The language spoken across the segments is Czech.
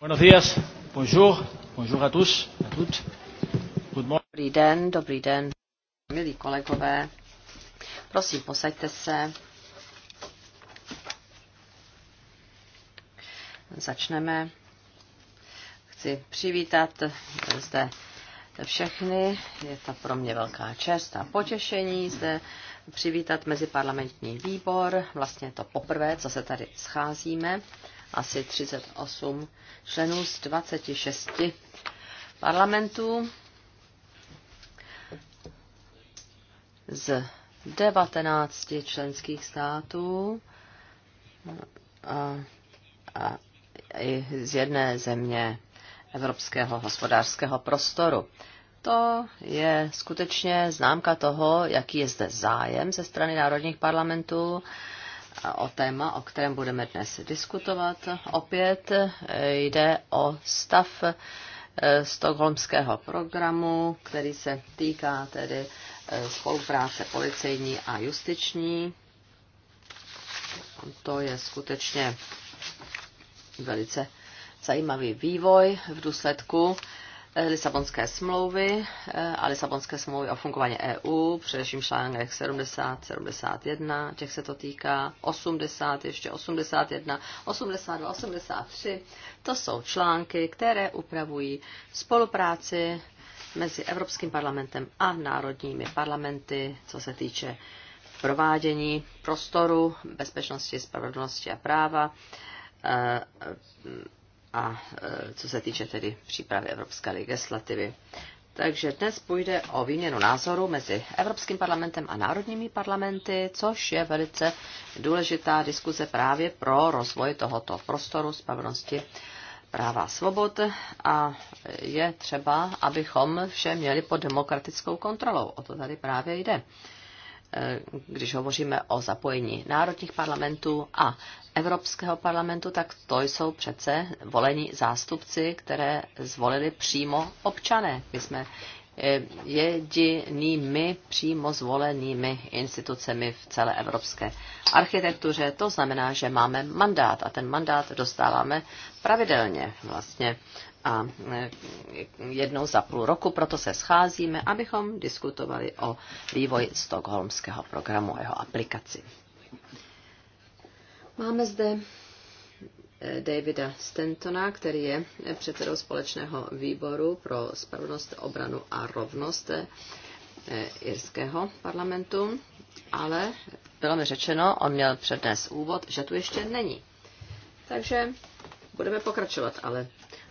Buenos días, bonjour, bonjour à tous, à toutes. Good morning. Dobrý den, dobrý den, milí kolegové. Prosím, posaďte se. Začneme. Chci přivítat zde všechny. Je to pro mě velká čest a potěšení zde přivítat Meziparlamentní výbor. Vlastně je to poprvé, co se tady scházíme asi 38 členů z 26 parlamentů z 19 členských států a, a i z jedné země Evropského hospodářského prostoru. To je skutečně známka toho, jaký je zde zájem ze strany národních parlamentů o téma, o kterém budeme dnes diskutovat. Opět eh, jde o stav eh, stokholmského programu, který se týká tedy eh, spolupráce policejní a justiční. To je skutečně velice zajímavý vývoj v důsledku Eh, Lisabonské smlouvy eh, a Lisabonské smlouvy o fungování EU, především článek 70, 71, těch se to týká, 80, ještě 81, 82, 83. To jsou články, které upravují spolupráci mezi Evropským parlamentem a národními parlamenty, co se týče provádění prostoru bezpečnosti, spravedlnosti a práva eh, a e, co se týče tedy přípravy evropské legislativy. Takže dnes půjde o výměnu názoru mezi Evropským parlamentem a národními parlamenty, což je velice důležitá diskuze právě pro rozvoj tohoto prostoru spravedlnosti práva a svobod a je třeba, abychom vše měli pod demokratickou kontrolou. O to tady právě jde. Eh, když hovoříme o zapojení národních parlamentů a Evropského parlamentu, tak to jsou přece volení zástupci, které zvolili přímo občané. My jsme eh, jedinými přímo zvolenými institucemi v celé evropské architektuře. To znamená, že máme mandát a ten mandát dostáváme pravidelně vlastně a eh, jednou za půl roku, proto se scházíme, abychom diskutovali o vývoji stokholmského programu a jeho aplikaci. Máme zde eh, Davida Stentona, který je eh, předsedou společného výboru pro spravedlnost, obranu a rovnost irského parlamentu, ale bylo mi řečeno, on měl přednes úvod, že tu ještě není. Takže budeme pokračovat, ale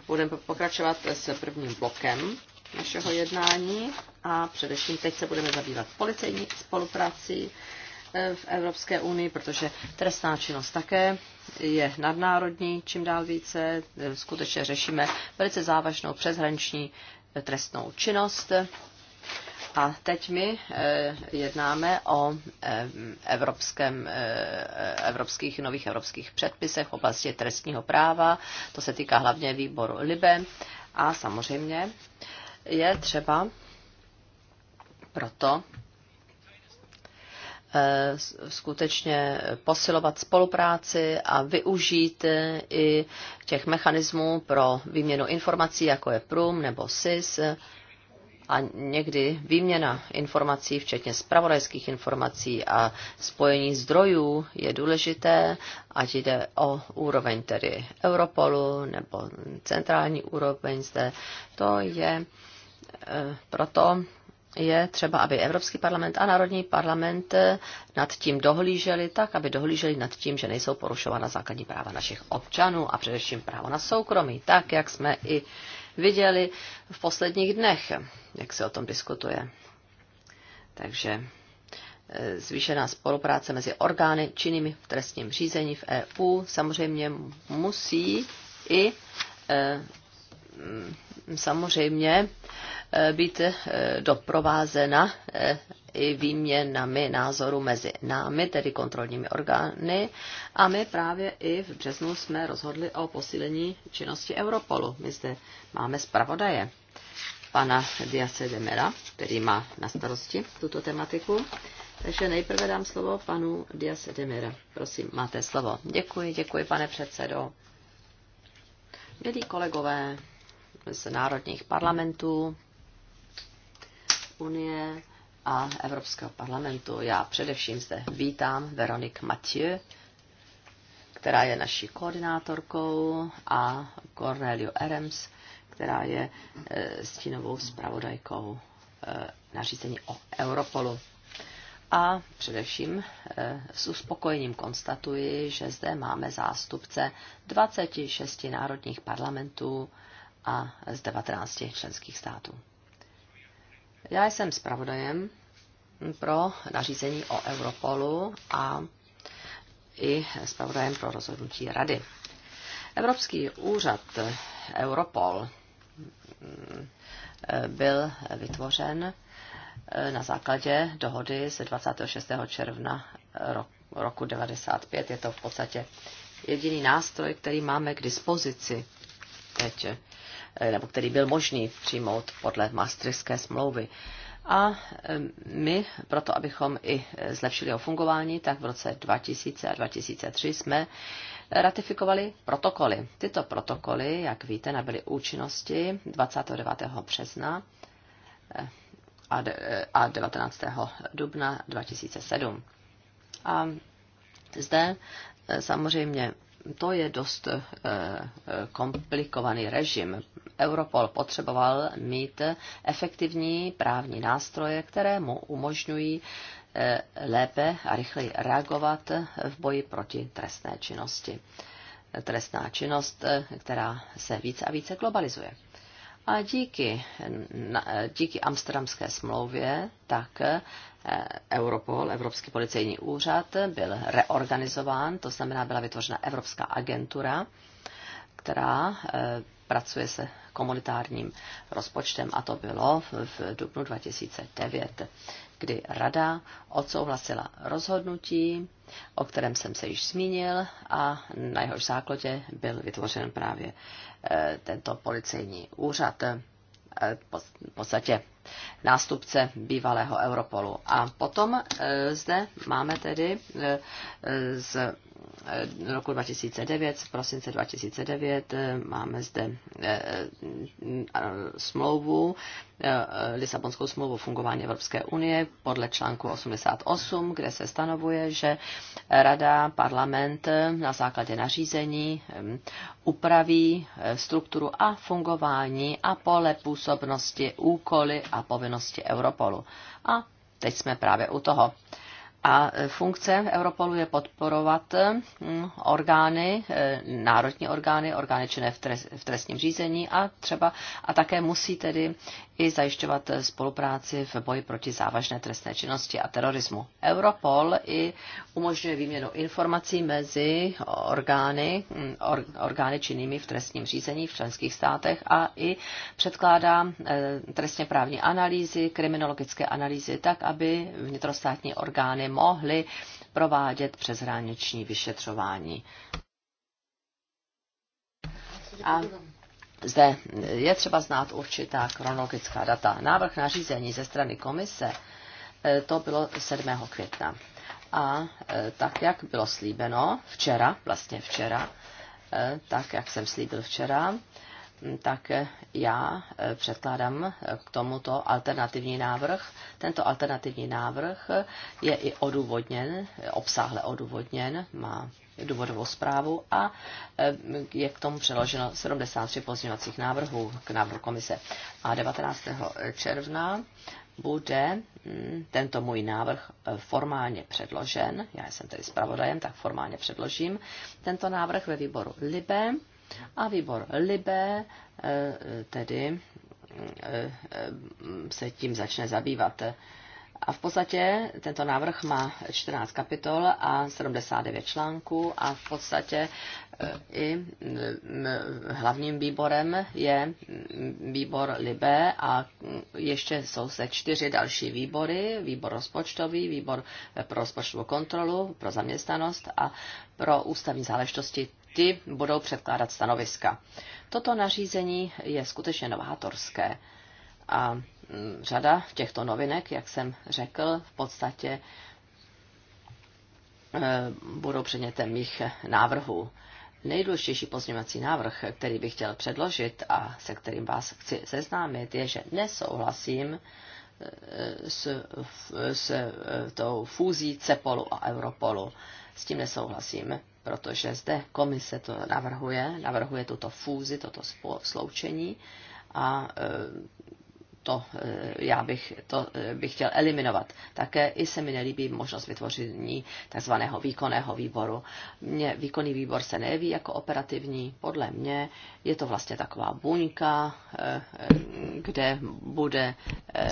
Budeme pokračovat s prvním blokem našeho jednání a především teď se budeme zabývat policejní spoluprací eh, v Evropské unii, protože trestná činnost také je nadnárodní, čím dál více. Eh, skutečně řešíme velice závažnou přeshraniční eh, trestnou činnost a teď my eh, jednáme o eh, evropském, eh, evropských, nových evropských předpisech v oblasti trestního práva. To se týká hlavně výboru LIBE. A samozřejmě je třeba proto skutečně posilovat spolupráci a využít i těch mechanismů pro výměnu informací, jako je PRUM nebo SIS, a někdy výměna informací, včetně zpravodajských informací a spojení zdrojů je důležité, ať jde o úroveň tedy Europolu nebo centrální úroveň zde. To je e, proto je třeba, aby Evropský parlament a Národní parlament nad tím dohlíželi tak, aby dohlíželi nad tím, že nejsou porušována základní práva našich občanů a především právo na soukromí, tak jak jsme i viděli v posledních dnech, jak se o tom diskutuje. Takže e, zvýšená spolupráce mezi orgány činnými v trestním řízení v EU samozřejmě musí i e, samozřejmě eh, být eh, doprovázena eh, i výměnami názoru mezi námi, tedy kontrolními orgány. A my právě i v březnu jsme rozhodli o posílení činnosti Europolu. My zde máme zpravodaje pana Diace Demera, který má na starosti tuto tematiku. Takže nejprve dám slovo panu Dias Demera. Prosím, máte slovo. Děkuji, děkuji, pane předsedo. Milí kolegové, z národních parlamentů Unie a Evropského parlamentu. Já především zde vítám Veronik Mathieu, která je naší koordinátorkou, a Cornelio Erems, která je eh, stínovou zpravodajkou eh, nařízení o Europolu. A především eh, s uspokojením konstatuji, že zde máme zástupce 26 národních parlamentů a z 19 členských států. Já jsem zpravodajem pro nařízení o Europolu a i zpravodajem pro rozhodnutí Rady. Evropský úřad Europol mm, byl vytvořen eh, na základě dohody z 26. června roku 1995. Je to v podstatě jediný nástroj, který máme k dispozici teď Eh, nebo který byl možný přijmout podle Maastrichtské smlouvy. A eh, my, proto abychom i eh, zlepšili jeho fungování, tak v roce 2000 a 2003 jsme ratifikovali protokoly. Tyto protokoly, jak víte, nabyly účinnosti 29. března a 19. dubna 2007. A zde samozřejmě to je dost eh, eh, komplikovaný režim. Europol potřeboval mít efektivní právní nástroje, které mu umožňují eh, lépe a rychleji reagovat v boji proti trestné činnosti. Trestná činnost, která se více a více globalizuje. A díky, díky amsterdamské smlouvě tak Eh, Europol, Evropský policejní úřad, byl reorganizován, to znamená, byla vytvořena Evropská agentura, která eh, pracuje se komunitárním rozpočtem a to bylo v dubnu 2009, kdy rada odsouhlasila rozhodnutí, o kterém jsem se již zmínil a na jehož základě byl vytvořen právě eh, tento policejní úřad. V podstatě nástupce bývalého Europolu. A potom eh, zde máme tedy eh, z Eh, roku 2009, v prosince 2009, eh, máme zde eh, smlouvu, Lisabonskou smlouvu o fungování Evropské unie podle článku 88, kde se stanovuje, že Rada, parlament na základě nařízení upraví strukturu a fungování a pole působnosti úkoly a povinnosti Europolu. A teď jsme právě u toho. A funkce Europolu je podporovat hm, orgány, eh, národní orgány, orgány činné v trestním řízení a třeba a také musí tedy i zajišťovat spolupráci v boji proti závažné trestné činnosti a terorismu. Europol i umožňuje výměnu informací mezi orgány, hm, or, orgány činnými v trestním řízení v členských státech a i předkládá eh, trestně právní analýzy, kriminologické analýzy tak, aby vnitrostátní orgány mohli mohly provádět přeshraniční vyšetřování. A zde je třeba znát určitá chronologická data. Návrh nařízení ze strany komise eh, to bylo 7. května. A eh, tak, jak bylo slíbeno včera, vlastně včera, eh, tak, jak jsem slíbil včera, tak já eh, předkládám eh, k tomuto alternativní návrh. Tento alternativní návrh je i odůvodněn, obsáhle odůvodněn, má důvodovou zprávu a eh, je k tomu přeloženo 73 pozměňovacích návrhů k návrhu komise. A 19. června bude mm, tento můj návrh formálně předložen, já jsem tedy zpravodajem, tak formálně předložím tento návrh ve výboru LIBE a výbor Libe eh, tedy eh, eh, se tím začne zabývat. A v podstatě tento návrh má 14 kapitol a 79 článků a v podstatě i hlavním výborem je výbor Libe a ještě jsou se čtyři další výbory, výbor rozpočtový, výbor pro rozpočtovou kontrolu, pro zaměstnanost a pro ústavní záležitosti ty budou předkládat stanoviska. Toto nařízení je skutečně novátorské a mm, řada těchto novinek, jak jsem řekl, v podstatě e, budou předmětem mých návrhů. Nejdůležitější pozměňovací návrh, který bych chtěl předložit a se kterým vás chci seznámit, je, že nesouhlasím e, s, s e, tou fúzí Cepolu a Europolu. S tím nesouhlasím protože zde komise to navrhuje, navrhuje tuto fúzi, toto sloučení a e, to e, já bych, to e, bych chtěl eliminovat. Také i se mi nelíbí možnost vytvoření takzvaného výkonného výboru. Mně výkonný výbor se neví jako operativní, podle mě je to vlastně taková buňka, kde bude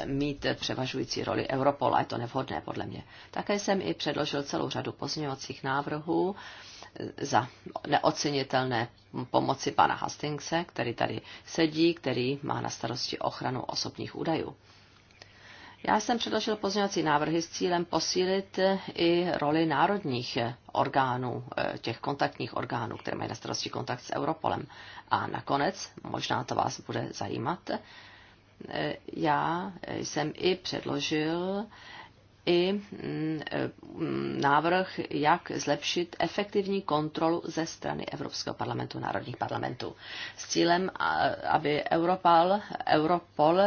mít převažující roli Europol a je to nevhodné podle mě. Také jsem i předložil celou řadu pozměňovacích návrhů, za neocenitelné pomoci pana Hastingse, který tady sedí, který má na starosti ochranu osobních údajů. Já jsem předložil pozměňovací návrhy s cílem posílit i roli národních orgánů, eh, těch kontaktních orgánů, které mají na starosti kontakt s Europolem. A nakonec, možná to vás bude zajímat, eh, já jsem i předložil i mm, e, návrh, jak zlepšit efektivní kontrolu ze strany Evropského parlamentu, národních parlamentů, s cílem, aby Europol, Europol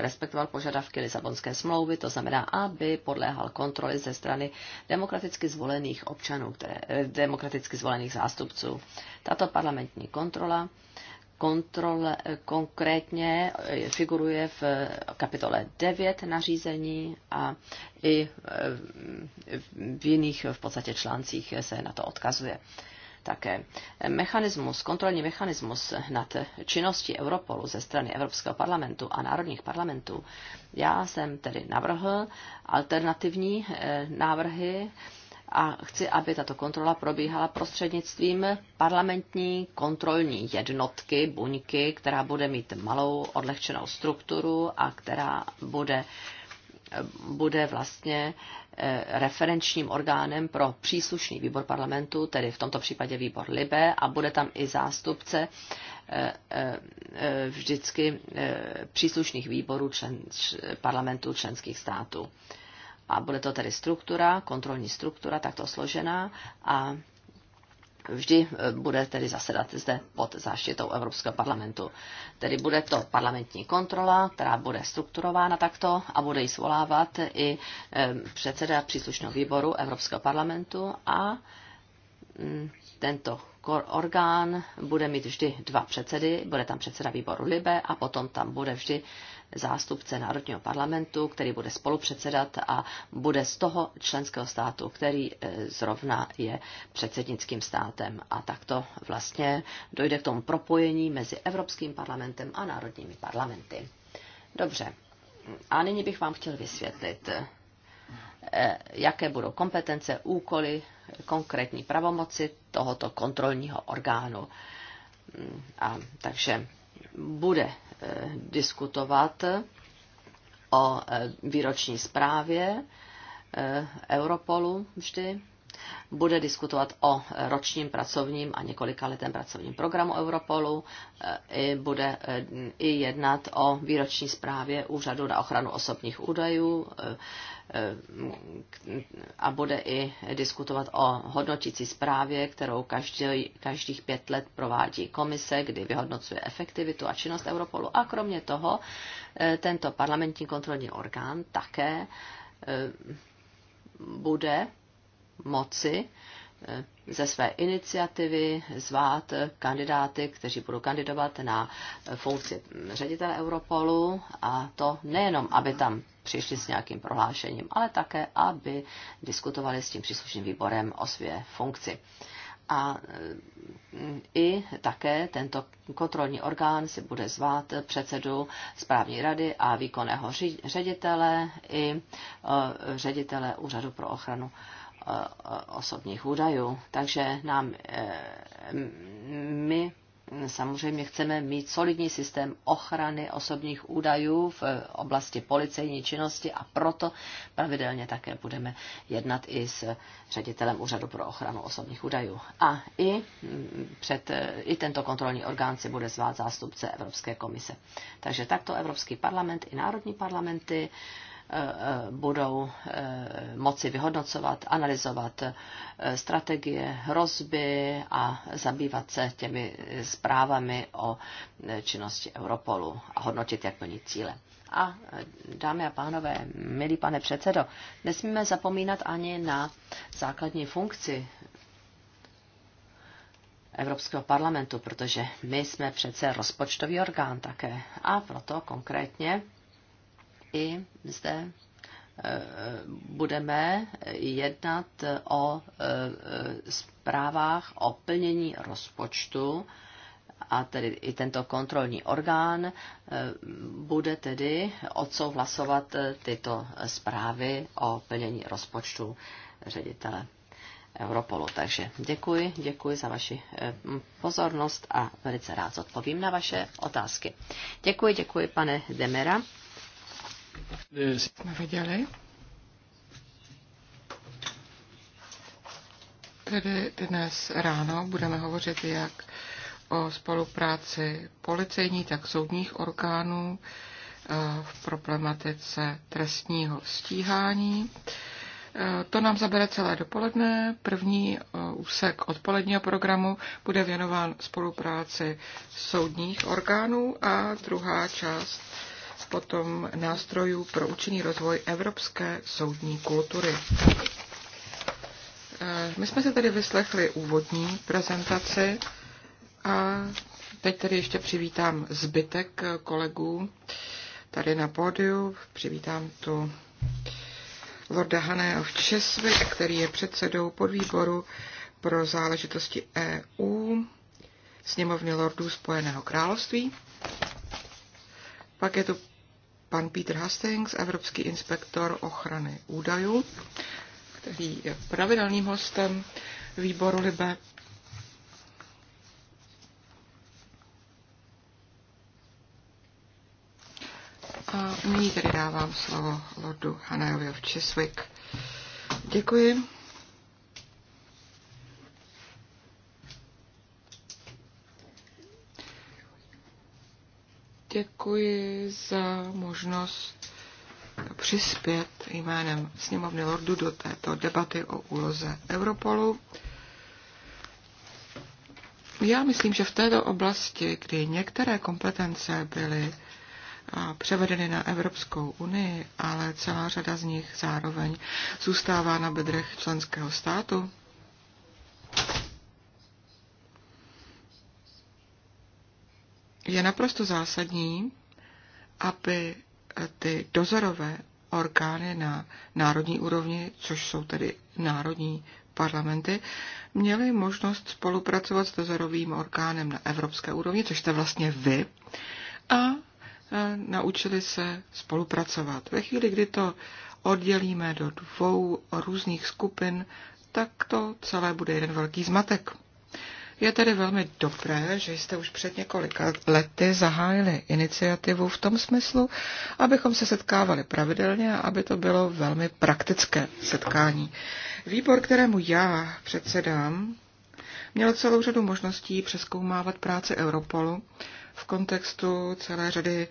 respektoval požadavky Lisabonské smlouvy, to znamená, aby podléhal kontroly ze strany demokraticky zvolených občanů, které, e, demokraticky zvolených zástupců. Tato parlamentní kontrola kontrole, eh, konkrétně eh, figuruje v eh, kapitole 9 nařízení a i v jiných v podstatě článcích se na to odkazuje. Také mechanismus, kontrolní mechanismus nad činností Europolu ze strany Evropského parlamentu a národních parlamentů. Já jsem tedy navrhl alternativní návrhy, a chci, aby tato kontrola probíhala prostřednictvím parlamentní kontrolní jednotky, buňky, která bude mít malou odlehčenou strukturu a která bude, bude vlastně eh, referenčním orgánem pro příslušný výbor parlamentu, tedy v tomto případě výbor Libe, a bude tam i zástupce eh, eh, vždycky příslušných výborů člen, parlamentu členských států a bude to tedy struktura, kontrolní struktura, takto složená a vždy e, bude tedy zasedat zde pod záštitou Evropského parlamentu. Tedy bude to parlamentní kontrola, která bude strukturována takto a bude ji svolávat i e, předseda příslušného výboru Evropského parlamentu a mm, tento orgán bude mít vždy dva předsedy, bude tam předseda výboru Libe a potom tam bude vždy zástupce Národního parlamentu, který bude spolupředsedat a bude z toho členského státu, který e, zrovna je předsednickým státem. A takto vlastně dojde k tomu propojení mezi Evropským parlamentem a národními parlamenty. Dobře. A nyní bych vám chtěl vysvětlit, e, jaké budou kompetence, úkoly konkrétní pravomoci tohoto kontrolního orgánu. A takže bude eh, diskutovat eh, o eh, výroční zprávě Europolu vždy bude diskutovat o eh, ročním pracovním a několika letém pracovním programu Europolu, eh, i bude eh, i jednat o výroční zprávě Úřadu na ochranu osobních údajů a bude i diskutovat o hodnotící zprávě, kterou každý, každých pět let provádí komise, kdy vyhodnocuje efektivitu a činnost Europolu. A kromě toho tento parlamentní kontrolní orgán také bude moci eh, ze své iniciativy zvát kandidáty, kteří budou kandidovat na funkci ředitele Europolu a to nejenom, aby tam přišli s nějakým prohlášením, ale také, aby diskutovali s tím příslušným výborem o své funkci. A eh, i také tento kontrolní orgán si bude zvát předsedu správní rady a výkonného ředitele i eh, ředitele Úřadu pro ochranu osobních údajů. Takže nám, e, my samozřejmě chceme mít solidní systém ochrany osobních údajů v oblasti policejní činnosti a proto pravidelně také budeme jednat i s ředitelem Úřadu pro ochranu osobních údajů. A i, před, i tento kontrolní orgán si bude zvát zástupce Evropské komise. Takže takto Evropský parlament i národní parlamenty budou eh, moci vyhodnocovat, analyzovat eh, strategie, hrozby a zabývat se těmi zprávami o eh, činnosti Europolu a hodnotit, jak plní cíle. A dámy a pánové, milý pane předsedo, nesmíme zapomínat ani na základní funkci Evropského parlamentu, protože my jsme přece rozpočtový orgán také. A proto konkrétně i zde e, budeme jednat o e, e, zprávách o plnění rozpočtu a tedy i tento kontrolní orgán bude tedy odsouhlasovat tyto zprávy o plnění rozpočtu ředitele Europolu. Takže děkuji, děkuji za vaši pozornost a velice rád odpovím na vaše otázky. Děkuji, děkuji, pane Demera. Jsme viděli. Tedy dnes ráno budeme hovořit jak o spolupráci policejní, tak soudních orgánů eh, v problematice trestního stíhání. Eh, to nám zabere celé dopoledne. První eh, úsek odpoledního programu bude věnován spolupráci soudních orgánů a druhá část potom nástrojů pro účinný rozvoj evropské soudní kultury. Eh, my jsme se tady vyslechli úvodní prezentaci a teď tady ještě přivítám zbytek kolegů tady na pódiu. Přivítám tu Lorda Hané v Česvi, který je předsedou podvýboru pro záležitosti EU, sněmovny lordů Spojeného království. Pak je tu pan Peter Hastings, evropský inspektor ochrany údajů, který je pravidelným hostem výboru Libe. A nyní tedy dávám slovo Lordu Hanajovi v Česvik. Děkuji. Děkuji za možnost přispět jménem sněmovny Lordu do této debaty o úloze Europolu. Já myslím, že v této oblasti, kdy některé kompetence byly převedeny na Evropskou unii, ale celá řada z nich zároveň zůstává na bedrech členského státu, je naprosto zásadní, aby ty dozorové orgány na národní úrovni, což jsou tedy národní parlamenty, měly možnost spolupracovat s dozorovým orgánem na evropské úrovni, což jste vlastně vy, a e, naučili se spolupracovat. Ve chvíli, kdy to oddělíme do dvou různých skupin, tak to celé bude jeden velký zmatek. Je tedy velmi dobré, že jste už před několika lety zahájili iniciativu v tom smyslu, abychom se setkávali pravidelně a aby to bylo velmi praktické setkání. Výbor, kterému já předsedám, měl celou řadu možností přeskoumávat práci Europolu v kontextu celé řady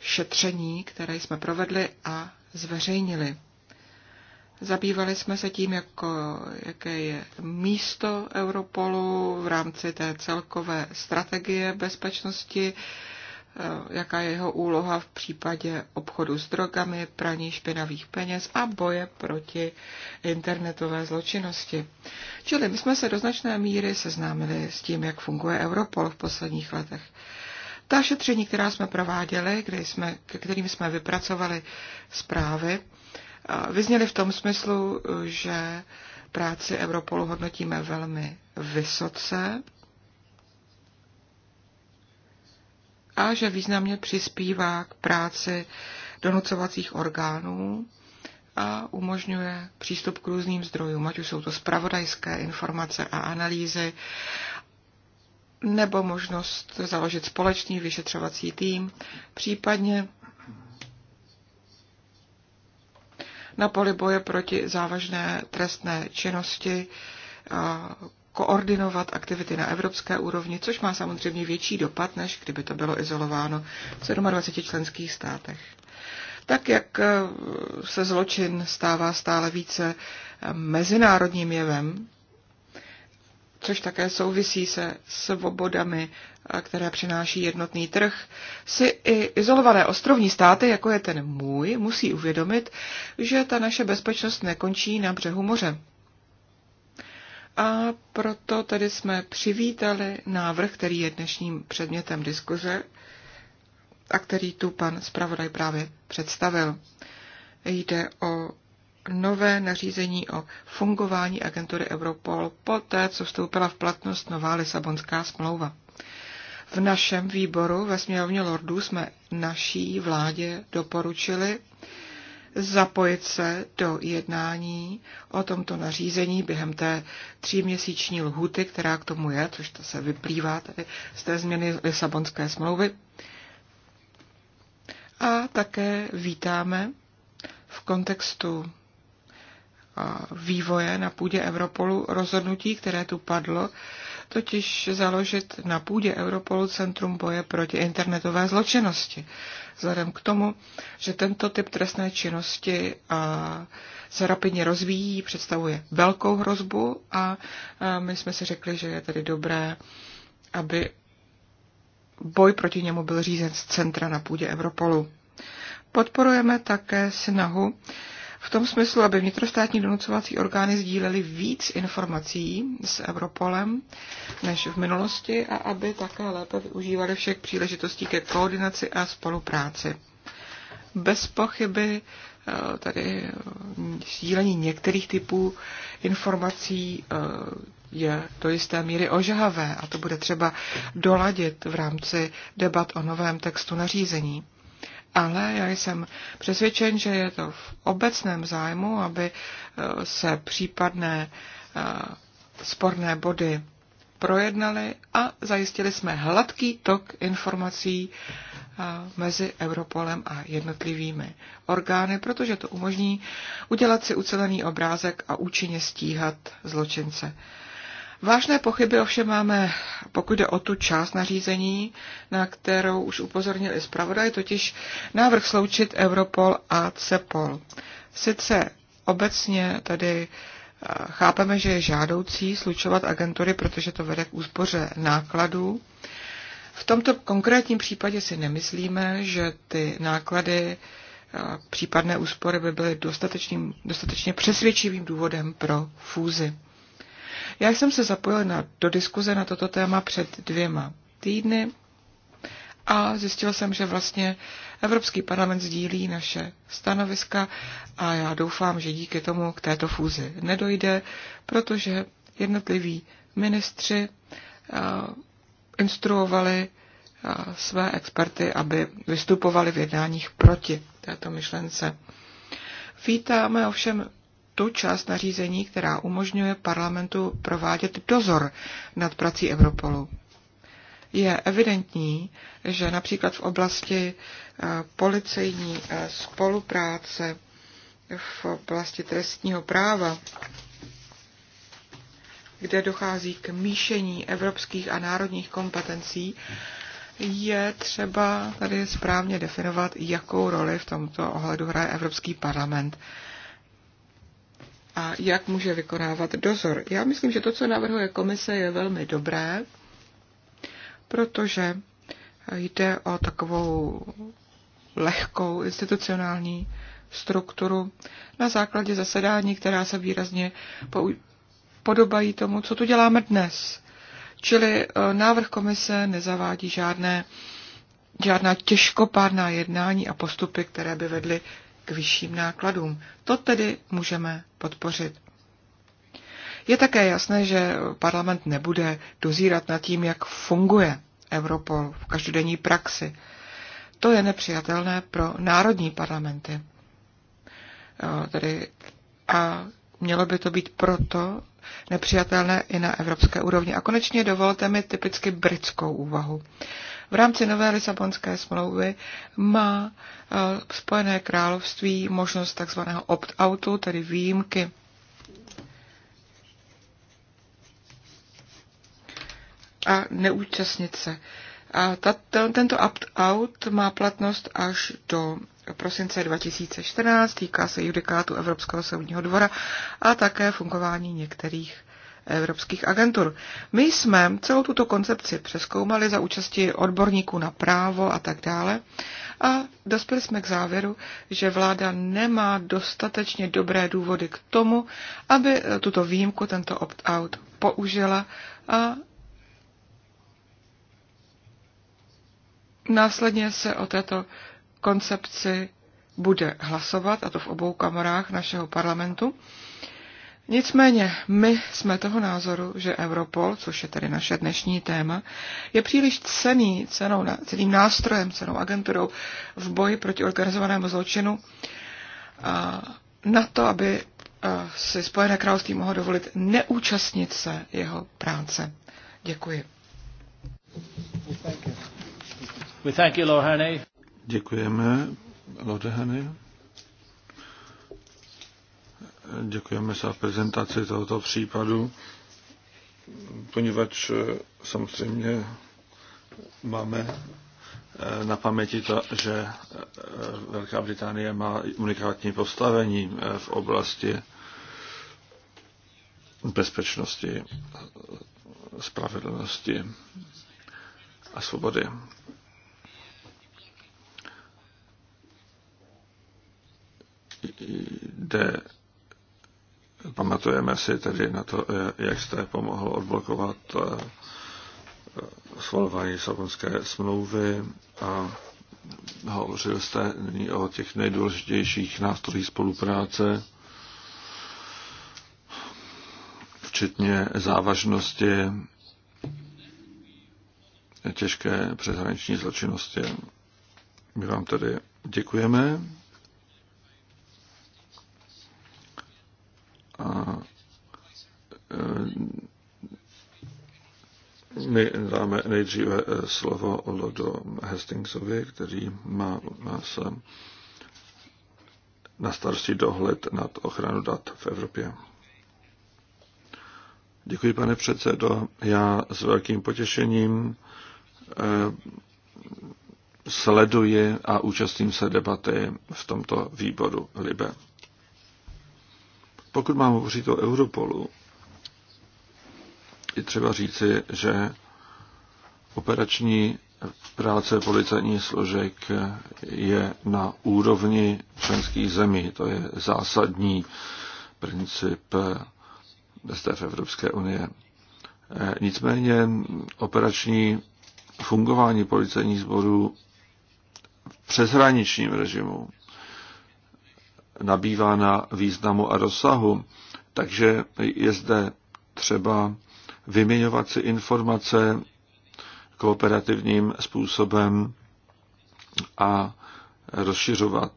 šetření, které jsme provedli a zveřejnili. Zabývali jsme se tím, jako, jaké je místo Europolu v rámci té celkové strategie bezpečnosti, eh, jaká je jeho úloha v případě obchodu s drogami, praní špinavých peněz a boje proti internetové zločinnosti. Čili my jsme se do značné míry seznámili s tím, jak funguje Europol v posledních letech. Ta šetření, která jsme prováděli, kde jsme, ke kterým jsme vypracovali zprávy, vyzněly v tom smyslu, že práci Europolu hodnotíme velmi vysoce a že významně přispívá k práci donucovacích orgánů a umožňuje přístup k různým zdrojům, ať už jsou to spravodajské informace a analýzy, nebo možnost založit společný vyšetřovací tým, případně na poli boje proti závažné trestné činnosti, koordinovat aktivity na evropské úrovni, což má samozřejmě větší dopad, než kdyby to bylo izolováno v 27 členských státech. Tak jak eh, se zločin stává stále více eh, mezinárodním jevem, což také souvisí se svobodami, eh, které přináší jednotný trh, si i izolované ostrovní státy, jako je ten můj, musí uvědomit, že ta naše bezpečnost nekončí na břehu moře. A proto tedy jsme přivítali návrh, který je dnešním předmětem diskuze a který tu pan zpravodaj právě představil. Jde o nové nařízení o fungování agentury Europol poté, co vstoupila v platnost nová Lisabonská smlouva. V našem výboru ve směrovně lordů jsme naší vládě doporučili zapojit se do jednání o tomto nařízení během té tříměsíční lhuty, která k tomu je, což to se vyplývá tady z té změny Lisabonské smlouvy. A také vítáme v kontextu vývoje na půdě Europolu rozhodnutí, které tu padlo, totiž založit na půdě Europolu Centrum boje proti internetové zločinnosti. Vzhledem k tomu, že tento typ trestné činnosti se rapidně rozvíjí, představuje velkou hrozbu a my jsme si řekli, že je tedy dobré, aby boj proti němu byl řízen z centra na půdě Europolu. Podporujeme také snahu v tom smyslu, aby vnitrostátní donucovací orgány sdílely víc informací s Europolem než v minulosti a aby také lépe využívaly všech příležitostí ke koordinaci a spolupráci. Bez pochyby eh, tady eh, sdílení některých typů informací eh, je do jisté míry ožahavé a to bude třeba doladit v rámci debat o novém textu nařízení ale já jsem přesvědčen, že je to v obecném zájmu, aby eh, se případné eh, sporné body projednali a zajistili jsme hladký tok informací eh, mezi Europolem a jednotlivými orgány, protože to umožní udělat si ucelený obrázek a účinně stíhat zločince. Vážné pochyby ovšem máme, pokud jde o tu část nařízení, na kterou už upozornil i zpravodaj, totiž návrh sloučit Europol a CEPOL. Sice obecně tady eh, chápeme, že je žádoucí slučovat agentury, protože to vede k úspoře nákladů. V tomto konkrétním případě si nemyslíme, že ty náklady eh, případné úspory by byly dostatečným, dostatečně přesvědčivým důvodem pro fúzi. Já jsem se zapojil na, do diskuze na toto téma před dvěma týdny a zjistil jsem, že vlastně Evropský parlament sdílí naše stanoviska a já doufám, že díky tomu k této fúzi nedojde, protože jednotliví ministři eh, instruovali eh, své experty, aby vystupovali v jednáních proti této myšlence. Vítáme ovšem tu část nařízení, která umožňuje parlamentu provádět dozor nad prací Europolu. Je evidentní, že například v oblasti eh, policejní eh, spolupráce, v oblasti trestního práva, kde dochází k míšení evropských a národních kompetencí, je třeba tady správně definovat, jakou roli v tomto ohledu hraje Evropský parlament a jak může vykonávat dozor. Já myslím, že to, co navrhuje komise, je velmi dobré, protože jde o takovou lehkou institucionální strukturu na základě zasedání, která se výrazně podobají tomu, co tu děláme dnes. Čili eh, návrh komise nezavádí žádné, žádná těžkopádná jednání a postupy, které by vedly k vyšším nákladům. To tedy můžeme podpořit. Je také jasné, že parlament nebude dozírat nad tím, jak funguje Europol v každodenní praxi. To je nepřijatelné pro národní parlamenty. Tedy a mělo by to být proto nepřijatelné i na evropské úrovni. A konečně dovolte mi typicky britskou úvahu. V rámci nové Lisabonské smlouvy má eh, Spojené království možnost takzvaného opt-outu, tedy výjimky. A neúčastnit se. A tato, tento opt-out má platnost až do prosince 2014, týká se judikátu Evropského soudního dvora a také fungování některých evropských agentur. My jsme celou tuto koncepci přeskoumali za účasti odborníků na právo a tak dále a dospěli jsme k závěru, že vláda nemá dostatečně dobré důvody k tomu, aby eh, tuto výjimku, tento opt-out použila a následně se o této koncepci bude hlasovat, a to v obou kamorách našeho parlamentu. Nicméně my jsme toho názoru, že Europol, což je tedy naše dnešní téma, je příliš cený cenou, ceným nástrojem, cenou agenturou v boji proti organizovanému zločinu na to, aby eh, si Spojené království mohlo dovolit neúčastnit se jeho práce. Děkuji. Děkujeme, Lorde Haney. Děkujeme za prezentaci tohoto případu, poněvadž eh, samozřejmě máme eh, na paměti to, že eh, Velká Británie má unikátní postavení v oblasti bezpečnosti, spravedlnosti a svobody. Jde Pamatujeme si tedy na to, eh, jak jste pomohl odblokovat eh, schvalování Sabonské smlouvy a hovořil jste nyní o těch nejdůležitějších nástrojích spolupráce, včetně závažnosti těžké přeshraniční zločinnosti. My vám tedy děkujeme. My dáme nejdříve eh, slovo Lodo Hastingsovi, který má u nás na starosti dohled nad ochranu dat v Evropě. Děkuji, pane předsedo. Já s velkým potěšením eh, sleduji a účastním se debaty v tomto výboru LIBE. Pokud mám hovořit o Europolu, i třeba říci, že operační práce policejních složek je na úrovni členských zemí. To je zásadní princip zde v Evropské unie. Nicméně operační fungování policajních sborů v přeshraničním režimu nabývá na významu a rozsahu, takže je zde třeba vyměňovat si informace kooperativním způsobem a rozšiřovat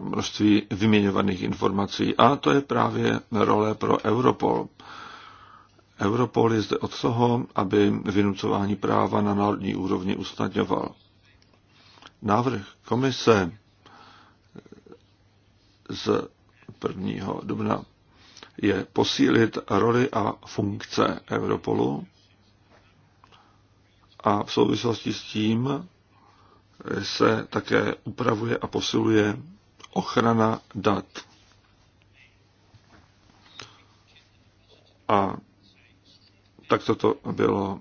množství vyměňovaných informací. A to je právě role pro Europol. Europol je zde od toho, aby vynucování práva na národní úrovni usnadňoval. Návrh komise z 1. dubna je posílit roli a funkce Europolu a v souvislosti s tím se také upravuje a posiluje ochrana dat. A tak toto bylo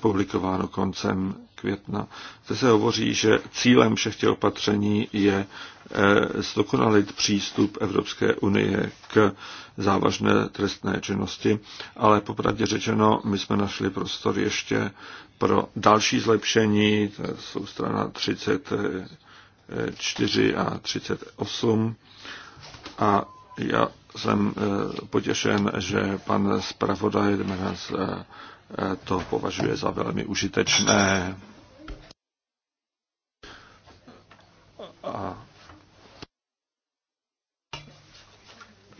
publikováno koncem května. Zde se hovoří, že cílem všech těch opatření je Eh, zdokonalit přístup Evropské unie k závažné trestné činnosti, ale popravdě řečeno, my jsme našli prostor ještě pro další zlepšení, to jsou strana 34 a 38 a já jsem eh, potěšen, že pan zpravodaj dnes eh, to považuje za velmi užitečné. A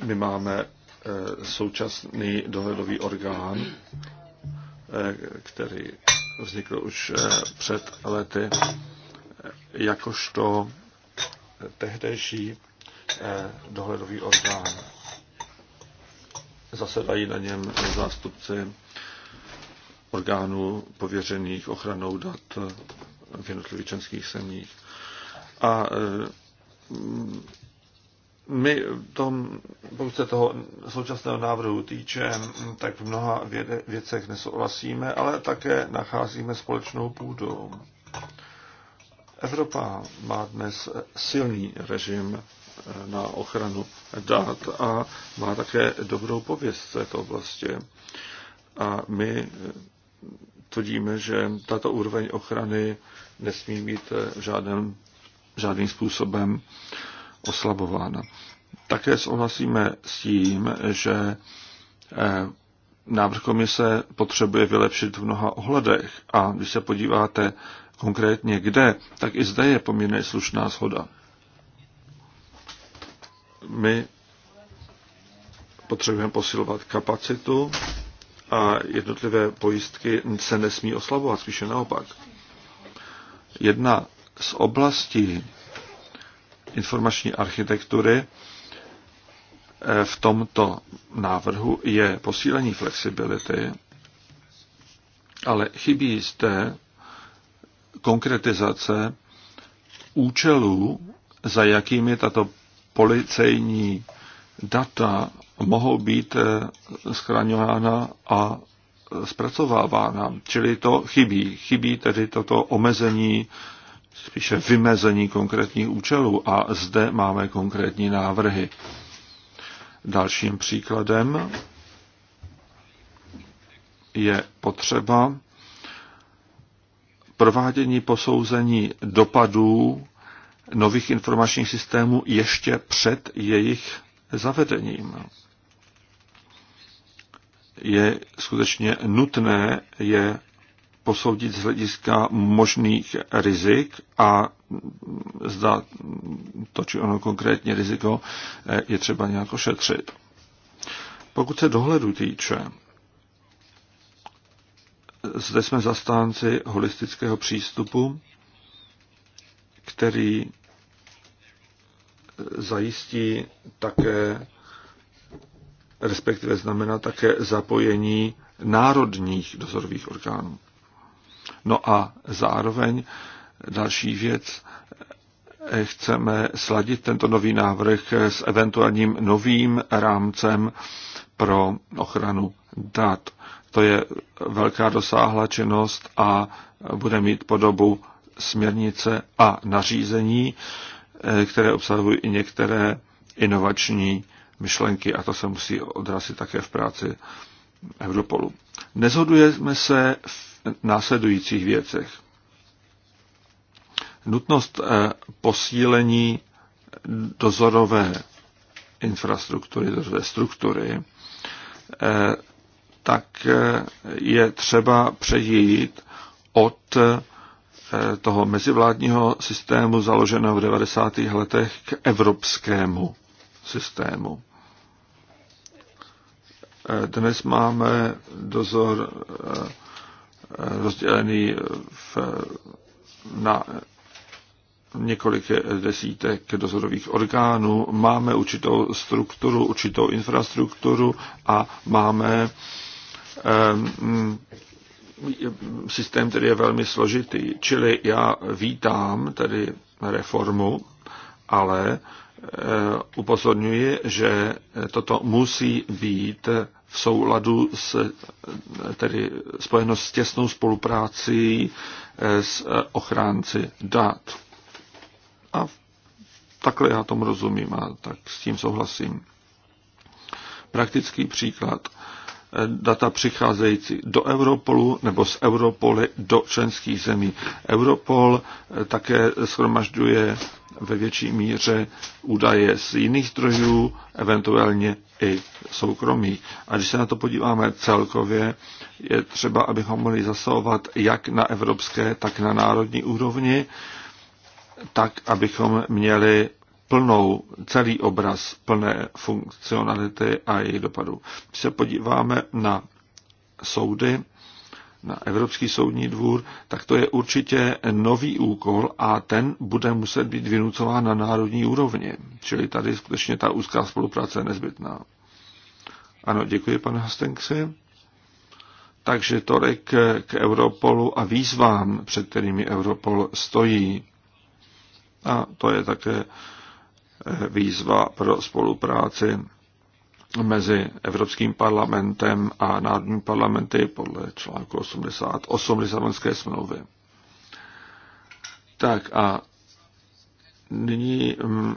My máme eh, současný dohledový orgán, eh, který vznikl už eh, před lety, jakožto tehdejší dohledový orgán. Zasedají na něm zástupci orgánů pověřených ochranou dat v jednotlivých členských zemích. A my tom, pokud se toho současného návrhu týče, tak v mnoha věcech nesouhlasíme, ale také nacházíme společnou půdu. Evropa má dnes silný režim eh, na ochranu dat a má také dobrou pověst v této oblasti. A my eh, tvrdíme, že tato úroveň ochrany nesmí být eh, žádným, žádným způsobem uh, oslabována. Také souhlasíme s tím, že eh, návrh komise potřebuje vylepšit v mnoha ohledech a když se podíváte konkrétně kde, tak i zde je poměrně slušná shoda. My potřebujeme posilovat kapacitu a jednotlivé pojistky se nesmí oslabovat, spíše naopak. Jedna z oblastí, informační architektury eh, v tomto návrhu je posílení flexibility, ale chybí zde konkretizace účelů, za jakými tato policejní data mohou být eh, schraňována a zpracovávána. Čili to chybí. Chybí tedy toto omezení spíše vymezení konkrétních účelů a zde máme konkrétní návrhy. Dalším příkladem je potřeba provádění posouzení dopadů nových informačních systémů ještě před jejich zavedením. Je skutečně nutné je posoudit z hlediska možných rizik a zda to či ono konkrétně riziko eh, je třeba nějak ošetřit. Pokud se dohledu týče, zde jsme zastánci holistického přístupu, který zajistí také, respektive znamená také zapojení národních dozorových orgánů. No a zároveň další věc, eh, chceme sladit tento nový návrh s eventuálním novým rámcem pro ochranu dat. To je velká dosáhla činnost a bude mít podobu směrnice a nařízení, eh, které obsahují i některé inovační myšlenky a to se musí odrazit také v práci Europolu. Nezhodujeme se v následujících věcech. Nutnost eh, posílení dozorové infrastruktury, dozorové struktury, eh, tak eh, je třeba přejít od toho mezivládního systému založeného v 90. letech k evropskému systému. Dnes máme dozor rozdělený v, na několik desítek dozorových orgánů, máme určitou strukturu, určitou infrastrukturu a máme um, systém, který je velmi složitý. Čili já vítám tedy reformu, ale eh, upozorňuji, že toto musí být v souladu s, tedy spojeno s těsnou spoluprácí eh, s eh, ochránci dat. A takhle já tomu rozumím a tak s tím souhlasím. Praktický příklad data přicházející do Europolu nebo z Europoly do členských zemí. Europol eh, také schromažďuje ve větší míře údaje z jiných zdrojů, eventuálně i soukromí. A když se na to podíváme celkově, je třeba, abychom mohli zasahovat jak na evropské, tak na národní úrovni, tak, abychom měli plnou, celý obraz plné funkcionality a její dopadů. Když se podíváme na soudy, na Evropský soudní dvůr, tak to je určitě nový úkol a ten bude muset být vynucován na národní úrovni. Čili tady skutečně ta úzká spolupráce je nezbytná. Ano, děkuji, pane Hastenksi. Takže tolik k Europolu a výzvám, před kterými Europol stojí. A to je také výzva pro spolupráci mezi Evropským parlamentem a národní parlamenty podle článku 88 Lisabonské smlouvy. Tak a nyní mm,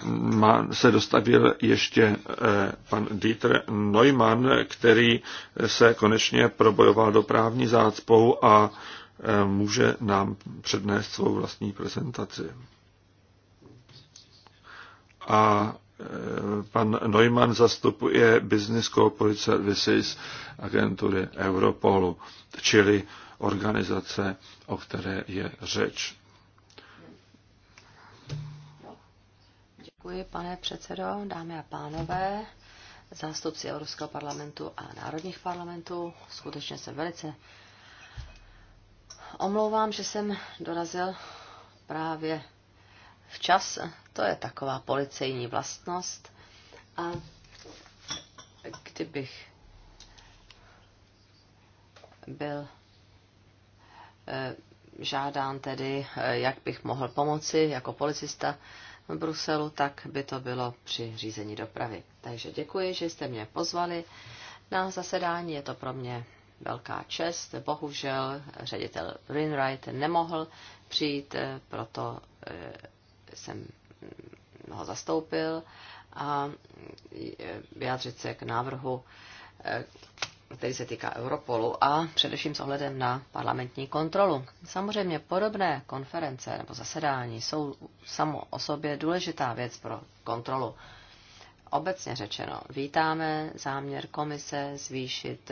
se dostavil ještě eh, pan Dieter Neumann, který se konečně probojoval do právní zácpou a eh, může nám přednést svou vlastní prezentaci a e, pan Neumann zastupuje Business Corporate Services agentury Europolu, čili organizace, o které je řeč. Děkuji, pane předsedo, dámy a pánové, zástupci Evropského parlamentu a národních parlamentů. Skutečně jsem velice omlouvám, že jsem dorazil právě včas to je taková policejní vlastnost. A kdybych byl eh, žádán tedy, eh, jak bych mohl pomoci jako policista v Bruselu, tak by to bylo při řízení dopravy. Takže děkuji, že jste mě pozvali na zasedání. Je to pro mě velká čest. Bohužel ředitel Rinwright nemohl přijít, eh, proto jsem ho zastoupil a vyjádřit se k návrhu, který se týká Europolu a především s ohledem na parlamentní kontrolu. Samozřejmě podobné konference nebo zasedání jsou samo o sobě důležitá věc pro kontrolu. Obecně řečeno, vítáme záměr komise zvýšit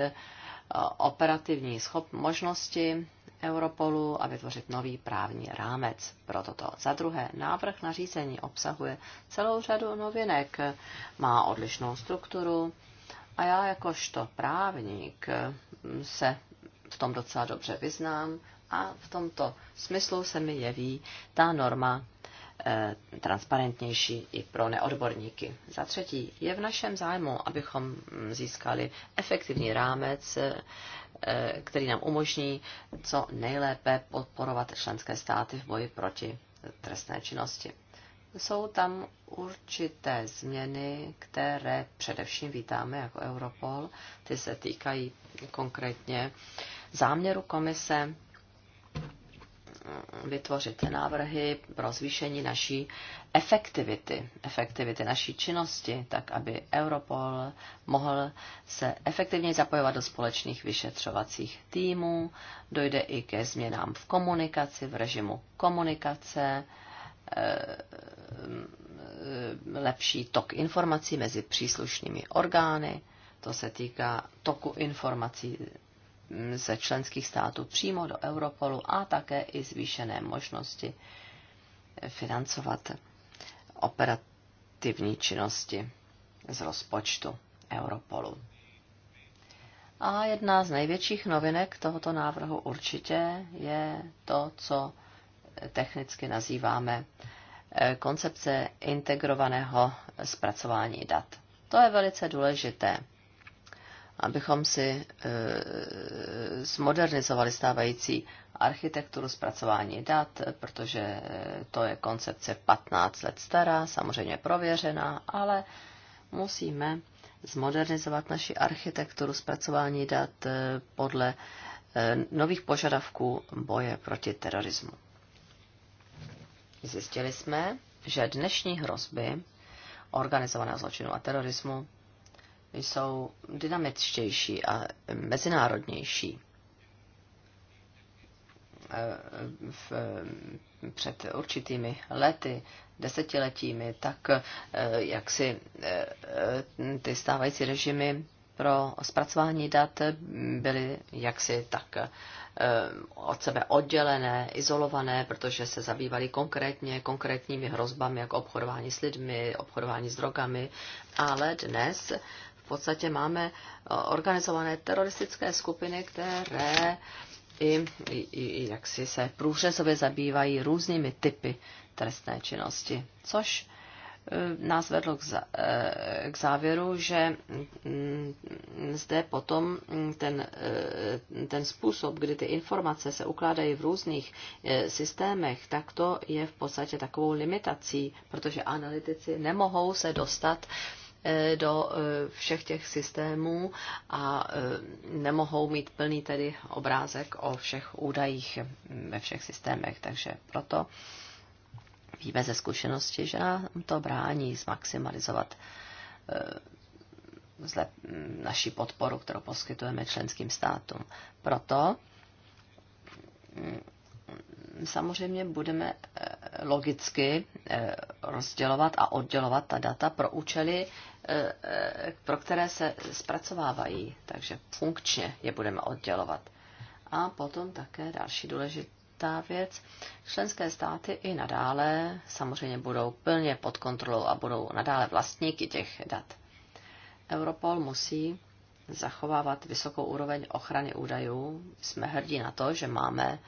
operativní schop možnosti Europolu a vytvořit nový právní rámec pro toto. Za druhé, návrh nařízení obsahuje celou řadu novinek, má odlišnou strukturu a já jakožto právník se v tom docela dobře vyznám a v tomto smyslu se mi jeví ta norma Eh, transparentnější i pro neodborníky. Za třetí, je v našem zájmu, abychom získali efektivní rámec, eh, který nám umožní co nejlépe podporovat členské státy v boji proti trestné činnosti. Jsou tam určité změny, které především vítáme jako Europol. Ty se týkají konkrétně záměru komise vytvořit návrhy pro zvýšení naší efektivity, efektivity naší činnosti, tak aby Europol mohl se efektivně zapojovat do společných vyšetřovacích týmů. Dojde i ke změnám v komunikaci, v režimu komunikace, eh, lepší tok informací mezi příslušnými orgány. To se týká toku informací ze členských států přímo do Europolu a také i zvýšené možnosti financovat operativní činnosti z rozpočtu Europolu. A jedna z největších novinek tohoto návrhu určitě je to, co technicky nazýváme eh, koncepce integrovaného zpracování dat. To je velice důležité abychom si e, zmodernizovali stávající architekturu zpracování dat, protože e, to je koncepce 15 let stará, samozřejmě prověřená, ale musíme zmodernizovat naši architekturu zpracování dat e, podle nových požadavků boje proti terorismu. Zjistili jsme, že dnešní hrozby organizovaného zločinu a terorismu jsou dynamičtější a mezinárodnější. E, v, před určitými lety, desetiletími, tak e, jak si e, ty stávající režimy pro zpracování dat byly jaksi tak od sebe oddělené, izolované, protože se zabývali konkrétně konkrétními hrozbami, jako obchodování s lidmi, obchodování s drogami, ale dnes v podstatě máme eh, organizované teroristické skupiny, které i, i jak si se průřezově zabývají různými typy trestné činnosti, což eh, nás vedlo k eh, závěru, že mm, zde potom mm, ten, ten způsob, kdy ty informace se ukládají v různých systémech, tak to je v podstatě takovou limitací, protože analytici nemohou se dostat Eh, do eh, všech těch systémů a eh, nemohou mít plný tedy obrázek o všech údajích ve všech systémech. Takže proto víme ze zkušenosti, že nám to brání zmaximalizovat naši podporu, kterou poskytujeme členským státům. Proto hm, samozřejmě budeme eh, logicky eh, rozdělovat a oddělovat ta data pro účely, eh, pro které se zpracovávají, takže funkčně je budeme oddělovat. A potom také další důležitá věc. Členské státy i nadále samozřejmě budou plně pod kontrolou a budou nadále vlastníky těch dat. Europol musí zachovávat vysokou úroveň ochrany údajů. Jsme hrdí na to, že máme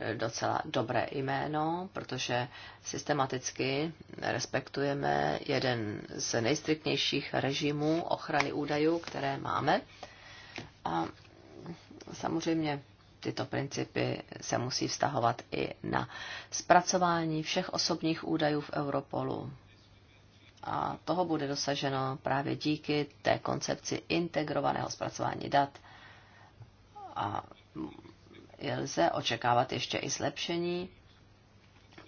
e, docela dobré jméno, protože systematicky respektujeme jeden z nejstriktnějších režimů ochrany údajů, které máme. A samozřejmě tyto principy se musí vztahovat i na zpracování všech osobních údajů v Europolu, a toho bude dosaženo právě díky té koncepci integrovaného zpracování dat. A lze očekávat ještě i zlepšení,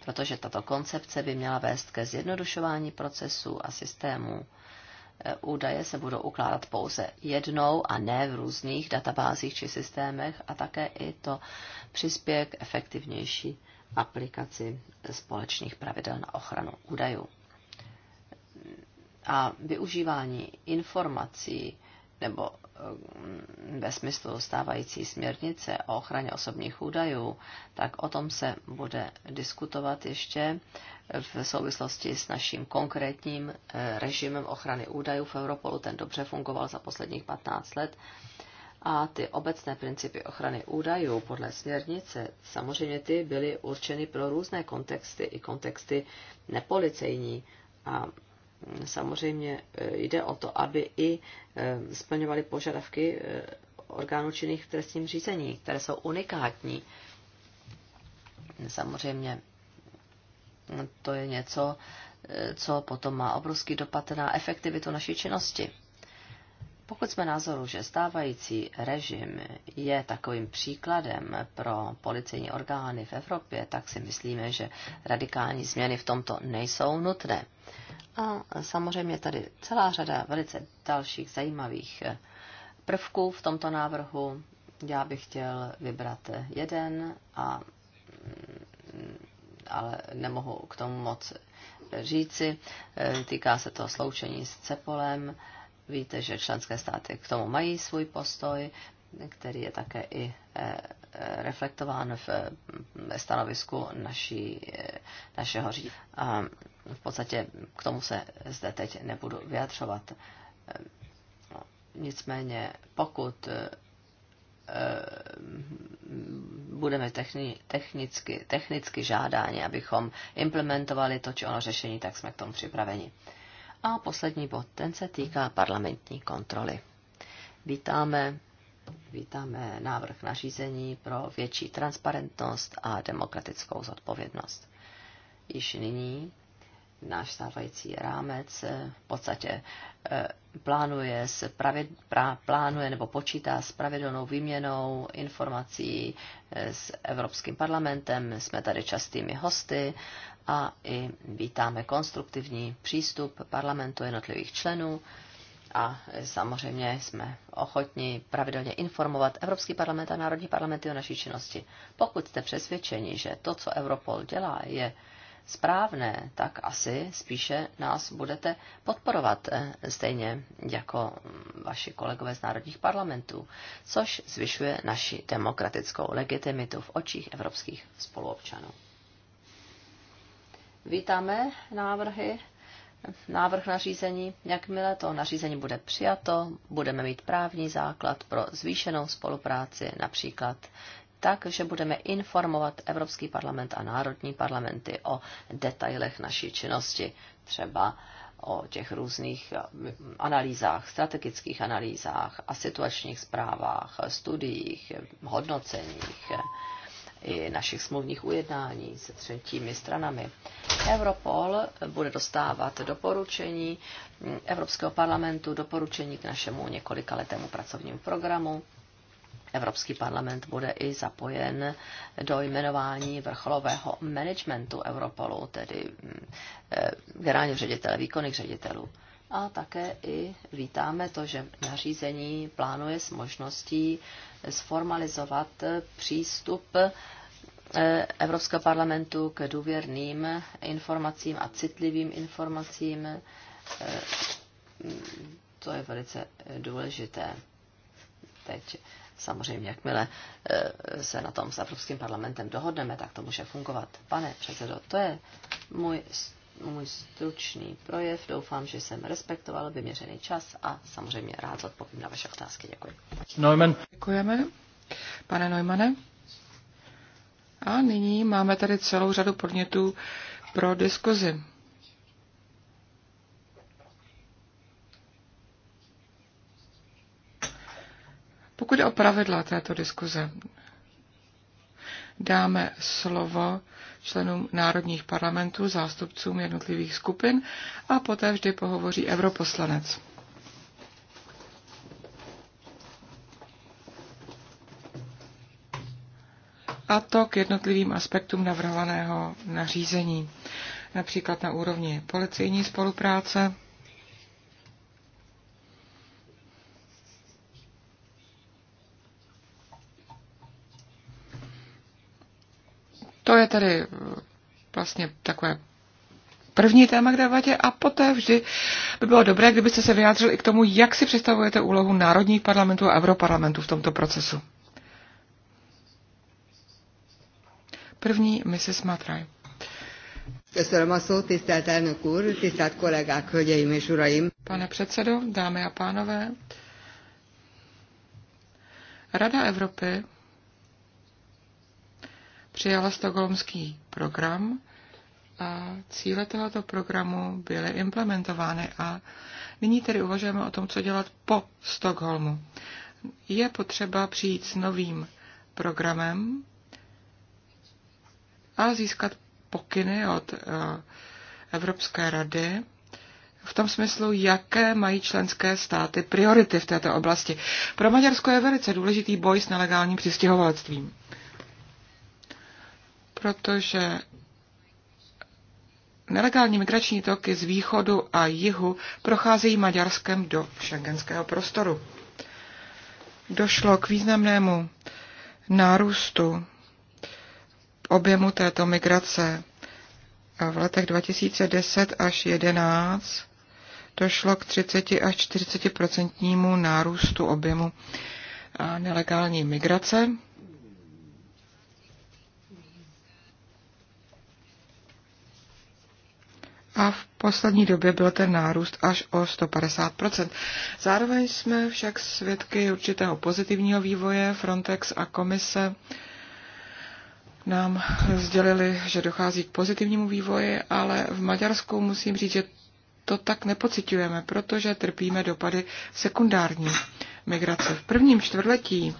protože tato koncepce by měla vést ke zjednodušování procesů a systémů. E, údaje se budou ukládat pouze jednou a ne v různých databázích či systémech a také i to přispěje k efektivnější aplikaci společných pravidel na ochranu údajů a využívání informací nebo eh, ve smyslu stávající směrnice o ochraně osobních údajů, tak o tom se bude diskutovat ještě v souvislosti s naším konkrétním eh, režimem ochrany údajů v Europolu. Ten dobře fungoval za posledních 15 let. A ty obecné principy ochrany údajů podle směrnice, samozřejmě ty byly určeny pro různé kontexty, i kontexty nepolicejní. A samozřejmě eh, jde o to, aby i eh, splňovali požadavky eh, orgánů činných v trestním řízení, které jsou unikátní. Samozřejmě to je něco, co potom má obrovský dopad na efektivitu naší činnosti. Pokud jsme názoru, že stávající režim je takovým příkladem pro policejní orgány v Evropě, tak si myslíme, že radikální změny v tomto nejsou nutné. A samozřejmě tady celá řada velice dalších zajímavých eh, prvků v tomto návrhu. Já bych chtěl vybrat eh, jeden, a, mm, ale nemohu k tomu moc eh, říci. Týká se to sloučení s Cepolem. Víte, že členské státy k tomu mají svůj postoj, který je také i reflektován v stanovisku naší, našeho řízení v podstatě k tomu se zde teď nebudu vyjadřovat. Nicméně, pokud eh, budeme techni, technicky, technicky žádáni, abychom implementovali to či ono řešení, tak jsme k tomu připraveni. A poslední bod, ten se týká parlamentní kontroly. Vítáme, vítáme návrh nařízení pro větší transparentnost a demokratickou zodpovědnost. Již nyní náš stávající rámec eh, v podstatě eh, plánuje, s pravid, pra, plánuje nebo počítá s pravidelnou výměnou informací eh, s Evropským parlamentem. Jsme tady častými hosty a i vítáme konstruktivní přístup parlamentu jednotlivých členů a samozřejmě jsme ochotni pravidelně informovat Evropský parlament a Národní parlamenty o naší činnosti. Pokud jste přesvědčeni, že to, co Europol dělá, je správné, tak asi spíše nás budete podporovat, eh, stejně jako mm, vaši kolegové z národních parlamentů, což zvyšuje naši demokratickou legitimitu v očích evropských spoluobčanů. Vítáme návrhy návrh nařízení. Jakmile to nařízení bude přijato, budeme mít právní základ pro zvýšenou spolupráci, například tak, že budeme informovat Evropský parlament a národní parlamenty o detailech naší činnosti, třeba o těch různých eh, analýzách, strategických analýzách a situačních zprávách, studiích, hodnoceních eh, i našich smluvních ujednání se třetími stranami. Europol bude dostávat doporučení mm, Evropského parlamentu, doporučení k našemu několikaletému pracovnímu programu Evropský parlament bude i zapojen do jmenování vrcholového managementu Europolu, tedy mm, eh, generálního ředitele, výkonných ředitelů. A také i vítáme to, že nařízení plánuje s možností sformalizovat přístup eh, Evropského parlamentu k důvěrným informacím a citlivým informacím. Eh, mm, to je velice důležité teď samozřejmě, jakmile eh, se na tom s Evropským parlamentem dohodneme, tak to může fungovat. Pane předsedo, to je můj, můj stručný projev. Doufám, že jsem respektoval vyměřený čas a samozřejmě rád odpovím na vaše otázky. Děkuji. Neumann. Děkujeme. Pane Neumane. A nyní máme tady celou řadu podnětů pro diskuzi. Pokud je o pravidla této diskuze, dáme slovo členům národních parlamentů, zástupcům jednotlivých skupin a poté vždy pohovoří europoslanec. A to k jednotlivým aspektům navrhovaného nařízení, například na úrovni policejní spolupráce, To je tedy eh, vlastně takové první téma k debatě a poté vždy by bylo dobré, kdybyste se vyjádřili i k tomu, jak si představujete úlohu národních parlamentů a europarlamentů v tomto procesu. První Mrs. Matraj. Köszönöm a szót, tisztelt elnök úr, tisztelt kollégák, hölgyeim és uraim. Pane předsedo, dámy a pánové, Rada Evropy přijala stokholmský program a cíle tohoto programu byly implementovány a nyní tedy uvažujeme o tom, co dělat po Stockholmu. Je potřeba přijít s novým programem a získat pokyny od eh, Evropské rady v tom smyslu, jaké mají členské státy priority v této oblasti. Pro Maďarsko je velice důležitý boj s nelegálním přistěhovalectvím protože nelegální migrační toky z východu a jihu procházejí Maďarskem do šengenského prostoru. Došlo k významnému nárůstu objemu této migrace. V letech 2010 až 2011 došlo k 30 až 40 procentnímu nárůstu objemu nelegální migrace. a v poslední době byl ten nárůst až o 150%. Zároveň jsme však svědky určitého pozitivního vývoje. Frontex a komise nám sdělili, že dochází k pozitivnímu vývoji, ale v Maďarsku musím říct, že to tak nepocitujeme, protože trpíme dopady sekundární migrace. V prvním čtvrtletí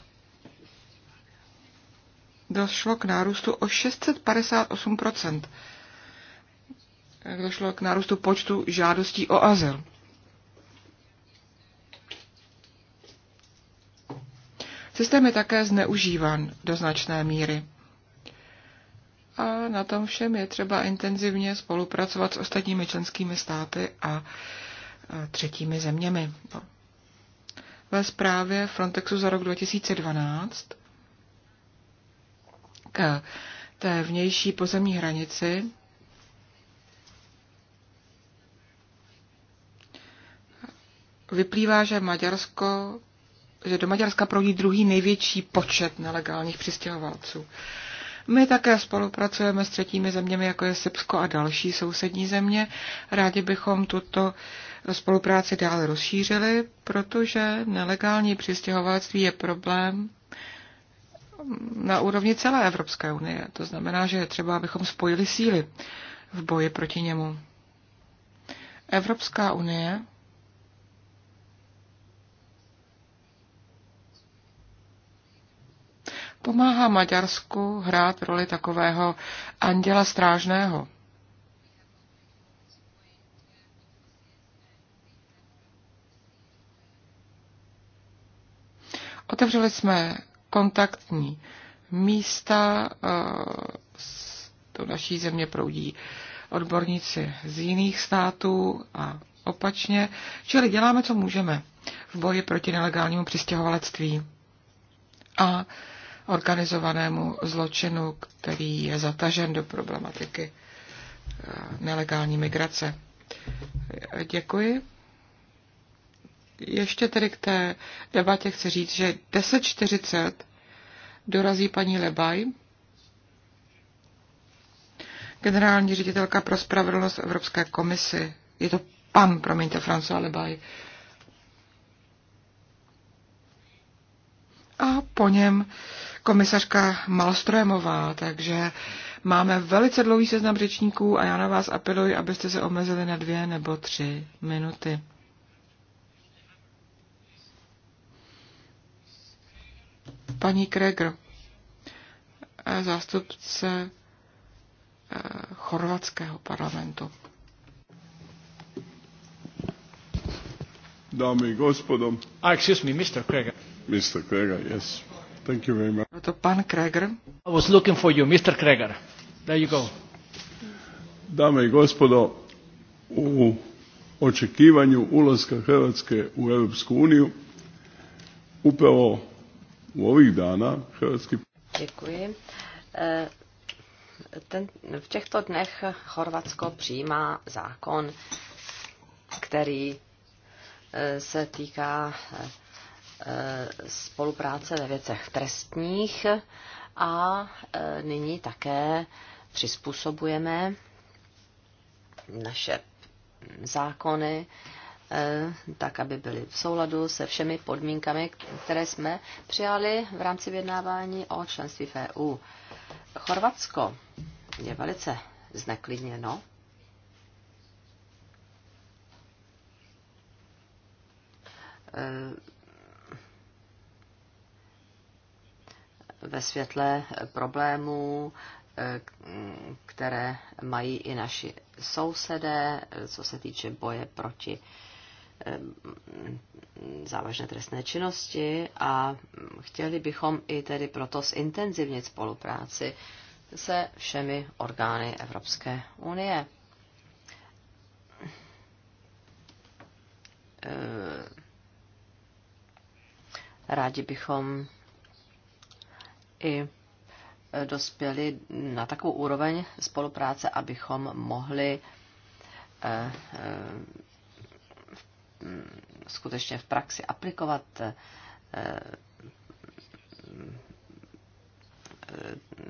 došlo k nárůstu o 658 došlo k nárůstu počtu žádostí o azyl. Systém je také zneužívan do značné míry. A na tom všem je třeba intenzivně spolupracovat s ostatními členskými státy a třetími zeměmi. No. Ve zprávě Frontexu za rok 2012 k té vnější pozemní hranici vyplývá, že Maďarsko, že do Maďarska proudí druhý největší počet nelegálních přistěhovalců. My také spolupracujeme s třetími zeměmi, jako je Srbsko a další sousední země. Rádi bychom tuto spolupráci dále rozšířili, protože nelegální přistěhovalství je problém na úrovni celé Evropské unie. To znamená, že je třeba, abychom spojili síly v boji proti němu. Evropská unie pomáhá Maďarsku hrát roli takového anděla strážného. Otevřeli jsme kontaktní místa, do eh, naší země proudí odborníci z jiných států a opačně, čili děláme, co můžeme v boji proti nelegálnímu přistěhovalectví. A organizovanému zločinu, který je zatažen do problematiky eh, nelegální migrace. Děkuji. Ještě tedy k té debatě chci říct, že 10.40 dorazí paní Lebaj, generální ředitelka pro spravedlnost Evropské komisy. Je to pan, promiňte, François Lebaj. A po něm komisařka Malstrojemová, takže máme velice dlouhý seznam řečníků a já na vás apeluji, abyste se omezili na dvě nebo tři minuty. Paní Kregr, eh, zástupce eh, chorvatského parlamentu. Dámy i gospodom. Ah, excuse me, Mr. Kregr. Mr. Kregr, yes. Thank you very much. to pan Kreger. I was looking for you, Mr. Kreger. There you go. Dame i gospodo, u očekivanju ulaska Hrvatske u Europsku uniju, upravo u ovih dana Hrvatski... Děkuji. E, ten, v těchto dnech Chorvatsko přijímá zákon, který e, se týká e, spolupráce ve věcech trestních a e, nyní také přizpůsobujeme naše zákony e, tak, aby byly v souladu se všemi podmínkami, které jsme přijali v rámci vyjednávání o členství v EU. Chorvatsko je velice zneklidněno. E, ve světle problémů, eh, které mají i naši sousedé, co se týče boje proti eh, závažné trestné činnosti a chtěli bychom i tedy proto zintenzivnit spolupráci se všemi orgány Evropské unie. Eh, rádi bychom i dospěli na takovou úroveň spolupráce, abychom mohli eh, eh, skutečně v praxi aplikovat eh,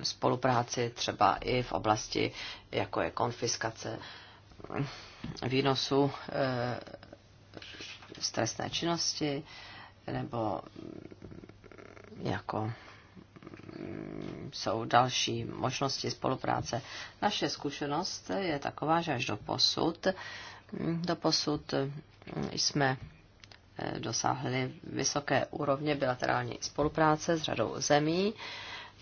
spolupráci třeba i v oblasti, jako je konfiskace výnosu z trestné činnosti nebo jako jsou další možnosti spolupráce. Naše zkušenost je taková, že až do posud, do posud jsme eh, dosáhli vysoké úrovně bilaterální spolupráce s řadou zemí.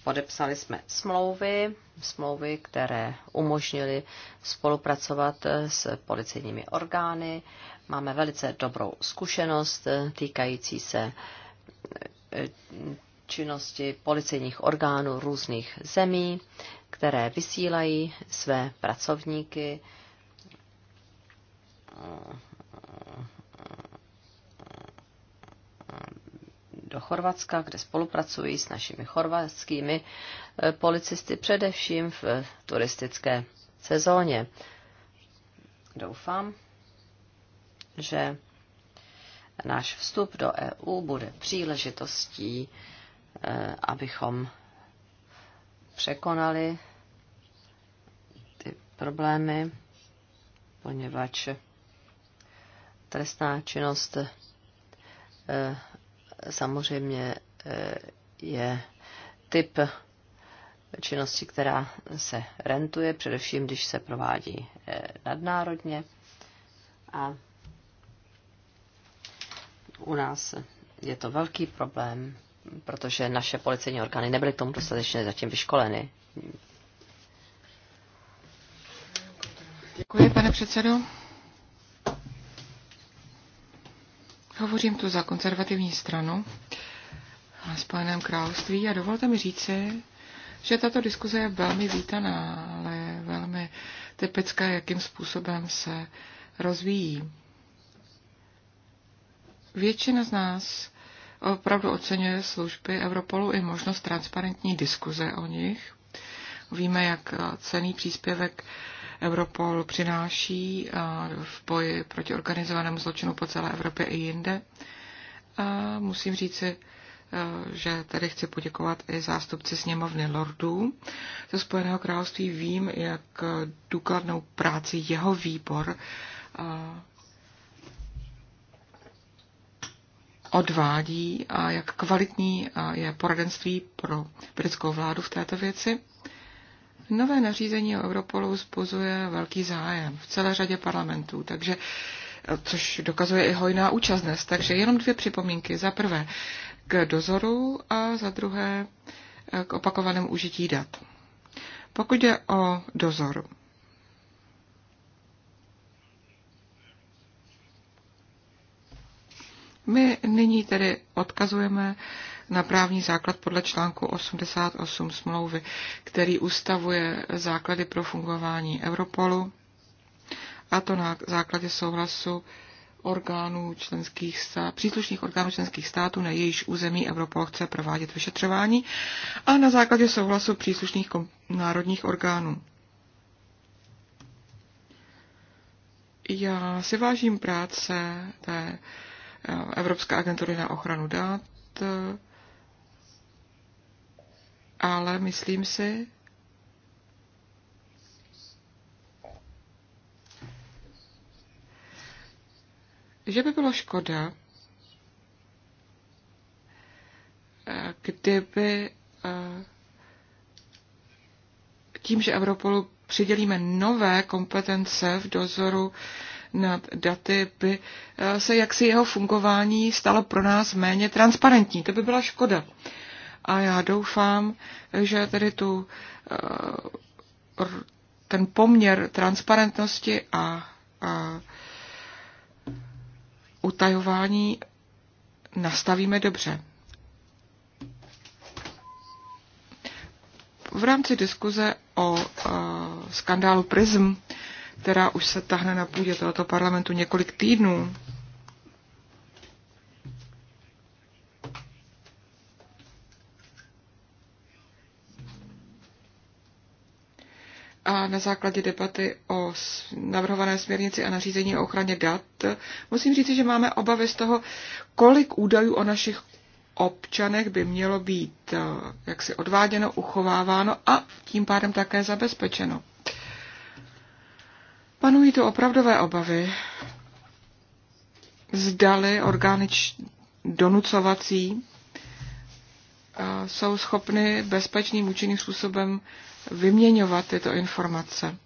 Podepsali jsme smlouvy, smlouvy, které umožnily spolupracovat eh, s policejními orgány. Máme velice dobrou zkušenost eh, týkající se činnosti policejních orgánů různých zemí, které vysílají své pracovníky do Chorvatska, kde spolupracují s našimi chorvatskými eh, policisty, především v turistické sezóně. Doufám, že náš vstup do EU bude příležitostí Eh, abychom překonali ty problémy, poněvadž trestná činnost eh, samozřejmě eh, je typ činnosti, která se rentuje, především když se provádí nadnárodně. A u nás je to velký problém, protože naše policejní orgány nebyly k tomu dostatečně zatím vyškoleny. Děkuji, pane předsedo. Hovořím tu za konzervativní stranu na Spojeném království a dovolte mi říci, že tato diskuze je velmi vítaná, ale je velmi typická, jakým způsobem se rozvíjí. Většina z nás opravdu oceňuje služby Europolu i možnost transparentní diskuze o nich. Víme, jak eh, cený příspěvek Europol přináší eh, v boji proti organizovanému zločinu po celé Evropě i jinde. A musím říci, eh, že tady chci poděkovat i zástupci sněmovny lordů. Ze Spojeného království vím, jak důkladnou práci jeho výbor odvádí a jak kvalitní je poradenství pro britskou vládu v této věci. Nové nařízení o Europolu spozuje velký zájem v celé řadě parlamentů, takže eh, což dokazuje i hojná účast dnes. Takže jenom dvě připomínky. Za prvé k dozoru a za druhé eh, k opakovanému užití dat. Pokud jde o dozor, My nyní tedy odkazujeme na právní základ podle článku 88 smlouvy, který ustavuje základy pro fungování Europolu, a to na základě souhlasu orgánů členských stát, příslušných orgánů členských států, na jejíž území Europol chce provádět vyšetřování a na základě souhlasu příslušných kom, národních orgánů. Já si vážím práce té Evropské agentury na ochranu dat, ale myslím si, že by bylo škoda, kdyby eh, tím, že Europolu přidělíme nové kompetence v dozoru nad daty by eh, se jaksi jeho fungování stalo pro nás méně transparentní. To by byla škoda. A já doufám, že tedy tu, eh, ten poměr transparentnosti a, a utajování nastavíme dobře. V rámci diskuze o eh, skandálu PRISM která už se tahne na půdě tohoto parlamentu několik týdnů. A na základě debaty o navrhované směrnici a nařízení o ochraně dat, musím říct, že máme obavy z toho, kolik údajů o našich občanech by mělo být eh, jaksi odváděno, uchováváno a tím pádem také zabezpečeno. Panují tu opravdové obavy, zdali orgány donucovací e, jsou schopny bezpečným účinným způsobem vyměňovat tyto informace.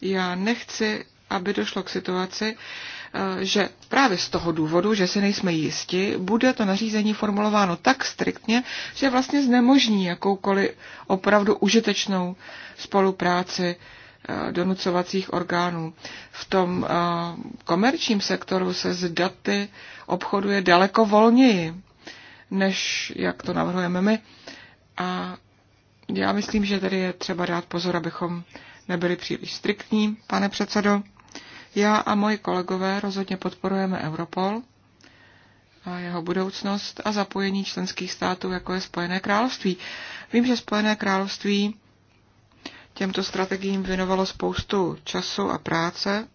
Já nechci, aby došlo k situaci, e, že právě z toho důvodu, že si nejsme jisti, bude to nařízení formulováno tak striktně, že vlastně znemožní jakoukoliv opravdu užitečnou spolupráci Eh, donucovacích orgánů. V tom eh, komerčním sektoru se s daty obchoduje daleko volněji, než jak to navrhujeme my. A já myslím, že tady je třeba dát pozor, abychom nebyli příliš striktní, pane předsedo. Já a moji kolegové rozhodně podporujeme Europol a jeho budoucnost a zapojení členských států, jako je Spojené království. Vím, že Spojené království těmto strategiím věnovalo spoustu času a práce.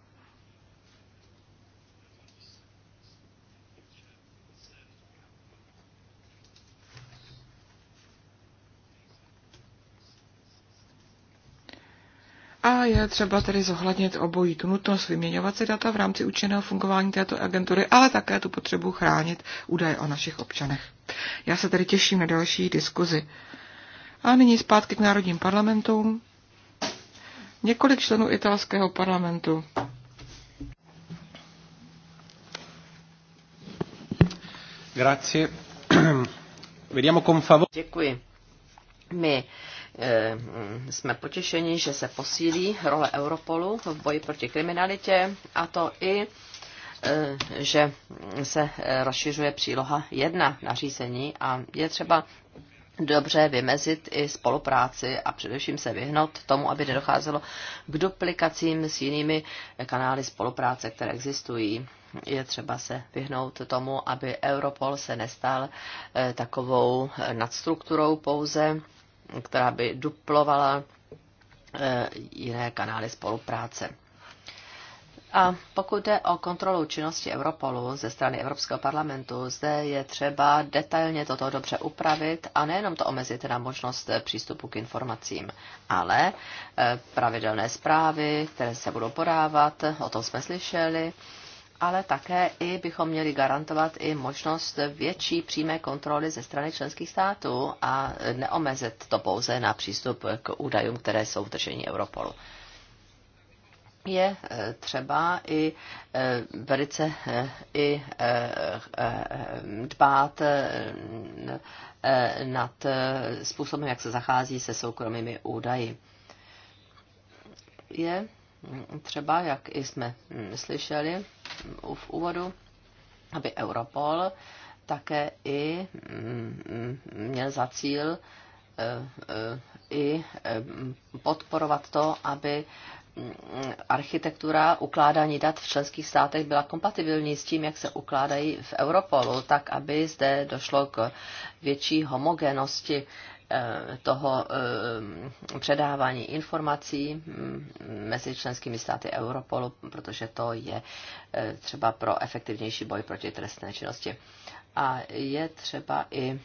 A je třeba tedy zohlednit obojí tu nutnost vyměňovat si data v rámci účinného fungování této agentury, ale také tu potřebu chránit údaje o našich občanech. Já se tedy těším na další diskuzi. A nyní zpátky k národním parlamentům několik členů italského parlamentu. Děkuji. My e, jsme potěšeni, že se posílí role Europolu v boji proti kriminalitě a to i e, že se eh, rozšiřuje příloha 1 nařízení a je třeba dobře vymezit i spolupráci a především se vyhnout tomu, aby nedocházelo k duplikacím s jinými kanály spolupráce, které existují. Je třeba se vyhnout tomu, aby Europol se nestal eh, takovou eh, nadstrukturou pouze, která by duplovala eh, jiné kanály spolupráce. A pokud jde o kontrolu činnosti Europolu ze strany Evropského parlamentu, zde je třeba detailně toto dobře upravit a nejenom to omezit na možnost přístupu k informacím, ale e, pravidelné zprávy, které se budou podávat, o tom jsme slyšeli, ale také i bychom měli garantovat i možnost větší přímé kontroly ze strany členských států a neomezit to pouze na přístup k údajům, které jsou v držení Europolu je eh, třeba i eh, velice eh, i dbát nad způsobem, jak se zachází se soukromými údaji. Je hm, třeba, jak i jsme hm, slyšeli hm, v úvodu, aby Europol také i měl za cíl i podporovat to, aby architektura ukládání dat v členských státech byla kompatibilní s tím, jak se ukládají v Europolu, tak aby zde došlo k větší homogenosti eh, toho eh, předávání informací mm, mezi členskými státy Europolu, protože to je eh, třeba pro efektivnější boj proti trestné činnosti a je třeba i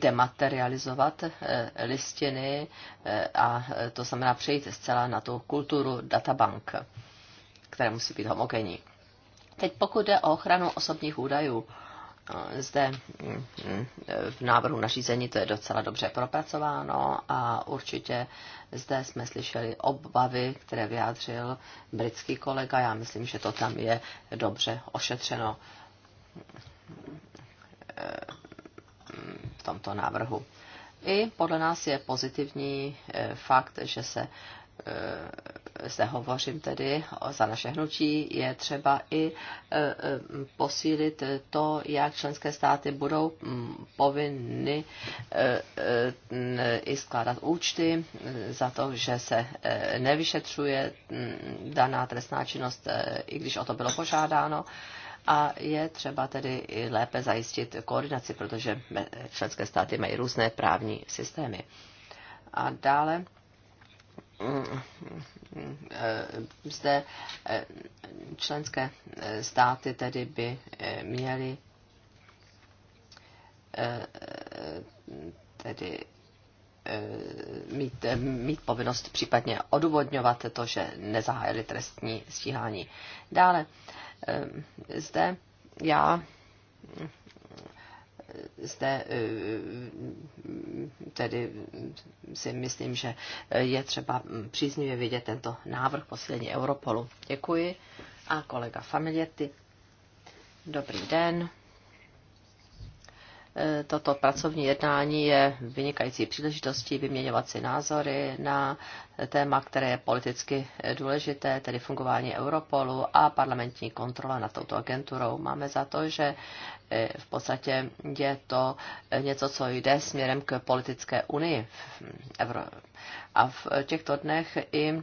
dematerializovat eh, listiny eh, a to znamená přejít zcela na tu kulturu databank, které musí být homogenní. Teď pokud jde o ochranu osobních údajů, eh, zde mm, mm, v návrhu nařízení to je docela dobře propracováno a určitě zde jsme slyšeli obavy, které vyjádřil britský kolega. Já myslím, že to tam je dobře ošetřeno v tomto návrhu. I podle nás je pozitivní eh, fakt, že se se eh, hovořím tedy za naše hnutí, je třeba i eh, posílit to, jak členské státy budou mm, povinny i skládat účty za to, že se nevyšetřuje mm, daná trestná činnost, i když o to bylo požádáno a je třeba tedy i lépe zajistit koordinaci, protože členské státy mají různé právní systémy. A dále mm, mm, mm, e, zde e, členské e, státy tedy by měly tedy mít, mít povinnost případně odůvodňovat to, že nezahájili trestní stíhání. Dále Ehm, zde já zde ehm, tedy si myslím, že je třeba příznivě vidět tento návrh poslední Europolu. Děkuji. A kolega Familiety. Dobrý den toto pracovní jednání je vynikající příležitostí vyměňovat si názory na téma, které je politicky důležité, tedy fungování Europolu a parlamentní kontrola nad touto agenturou. Máme za to, že eh, v podstatě je to eh, něco, co jde směrem k politické unii. A v těchto dnech i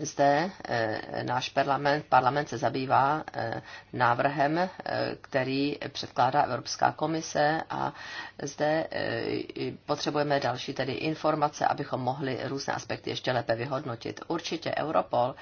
zde eh, náš parlament, parlament se zabývá eh, návrhem, eh, který předkládá Evropská komise a zde potřebujeme další tedy informace, abychom mohli různé aspekty ještě lépe vyhodnotit. Určitě Europol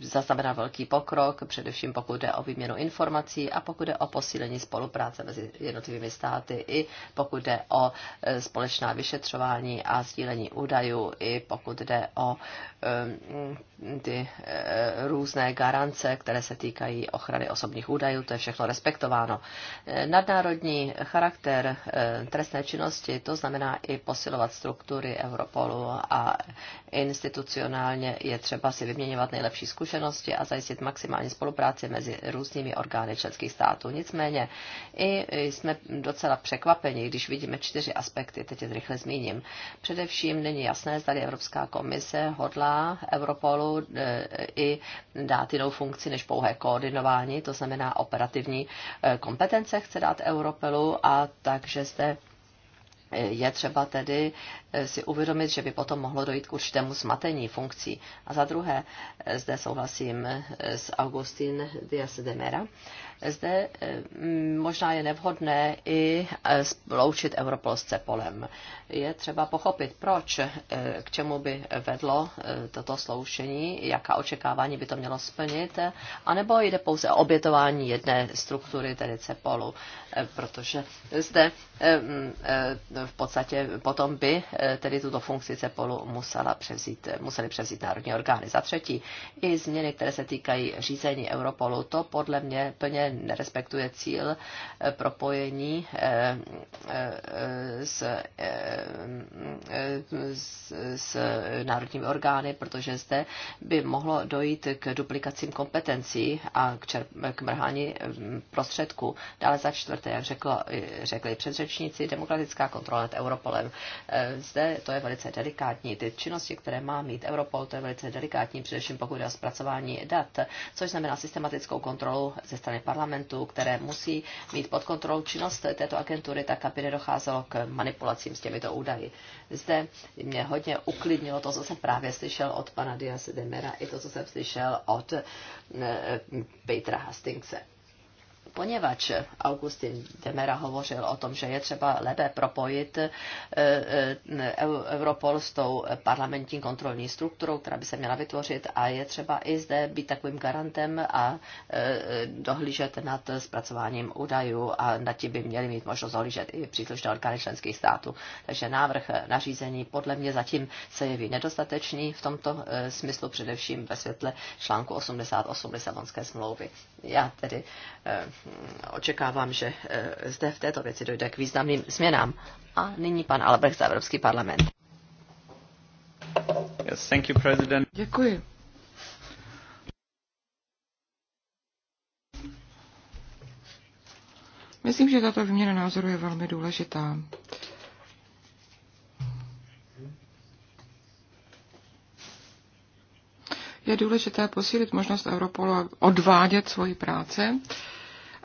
zaznamená velký pokrok, především pokud jde o výměnu informací a pokud jde o posílení spolupráce mezi jednotlivými státy, i pokud jde o e, společná vyšetřování a sdílení údajů, i pokud jde o e, ty e, různé garance, které se týkají ochrany osobních údajů, to je všechno respektováno. Nadnárodní charakter trestné činnosti, to znamená i posilovat struktury Europolu a institucionální regionálně je třeba si vyměňovat nejlepší zkušenosti a zajistit maximální spolupráci mezi různými orgány členských států. Nicméně i jsme docela překvapeni, když vidíme čtyři aspekty, teď je rychle zmíním. Především není jasné, zda Evropská komise hodlá Europolu e, i dát jinou funkci než pouhé koordinování, to znamená operativní e, kompetence chce dát Europolu a takže zde je třeba tedy eh, si uvědomit, že by potom mohlo dojít k určitému zmatení funkcí. A za druhé, eh, zde souhlasím eh, s Augustin Dias de Mera, zde eh, možná je nevhodné i eh, sloučit Europol s Cepolem. Je třeba pochopit, proč, eh, k čemu by vedlo toto sloučení, jaká očekávání by to mělo splnit, anebo jde pouze o obětování jedné struktury, tedy Cepolu, protože zde mm, v podstatě potom by tedy tuto funkci Cepolu musela převzít, museli převzít národní orgány. Za třetí, i změny, které se týkají řízení Europolu, to podle mě plně nerespektuje cíl eh, propojení eh, eh, s, mm, s, s národními orgány, protože zde by mohlo dojít k duplikacím kompetencí a k, čerp, k mrhání mm, prostředků. Dále za čtvrté, jak řeklo, řekli předřečníci, demokratická kontrola nad Europolem. Zde to je velice delikátní. Ty činnosti, které má mít Europol, to je velice delikátní, především pokud je o zpracování dat, což znamená systematickou kontrolu ze strany parlamentu parlamentu, které musí mít pod kontrolou činnost této agentury, tak aby nedocházelo k manipulacím s těmito údaji. Zde mě hodně uklidnilo to, co jsem právě slyšel od pana Diase Demera i to, co jsem slyšel od eh, Petra Hastingse poněvadž Augustin Demera hovořil o tom, že je třeba lépe propojit e, e, Europol s tou parlamentní kontrolní strukturou, která by se měla vytvořit a je třeba i zde být takovým garantem a e, dohlížet nad zpracováním údajů a nad tím by měli mít možnost dohlížet i příslušné orgány členských států. Takže návrh nařízení podle mě zatím se jeví nedostatečný v tomto smyslu především ve světle článku 88 Lisabonské smlouvy. Já tedy očekávám, že eh, zde v této věci dojde k významným změnám. A nyní pan Albrecht z Evropský parlament. Yes, thank you, president. Děkuji. Myslím, že tato výměna názoru je velmi důležitá. Je důležité posílit možnost Europolu odvádět svoji práci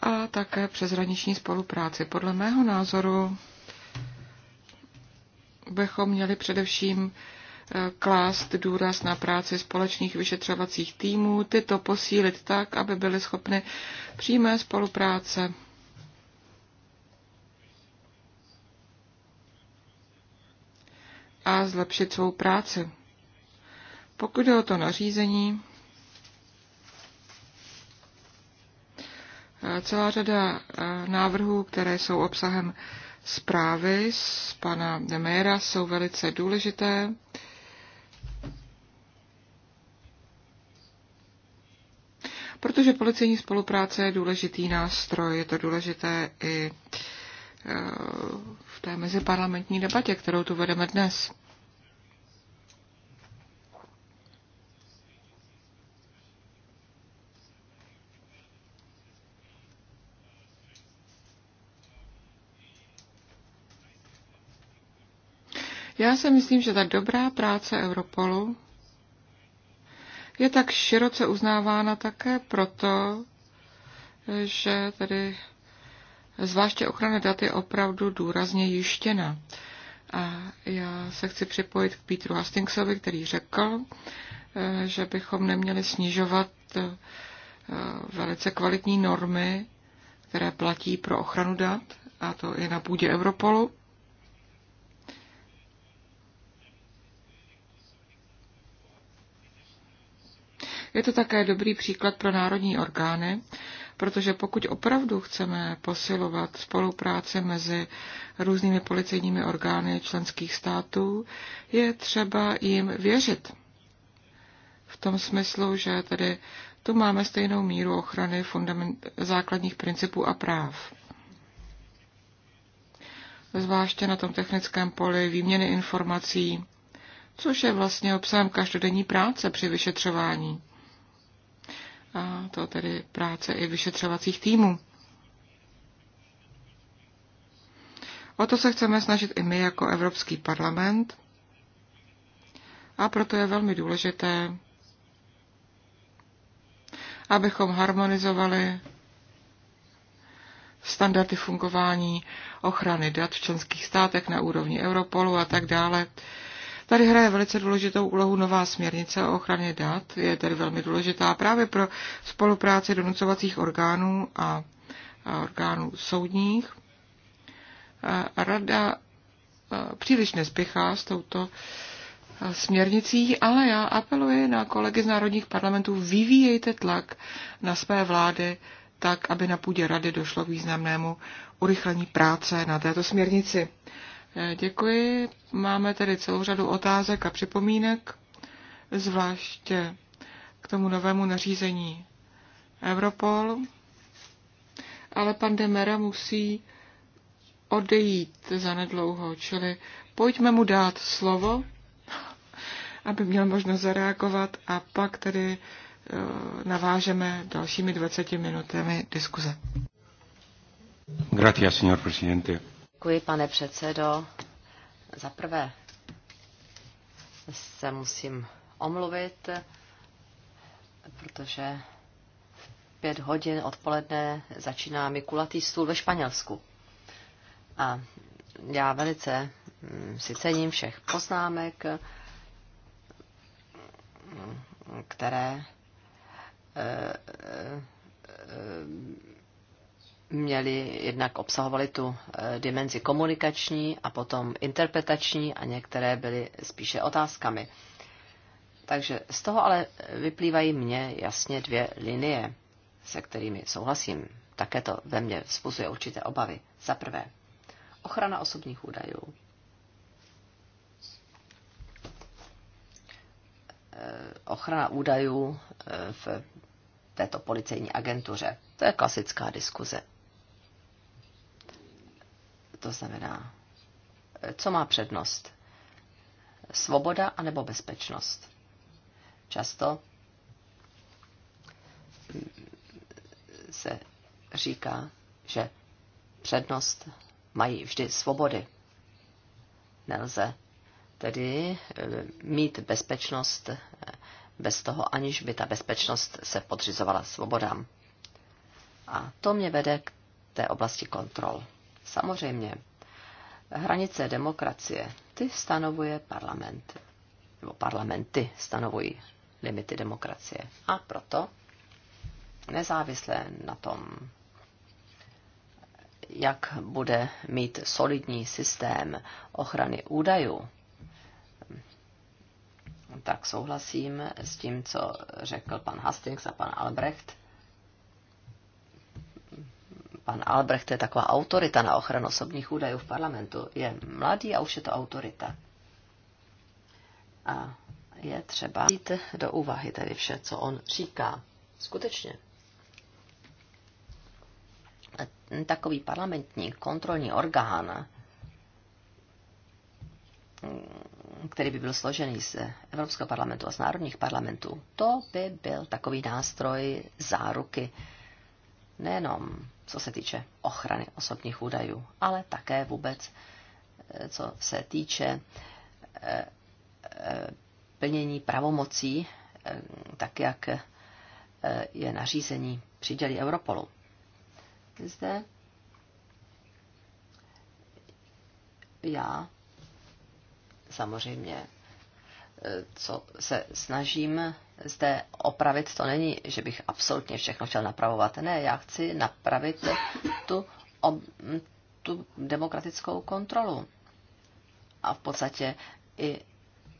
a také přeshraniční spolupráci. Podle mého názoru bychom měli především eh, klást důraz na práci společných vyšetřovacích týmů, tyto posílit tak, aby byly schopny přímé spolupráce. a zlepšit svou práci. Pokud je o to nařízení, celá řada návrhů, které jsou obsahem zprávy z pana Deméra, jsou velice důležité. Protože policejní spolupráce je důležitý nástroj, je to důležité i e, v té meziparlamentní debatě, kterou tu vedeme dnes. Já si myslím, že ta dobrá práce Europolu je tak široce uznávána také proto, že tady zvláště ochrana dat je opravdu důrazně jištěna. A já se chci připojit k Petru Hastingsovi, který řekl, že bychom neměli snižovat eh, velice kvalitní normy, které platí pro ochranu dat, a to je na půdě Europolu. Je to také dobrý příklad pro národní orgány, protože pokud opravdu chceme posilovat spolupráci mezi různými policejními orgány členských států, je třeba jim věřit. V tom smyslu, že tedy tu máme stejnou míru ochrany fundament, základních principů a práv. Zvláště na tom technickém poli výměny informací, což je vlastně obsahem každodenní práce při vyšetřování a to tedy práce i vyšetřovacích týmů. O to se chceme snažit i my jako Evropský parlament a proto je velmi důležité, abychom harmonizovali standardy fungování ochrany dat v členských státech na úrovni Europolu a tak dále, Tady hraje velice důležitou úlohu nová směrnice o ochraně dat, je tedy velmi důležitá právě pro spolupráci donucovacích orgánů a orgánů soudních. Rada příliš nespěchá s touto směrnicí, ale já apeluji na kolegy z národních parlamentů, vyvíjejte tlak na své vlády tak, aby na půdě rady došlo k významnému urychlení práce na této směrnici. Eh, děkuji. Máme tedy celou řadu otázek a připomínek, zvláště k tomu novému nařízení Europol. Ale pan Demera musí odejít za nedlouho, čili pojďme mu dát slovo, aby měl možnost zareagovat a pak tedy eh, navážeme dalšími 20 minutami diskuze. Gracias, señor presidente. Děkuji, pane předsedo. Za prvé se musím omluvit, protože v pět hodin odpoledne začíná mi kulatý stůl ve Španělsku. A já velice mm, si cením všech poznámek, mm, které eh, eh, měli, jednak obsahovaly tu eh, dimenzi komunikační a potom interpretační a některé byly spíše otázkami. Takže z toho ale vyplývají mně jasně dvě linie, se kterými souhlasím. Také to ve mně vzbuzuje určité obavy. Za prvé, ochrana osobních údajů. Eh, ochrana údajů eh, v této policejní agentuře. To je klasická diskuze. To znamená, co má přednost? Svoboda anebo bezpečnost? Často se říká, že přednost mají vždy svobody. Nelze tedy eh, mít bezpečnost eh, bez toho, aniž by ta bezpečnost se podřizovala svobodám. A to mě vede k té oblasti kontrol. Samozřejmě, hranice demokracie, ty stanovuje parlament. Nebo parlamenty stanovují limity demokracie. A proto, nezávisle na tom, jak bude mít solidní systém ochrany údajů, tak souhlasím s tím, co řekl pan Hastings a pan Albrecht pan Albrecht je taková autorita na ochranu osobních údajů v parlamentu. Je mladý a už je to autorita. A je třeba jít do úvahy tedy vše, co on říká. Skutečně. Takový parlamentní kontrolní orgán, který by byl složený z Evropského parlamentu a z národních parlamentů, to by byl takový nástroj záruky nejenom co se týče ochrany osobních údajů, ale také vůbec eh, co se týče eh, eh, plnění pravomocí, tak jak je nařízení přidělí Europolu. Zde já samozřejmě co se snažím zde opravit, to není, že bych absolutně všechno chtěl napravovat. Ne, já chci napravit tu, ob, tu demokratickou kontrolu. A v podstatě i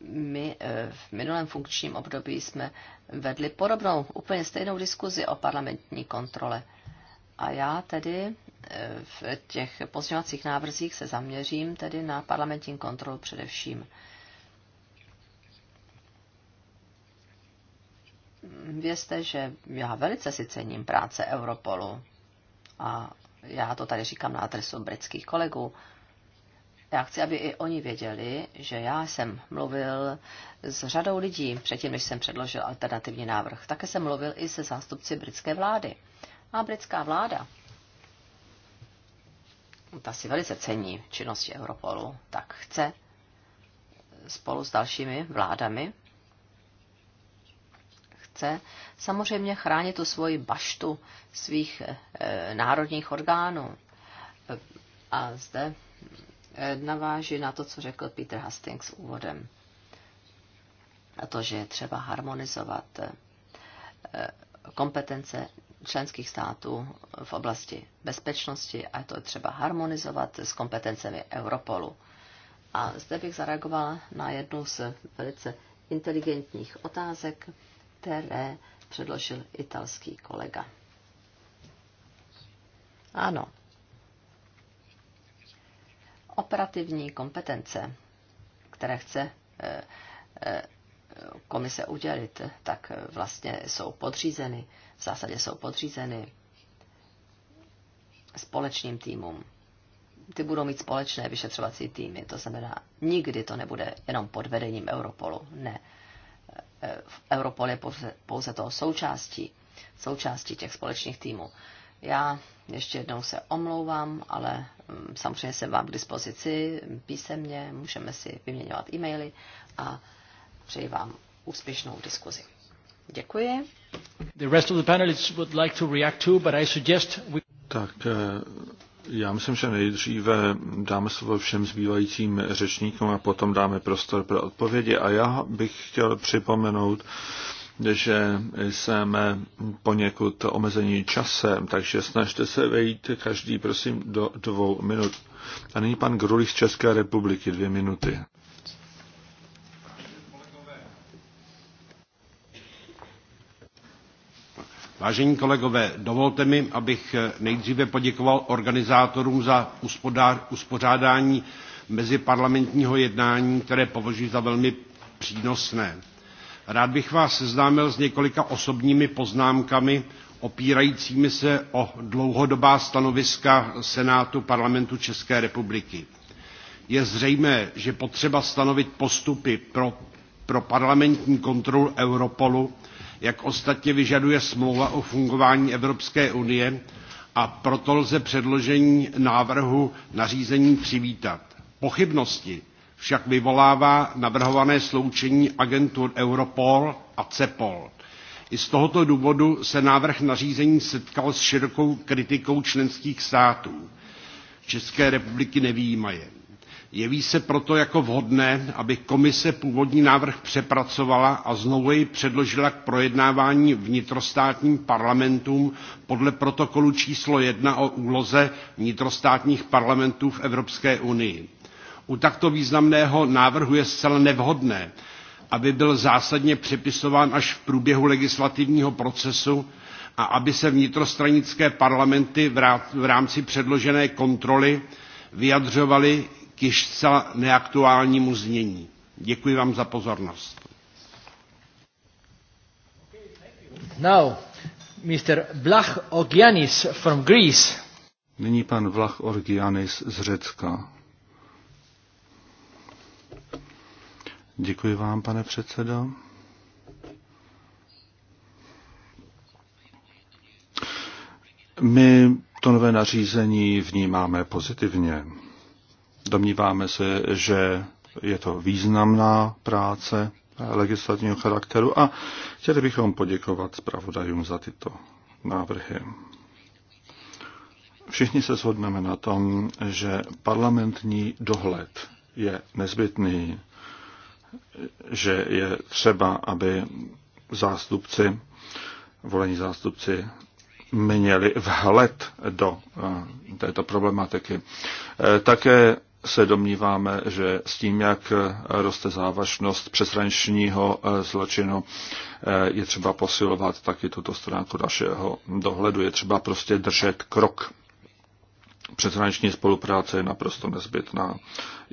my eh, v minulém funkčním období jsme vedli podobnou, úplně stejnou diskuzi o parlamentní kontrole. A já tedy eh, v těch pozměňovacích návrzích se zaměřím tedy na parlamentní kontrolu především. vězte, že já velice si cením práce Europolu a já to tady říkám na adresu britských kolegů. Já chci, aby i oni věděli, že já jsem mluvil s řadou lidí předtím, než jsem předložil alternativní návrh. Také jsem mluvil i se zástupci britské vlády. A britská vláda, ta si velice cení činnosti Europolu, tak chce spolu s dalšími vládami chce samozřejmě chránit tu svoji baštu svých eh, národních orgánů. A zde eh, naváží na to, co řekl Peter Hastings úvodem. A to, že je třeba harmonizovat eh, kompetence členských států v oblasti bezpečnosti a to je třeba harmonizovat s kompetencemi Europolu. A zde bych zareagovala na jednu z velice inteligentních otázek, které předložil italský kolega. Ano. Operativní kompetence, které chce eh, eh, komise udělit, tak vlastně jsou podřízeny, v zásadě jsou podřízeny společným týmům. Ty budou mít společné vyšetřovací týmy, to znamená, nikdy to nebude jenom pod vedením Europolu, ne. Europol je pouze, pouze toho součástí, součástí těch společných týmů. Já ještě jednou se omlouvám, ale mm, samozřejmě jsem vám k dispozici písemně, můžeme si vyměňovat e-maily a přeji vám úspěšnou diskuzi. Děkuji. The rest of the panelists would like to react to, but I suggest we... Tak eh, já myslím, že nejdříve dáme slovo všem zbývajícím řečníkům a potom dáme prostor pro odpovědi. A já bych chtěl připomenout, že jsme poněkud omezení časem, takže snažte se vejít každý, prosím, do dvou minut. A nyní pan Grulich z České republiky, dvě minuty. Vážení kolegové, dovolte mi, abych eh, nejdříve poděkoval organizátorům za uspořádání meziparlamentního jednání, které považuji za velmi přínosné. Rád bych vás seznámil s několika osobními poznámkami opírajícími se o dlouhodobá stanoviska Senátu parlamentu České republiky. Je zřejmé, že potřeba stanovit postupy pro, pro parlamentní kontrolu Europolu jak ostatně vyžaduje smlouva o fungování Evropské unie, a proto lze předložení návrhu nařízení přivítat. Pochybnosti však vyvolává navrhované sloučení agentur Europol a CEPOL. I z tohoto důvodu se návrh nařízení setkal s širokou kritikou členských států, České republiky nevýjímaje. Jeví se proto jako vhodné, aby komise původní návrh přepracovala a znovu jej předložila k projednávání vnitrostátním parlamentům podle protokolu číslo 1 o úloze vnitrostátních parlamentů v Evropské unii. U takto významného návrhu je zcela nevhodné, aby byl zásadně přepisován až v průběhu legislativního procesu a aby se vnitrostranické parlamenty v rámci předložené kontroly vyjadřovaly již zcela neaktuálnímu znění. Děkuji vám za pozornost. Now, Mr. Vlach Orgianis from Greece. Nyní pan Vlach Orgianis z Řecka. Děkuji vám, pane předsedo. My to nové nařízení vnímáme pozitivně. Domníváme se, že je to významná práce legislativního charakteru a chtěli bychom poděkovat zpravodajům za tyto návrhy. Všichni se shodneme na tom, že parlamentní dohled je nezbytný, že je třeba, aby zástupci, volení zástupci měli vhled do eh, této problematiky. Eh, také se domníváme, že s tím, jak roste závažnost přesraničního eh, zločinu, eh, je třeba posilovat taky tuto stránku našeho dohledu. Je třeba prostě držet krok. Přeshraniční spolupráce je naprosto nezbytná.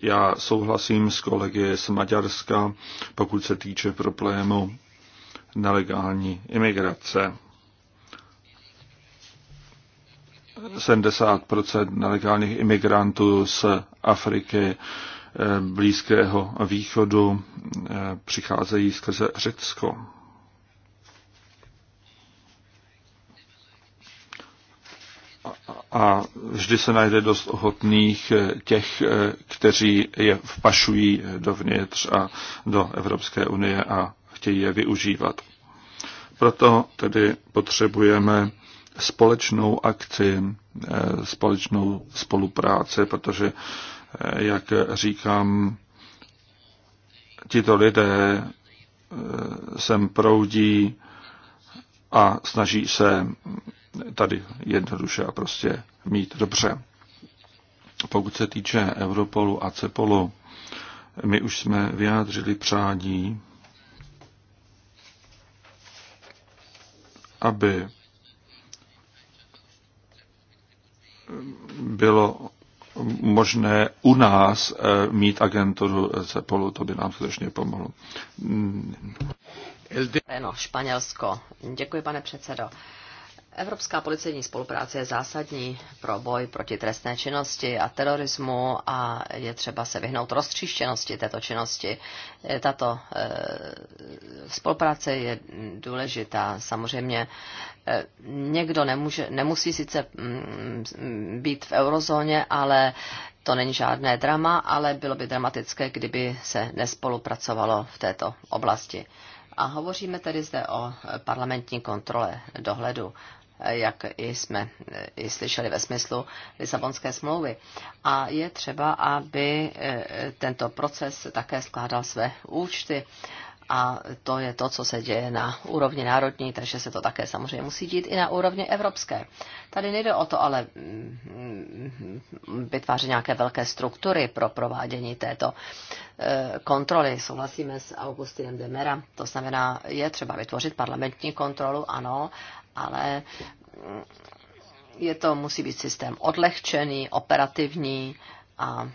Já souhlasím s kolegy z Maďarska, pokud se týče problému nelegální imigrace. 70 nelegálních imigrantů z Afriky, eh, Blízkého východu eh, přicházejí skrze Řecko. A vždy se najde dost ochotných eh, těch, kteří je vpašují dovnitř a do Evropské unie a chtějí je využívat. Proto tedy potřebujeme společnou akci, eh, společnou spolupráci, protože, eh, jak říkám, tito lidé eh, sem proudí a snaží se tady jednoduše a prostě mít dobře. Pokud se týče Europolu a Cepolu, my už jsme vyjádřili přání, aby bylo možné u nás eh, mít agenturu CEPOLu, to by nám skutečně pomohlo. Španělsko. Děkuji, pane předsedo. Evropská policejní spolupráce je zásadní pro boj proti trestné činnosti a terorismu a je třeba se vyhnout roztříštěnosti této činnosti. Tato eh, spolupráce je důležitá. Samozřejmě eh, někdo nemůže, nemusí sice mm, být v eurozóně, ale to není žádné drama, ale bylo by dramatické, kdyby se nespolupracovalo v této oblasti. A hovoříme tedy zde o eh, parlamentní kontrole dohledu. Eh, jak i jsme eh, i slyšeli ve smyslu Lisabonské smlouvy. A je třeba, aby eh, tento proces také skládal své účty a to je to, co se děje na úrovni národní, takže se to také samozřejmě musí dít i na úrovni evropské. Tady nejde o to ale mm, vytvářet nějaké velké struktury pro provádění této kontroly. Souhlasíme s Augustinem Demera, to znamená, je třeba vytvořit parlamentní kontrolu, ano, ale je to, musí být systém odlehčený, operativní a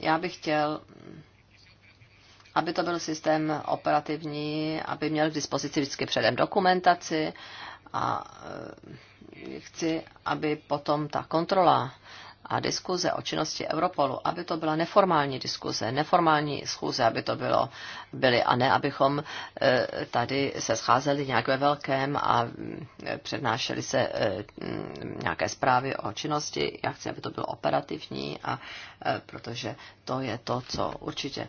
já bych chtěl, aby to byl systém operativní, aby měl k dispozici vždycky předem dokumentaci a eh, chci, aby potom ta kontrola a diskuze o činnosti Europolu, aby to byla neformální diskuze, neformální schůze, aby to bylo, byly a ne, abychom eh, tady se scházeli nějak ve velkém a mm, přednášeli se eh, mm, nějaké zprávy o činnosti. Já chci, aby to bylo operativní, a eh, protože to je to, co určitě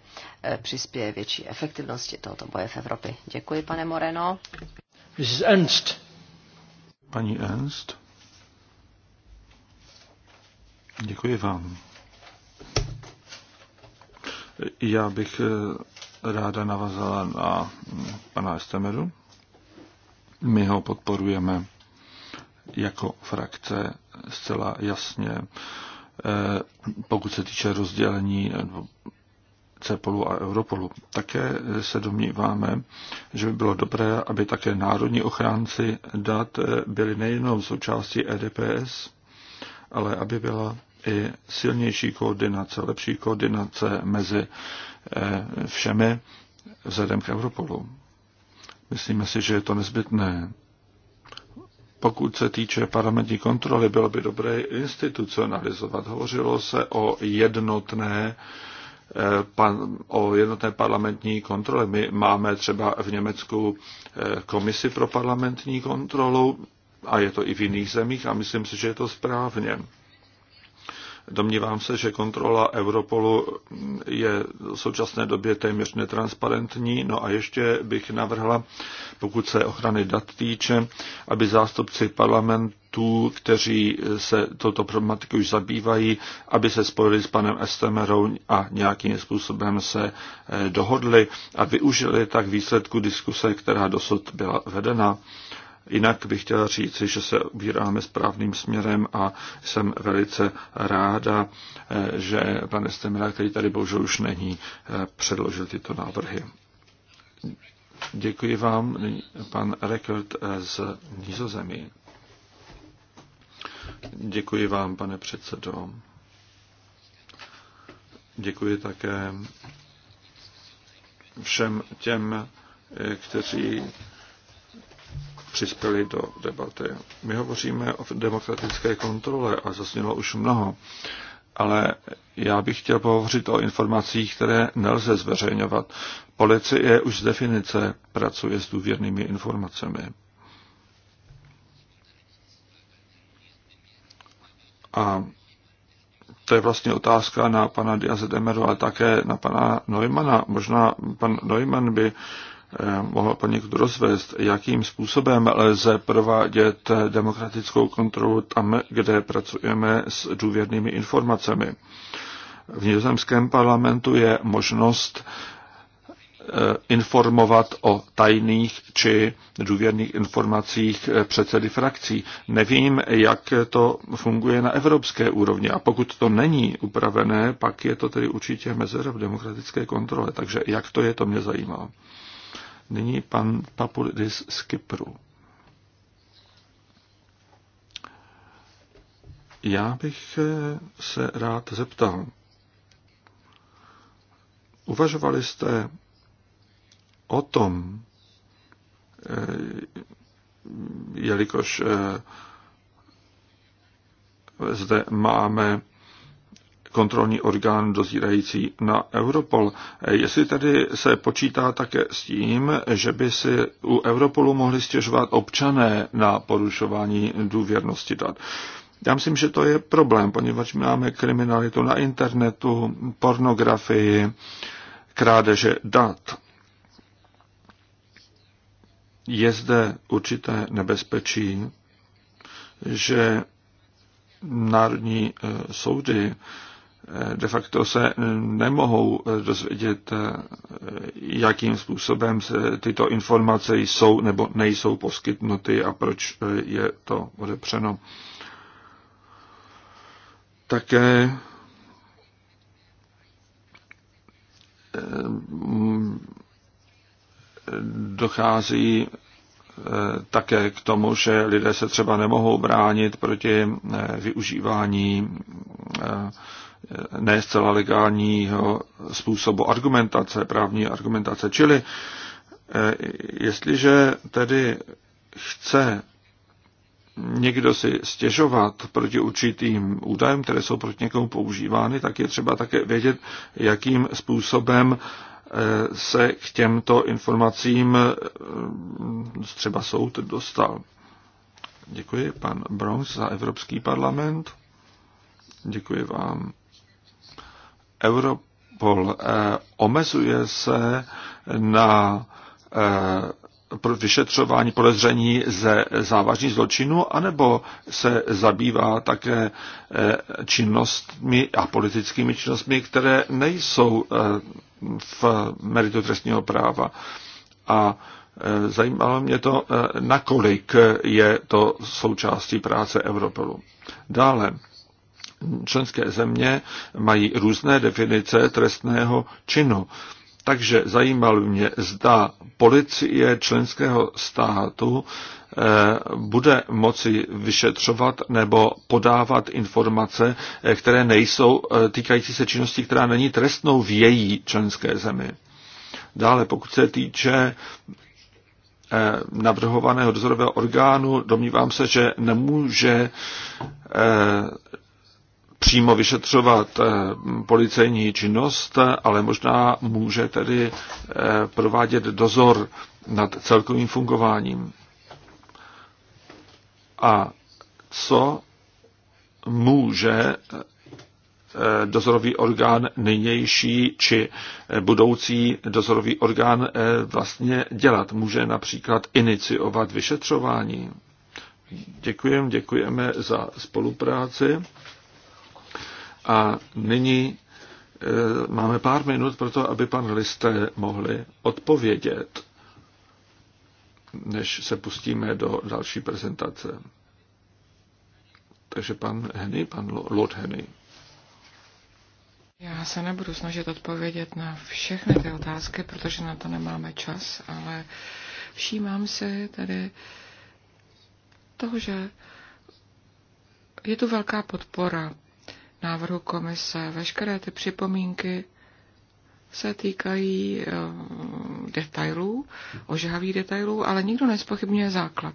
přispěje větší efektivnosti tohoto boje v Evropě. Děkuji, pane Moreno. Mrs. Ernst. Paní Ernst. Děkuji vám. Já bych eh, ráda navazala na mm, pana Estemeru. My ho podporujeme jako frakce zcela jasně, eh, pokud se týče rozdělení eh, CEPOLu a Europolu. Také se domníváme, že by bylo dobré, aby také národní ochránci dat byli nejenom součástí EDPS, ale aby byla i silnější koordinace, lepší koordinace mezi eh, všemi vzhledem k Europolu. Myslíme si, že je to nezbytné. Pokud se týče parlamentní kontroly, bylo by dobré institucionalizovat. Hovořilo se o jednotné eh, o jednotné parlamentní kontrole. My máme třeba v Německu eh, komisi pro parlamentní kontrolu a je to i v jiných zemích a myslím si, že je to správně. Domnívám se, že kontrola Europolu je v současné době téměř netransparentní. No a ještě bych navrhla, pokud se ochrany dat týče, aby zástupci parlamentů, kteří se toto problematiku už zabývají, aby se spojili s panem Estemerou a nějakým způsobem se eh, dohodli a využili tak výsledku diskuse, která dosud byla vedena. Jinak bych chtěla říci, že se ubíráme správným směrem a jsem velice ráda, eh, že pan Estemira, který tady bohužel už není, eh, předložil tyto návrhy. Děkuji vám, pan Rekord eh, z Nizozemí. Děkuji vám, pane předsedo. Děkuji také všem těm, kteří přispěli do debaty. My hovoříme o demokratické kontrole a zaznělo už mnoho, ale já bych chtěl pohovořit o informacích, které nelze zveřejňovat. Policie už z definice pracuje s důvěrnými informacemi. A to je vlastně otázka na pana Demeru, ale také na pana Neumana. Možná pan Neumann by Eh, mohl poněkud rozvést, jakým způsobem lze provádět demokratickou kontrolu tam, kde pracujeme s důvěrnými informacemi. V nizozemském parlamentu je možnost eh, informovat o tajných či důvěrných informacích eh, předsedy frakcí. Nevím, jak to funguje na evropské úrovni a pokud to není upravené, pak je to tedy určitě mezera v demokratické kontrole. Takže jak to je, to mě zajímá. Nyní pan Papulidis z Kypru. Já bych se rád zeptal. Uvažovali jste o tom, eh, jelikož eh, zde máme kontrolní orgán dozírající na Europol. Jestli tedy se počítá také s tím, že by si u Europolu mohli stěžovat občané na porušování důvěrnosti dat. Já myslím, že to je problém, poněvadž máme kriminalitu na internetu, pornografii, krádeže dat. Je zde určité nebezpečí, že národní eh, soudy de facto se nemohou dozvědět, eh, jakým způsobem se tyto informace jsou nebo nejsou poskytnuty a proč eh, je to odepřeno. Také eh, dochází také k tomu, že lidé se třeba nemohou bránit proti využívání ne zcela legálního způsobu argumentace, právní argumentace. Čili eh, jestliže tedy chce někdo si stěžovat proti určitým údajům, které jsou proti někomu používány, tak je třeba také vědět, jakým způsobem eh, se k těmto informacím eh, třeba soud dostal. Děkuji, pan Bronx za Evropský parlament. Děkuji vám. Europol eh, omezuje se na eh, vyšetřování podezření ze závažných zločinů, anebo se zabývá také eh, činnostmi a politickými činnostmi, které nejsou v meritu trestního práva. A zajímalo mě to, nakolik je to součástí práce Europolu. Dále, členské země mají různé definice trestného činu. Takže zajímalo mě, zda policie členského státu eh, bude moci vyšetřovat nebo podávat informace, eh, které nejsou eh, týkající se činnosti, která není trestnou v její členské zemi. Dále, pokud se týče navrhovaného dozorového orgánu, domnívám se, že nemůže přímo vyšetřovat eh, policejní činnost, ale možná může tedy eh, provádět dozor nad celkovým fungováním. A co může eh, dozorový orgán nynější či budoucí dozorový orgán vlastně dělat. Může například iniciovat vyšetřování. Děkujeme, děkujeme za spolupráci. A nyní eh, máme pár minut pro to, aby pan Liste mohli odpovědět, než se pustíme do další prezentace. Takže pan Henny, pan Lord Henny. Já se nebudu snažit odpovědět na všechny ty otázky, protože na to nemáme čas, ale všímám si tady toho, že je tu velká podpora návrhu komise. Veškeré ty připomínky se týkají eh, detailů, ožahavých detailů, ale nikdo nespochybňuje základ.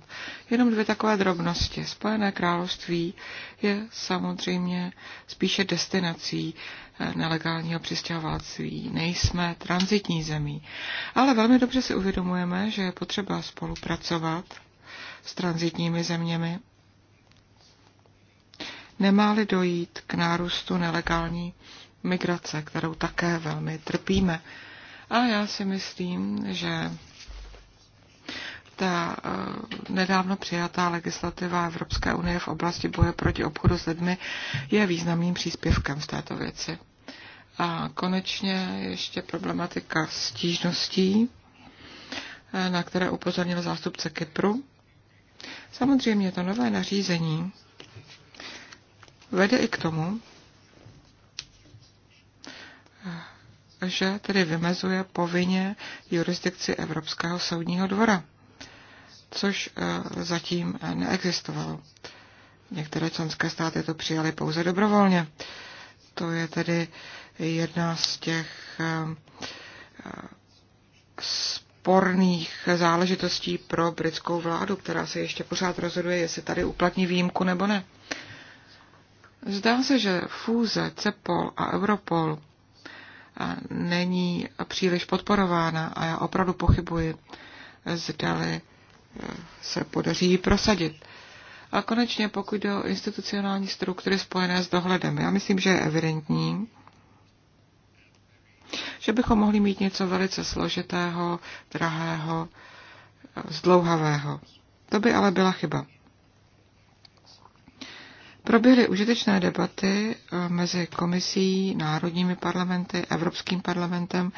Jenom dvě takové drobnosti. Spojené království je samozřejmě spíše destinací eh, nelegálního přistěhovalství. Nejsme transitní zemí. Ale velmi dobře si uvědomujeme, že je potřeba spolupracovat s transitními zeměmi nemáli dojít k nárůstu nelegální migrace, kterou také velmi trpíme. A já si myslím, že ta eh, nedávno přijatá legislativa Evropské unie v oblasti boje proti obchodu s lidmi je významným příspěvkem v této věci. A konečně ještě problematika stížností, eh, na které upozornil zástupce Kypru. Samozřejmě to nové nařízení vede i k tomu, že tedy vymezuje povinně jurisdikci Evropského soudního dvora, což eh, zatím neexistovalo. Některé členské státy to přijali pouze dobrovolně. To je tedy jedna z těch eh, sporných záležitostí pro britskou vládu, která se ještě pořád rozhoduje, jestli tady uplatní výjimku nebo ne. Zdá se, že fúze CEPOL a Europol není příliš podporována a já opravdu pochybuji, zdali e, se podaří ji prosadit. A konečně pokud do institucionální struktury spojené s dohledem, já myslím, že je evidentní, že bychom mohli mít něco velice složitého, drahého, e, zdlouhavého. To by ale byla chyba. Proběhly užitečné debaty eh, mezi komisí, národními parlamenty, Evropským parlamentem,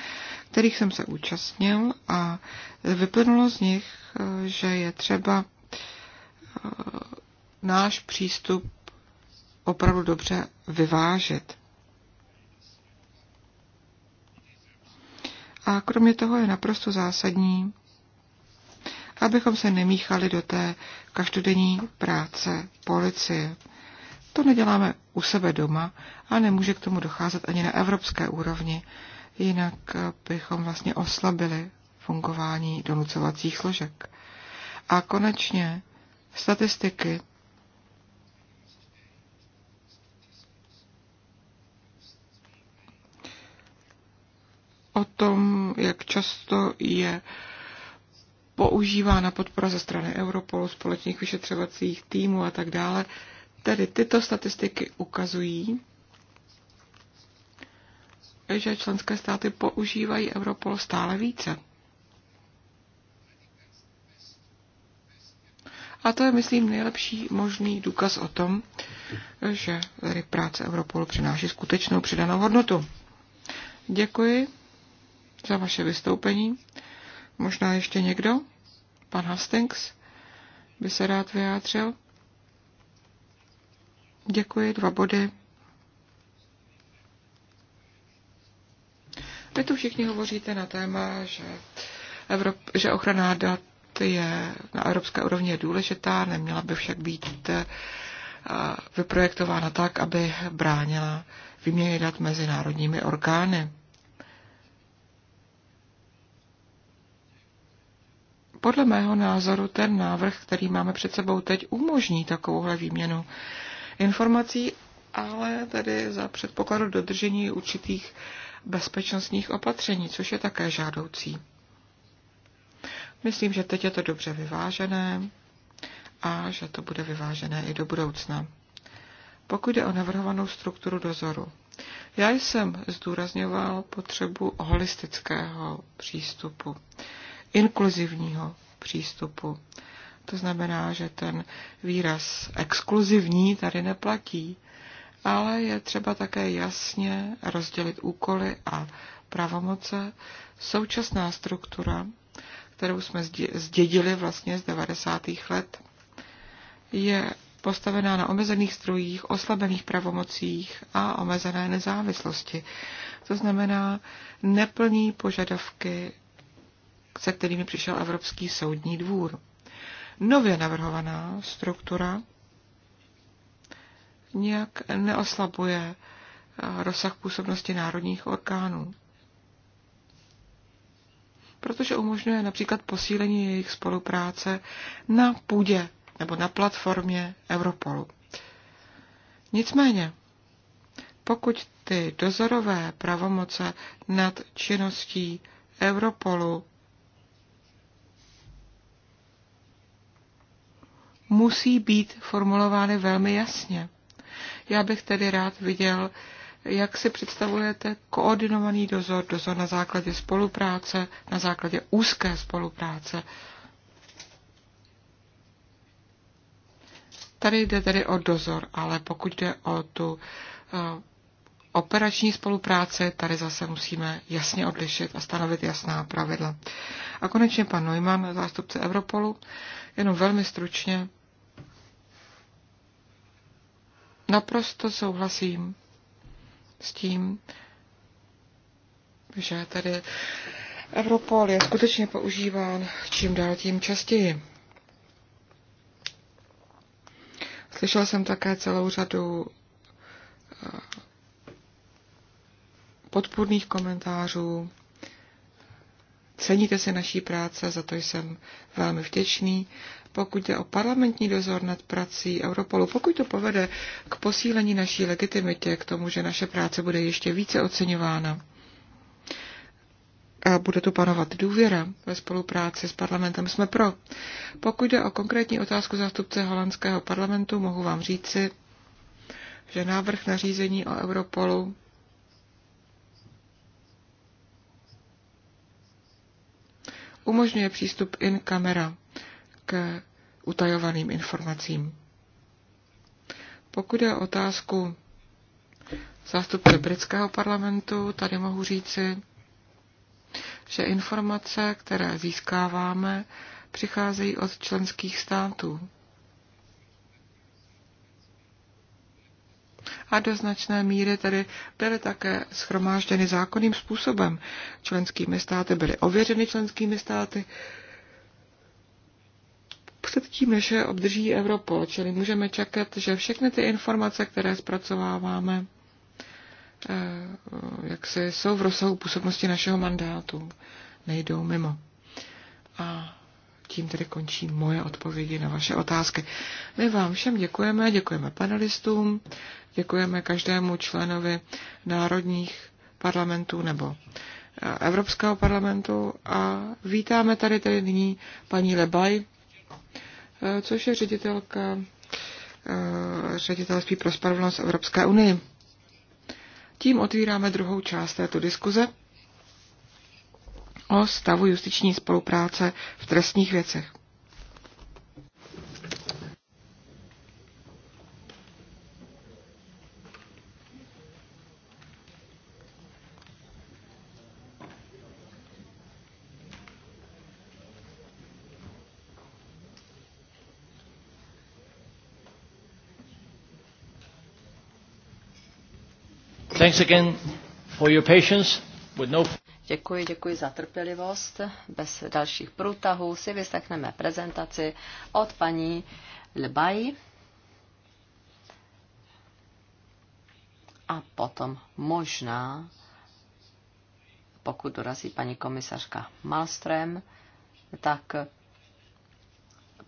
kterých jsem se účastnil a vyplnulo z nich, eh, že je třeba eh, náš přístup opravdu dobře vyvážet. A kromě toho je naprosto zásadní, abychom se nemíchali do té každodenní práce policie. To neděláme u sebe doma a nemůže k tomu docházet ani na evropské úrovni, jinak eh, bychom vlastně oslabili fungování donucovacích složek. A konečně statistiky o tom, jak často je používána podpora ze strany Europolu, společných vyšetřovacích týmů a tak dále, Tedy tyto statistiky ukazují, že členské státy používají Europol stále více. A to je, myslím, nejlepší možný důkaz o tom, že tedy práce Europolu přináší skutečnou přidanou hodnotu. Děkuji za vaše vystoupení. Možná ještě někdo, pan Hastings, by se rád vyjádřil. Děkuji, dva body. Vy tu všichni hovoříte na téma, že, Evrop, že ochrana dat je na evropské úrovni důležitá, neměla by však být eh, vyprojektována tak, aby bránila výměny dat mezi národními orgány. Podle mého názoru ten návrh, který máme před sebou teď, umožní takovouhle výměnu informací, ale tedy za předpokladu dodržení určitých bezpečnostních opatření, což je také žádoucí. Myslím, že teď je to dobře vyvážené a že to bude vyvážené i do budoucna. Pokud jde o navrhovanou strukturu dozoru, já jsem zdůrazňoval potřebu holistického přístupu, inkluzivního přístupu, to znamená, že ten výraz exkluzivní tady neplatí, ale je třeba také jasně rozdělit úkoly a pravomoce. Současná struktura, kterou jsme zdědili vlastně z 90. let, je postavená na omezených strojích, oslabených pravomocích a omezené nezávislosti. To znamená, neplní požadavky, se kterými přišel Evropský soudní dvůr nově navrhovaná struktura nijak neoslabuje eh, rozsah působnosti národních orgánů, protože umožňuje například posílení jejich spolupráce na půdě nebo na platformě Europolu. Nicméně, pokud ty dozorové pravomoce nad činností Europolu musí být formulovány velmi jasně. Já bych tedy rád viděl, jak si představujete koordinovaný dozor, dozor na základě spolupráce, na základě úzké spolupráce. Tady jde tedy o dozor, ale pokud jde o tu eh, operační spolupráce, tady zase musíme jasně odlišit a stanovit jasná pravidla. A konečně pan Neumann, zástupce Europolu, jenom velmi stručně. naprosto souhlasím s tím, že tady Europol je skutečně používán čím dál tím častěji. Slyšel jsem také celou řadu eh, podpůrných komentářů. Ceníte si naší práce, za to jsem velmi vděčný pokud je o parlamentní dozor nad prací Europolu, pokud to povede k posílení naší legitimitě, k tomu, že naše práce bude ještě více oceňována a bude tu panovat důvěra ve spolupráci s parlamentem, jsme pro. Pokud jde o konkrétní otázku zástupce holandského parlamentu, mohu vám říci, že návrh nařízení o Europolu umožňuje přístup in camera k utajovaným informacím. Pokud je otázku zástupce britského parlamentu, tady mohu říci, že informace, které získáváme, přicházejí od členských států. A do značné míry tedy byly také schromážděny zákonným způsobem. Členskými státy byly ověřeny členskými státy, předtím, než je obdrží Europol, čili můžeme čekat, že všechny ty informace, které zpracováváme, eh, jak se jsou v rozsahu působnosti našeho mandátu, nejdou mimo. A tím tedy končí moje odpovědi na vaše otázky. My vám všem děkujeme, děkujeme panelistům, děkujeme každému členovi národních parlamentů nebo eh, Evropského parlamentu a vítáme tady tedy nyní paní Lebaj, Eh, což je ředitelka eh, ředitelství pro spravedlnost Evropské unii. Tím otvíráme druhou část této diskuze o stavu justiční spolupráce v trestních věcech. Thanks again for your patience with no... Děkuji, děkuji za trpělivost. Bez dalších průtahů si vyslechneme prezentaci od paní Lbaji. A potom možná, pokud dorazí paní komisařka Malström, tak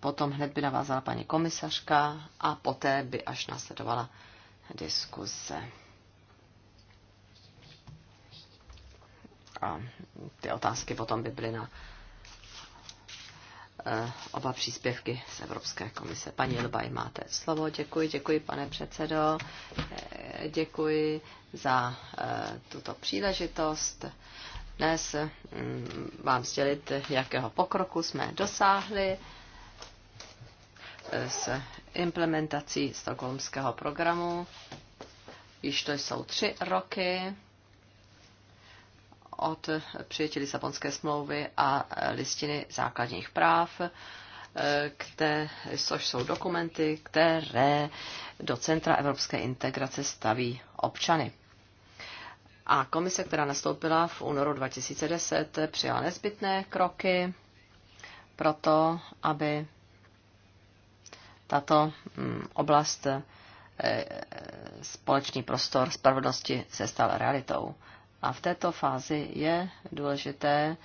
potom hned by navázala paní komisařka a poté by až následovala diskuse. a ty otázky potom by byly na eh, oba příspěvky z Evropské komise. Paní Ilbaj, máte slovo. Děkuji, děkuji, pane předsedo. Eh, děkuji za eh, tuto příležitost dnes mm, vám sdělit, jakého pokroku jsme dosáhli s implementací stokholmského programu. Již to jsou tři roky od přijetí Lisabonské smlouvy a listiny základních práv, eh, které, což jsou dokumenty, které do centra evropské integrace staví občany. A komise, která nastoupila v únoru 2010, přijala nezbytné kroky pro to, aby tato mm, oblast eh, společný prostor spravedlnosti se stal realitou. A v této fázi je důležité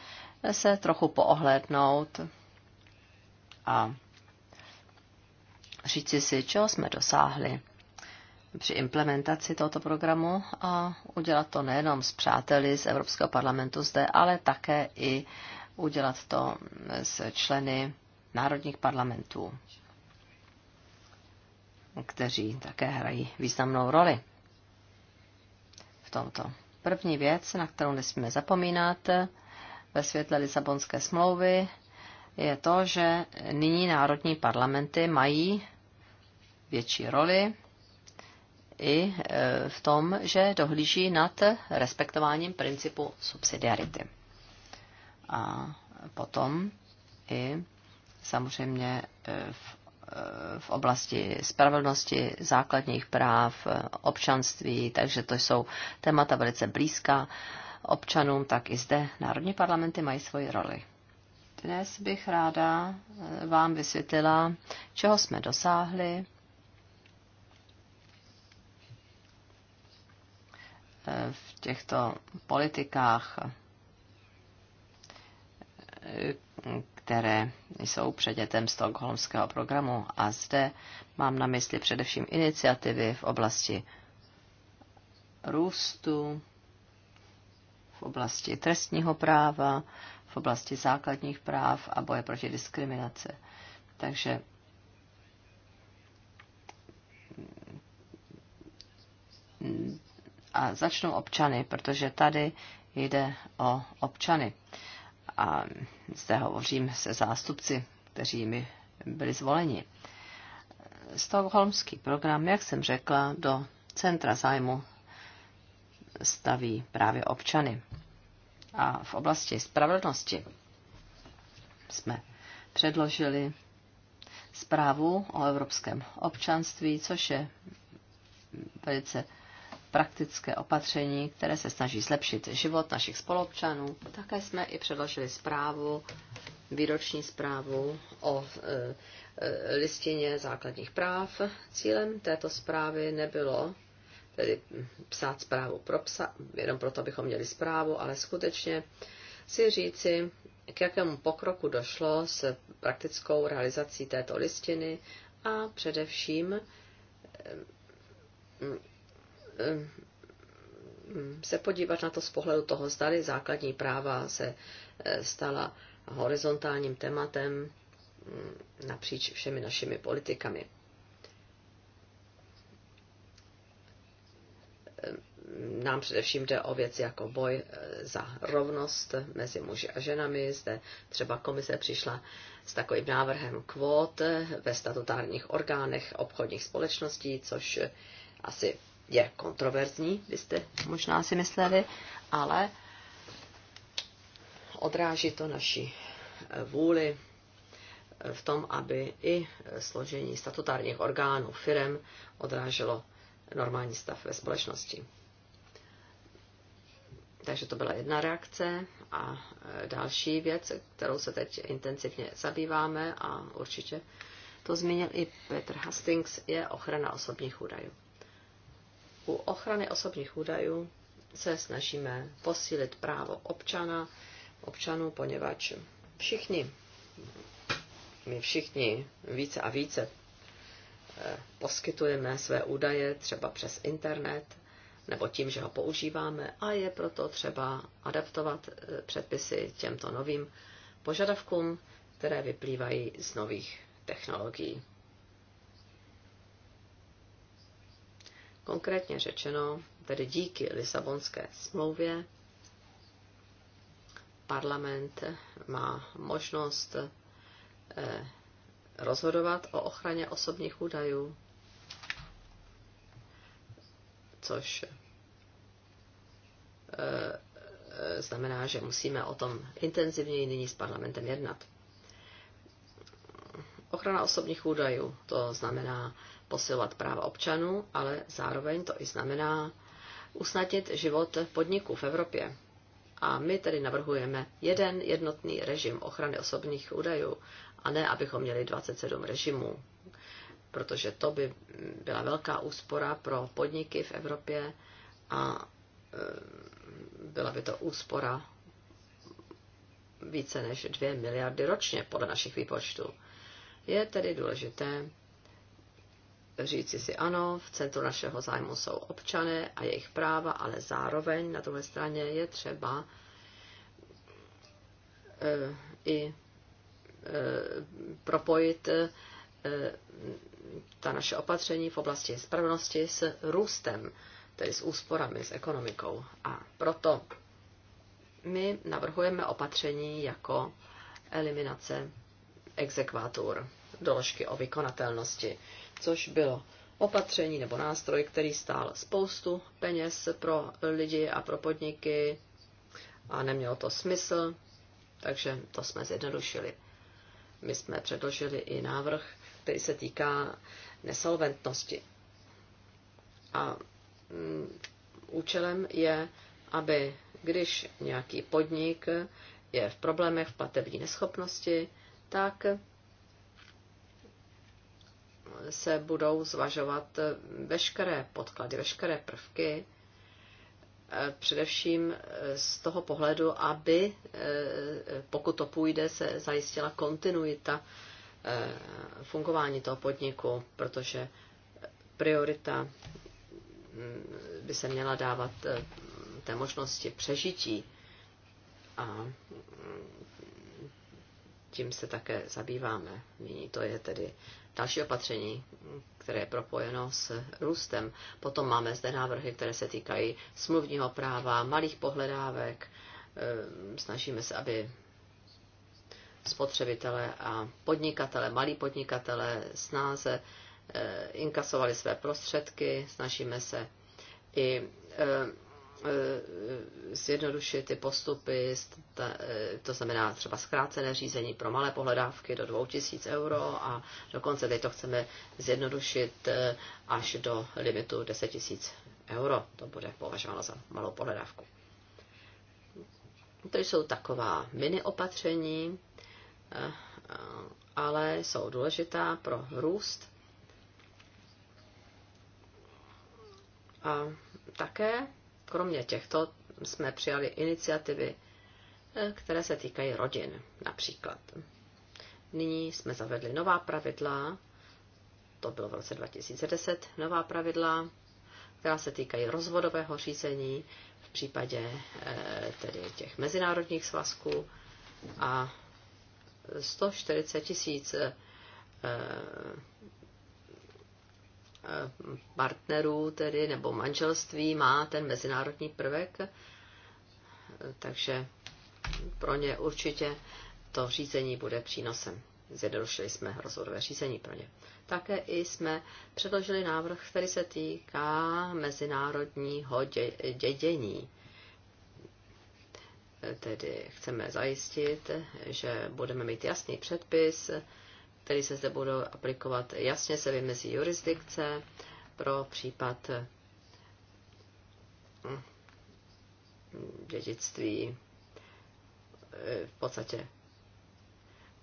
se trochu poohlédnout a říci si, čeho jsme dosáhli při implementaci tohoto programu a udělat to nejenom s přáteli z Evropského parlamentu zde, ale také i udělat to s členy národních parlamentů, kteří také hrají významnou roli v tomto. První věc, na kterou nesmíme zapomínat ve světle Lisabonské smlouvy, je to, že nyní národní parlamenty mají větší roli i e, v tom, že dohlíží nad respektováním principu subsidiarity. A potom i samozřejmě e, v Eh, v oblasti spravedlnosti, základních práv, eh, občanství, takže to jsou témata velice blízká občanům, tak i zde národní parlamenty mají svoji roli. Dnes bych ráda eh, vám vysvětlila, čeho jsme dosáhli v těchto politikách, které jsou předětem Stockholmského programu a zde mám na mysli především iniciativy v oblasti růstu, v oblasti trestního práva, v oblasti základních práv a boje proti diskriminaci. Takže a začnou občany, protože tady jde o občany a zde hovořím se zástupci, kteří mi byli zvoleni. Stockholmský program, jak jsem řekla, do centra zájmu staví právě občany. A v oblasti spravedlnosti jsme předložili zprávu o evropském občanství, což je velice praktické opatření, které se snaží zlepšit život našich spolupčanů. Také jsme i předložili zprávu, výroční zprávu o e, e, listině základních práv. Cílem této zprávy nebylo tedy psát zprávu pro psa, jenom proto, abychom měli zprávu, ale skutečně si říci, k jakému pokroku došlo s praktickou realizací této listiny a především Eh, se podívat na to z pohledu toho, zdali základní práva se eh, stala horizontálním tématem mm, napříč všemi našimi politikami. Eh, nám především jde o věci jako boj za rovnost mezi muži a ženami. Zde třeba komise přišla s takovým návrhem kvót ve statutárních orgánech obchodních společností, což asi je kontroverzní, byste možná si mysleli, ale odráží to naši eh, vůli eh, v tom, aby i eh, složení statutárních orgánů firem odráželo normální stav ve společnosti. Takže to byla jedna reakce a další věc, kterou se teď intenzivně zabýváme a určitě to zmínil i Petr Hastings, je ochrana osobních údajů. U ochrany osobních údajů se snažíme posílit právo občana, občanů, poněvadž všichni, my všichni více a více eh, poskytujeme své údaje třeba přes internet nebo tím, že ho používáme a je proto třeba adaptovat eh, předpisy těmto novým požadavkům, které vyplývají z nových technologií. Konkrétně řečeno, tedy díky Lisabonské smlouvě parlament má možnost eh, rozhodovat o ochraně osobních údajů, což eh, eh, znamená, že musíme o tom intenzivněji nyní s parlamentem jednat. Ochrana osobních údajů, to znamená posilovat práva občanů, ale zároveň to i znamená usnadnit život podniků v Evropě. A my tedy navrhujeme jeden jednotný režim ochrany osobních údajů, a ne abychom měli 27 režimů, protože to by byla velká úspora pro podniky v Evropě a eh, byla by to úspora více než 2 miliardy ročně podle našich výpočtů. Je tedy důležité říci si ano, v centru našeho zájmu jsou občané a jejich práva, ale zároveň na druhé straně je třeba eh, i eh, propojit eh, ta naše opatření v oblasti spravedlnosti s růstem, tedy s úsporami, s ekonomikou. A proto my navrhujeme opatření jako eliminace exekvátur, doložky o vykonatelnosti což bylo opatření nebo nástroj, který stál spoustu peněz pro lidi a pro podniky a nemělo to smysl, takže to jsme zjednodušili. My jsme předložili i návrh, který se týká nesolventnosti. A mm, účelem je, aby když nějaký podnik je v problémech, v platební neschopnosti, tak se budou zvažovat eh, veškeré podklady, veškeré prvky, eh, především eh, z toho pohledu, aby, pokud to půjde, se zajistila kontinuita fungování toho podniku, protože priorita mm, by se měla dávat té možnosti přežití a mm, tím se také zabýváme nyní. To je tedy další opatření, které je propojeno s růstem. Potom máme zde návrhy, které se týkají smluvního práva, malých pohledávek. Ehm, snažíme se, aby spotřebitele a podnikatele, malí podnikatele snáze ehm, inkasovali své prostředky. Snažíme se i ehm, Eh, zjednodušit ty postupy, eh, to znamená třeba zkrácené řízení pro malé pohledávky do 2000 euro a dokonce teď to chceme zjednodušit eh, až do limitu 10 000 euro. To bude považováno za malou pohledávku. To jsou taková mini opatření, ale jsou důležitá pro růst. A také Kromě těchto jsme přijali iniciativy, eh, které se týkají rodin například. Nyní jsme zavedli nová pravidla, to bylo v roce 2010, nová pravidla, která se týkají rozvodového řízení v případě eh, tedy těch mezinárodních svazků a 140 tisíc eh, partnerů, tedy nebo manželství, má ten mezinárodní prvek, takže pro ně určitě to řízení bude přínosem. Zjednodušili jsme rozhodové řízení pro ně. Také i jsme předložili návrh, který se týká mezinárodního dědění. Tedy chceme zajistit, že budeme mít jasný předpis, které se zde budou aplikovat. Jasně se vymezí jurisdikce pro případ hm, dědictví e, v podstatě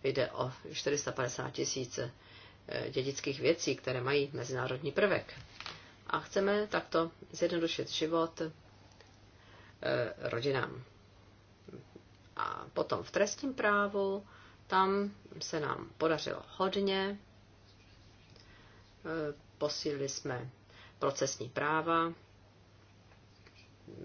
jde o 450 tisíc e, dědických věcí, které mají mezinárodní prvek. A chceme takto zjednodušit život e, rodinám. A potom v trestním právu tam se nám podařilo hodně. E, posílili jsme procesní práva,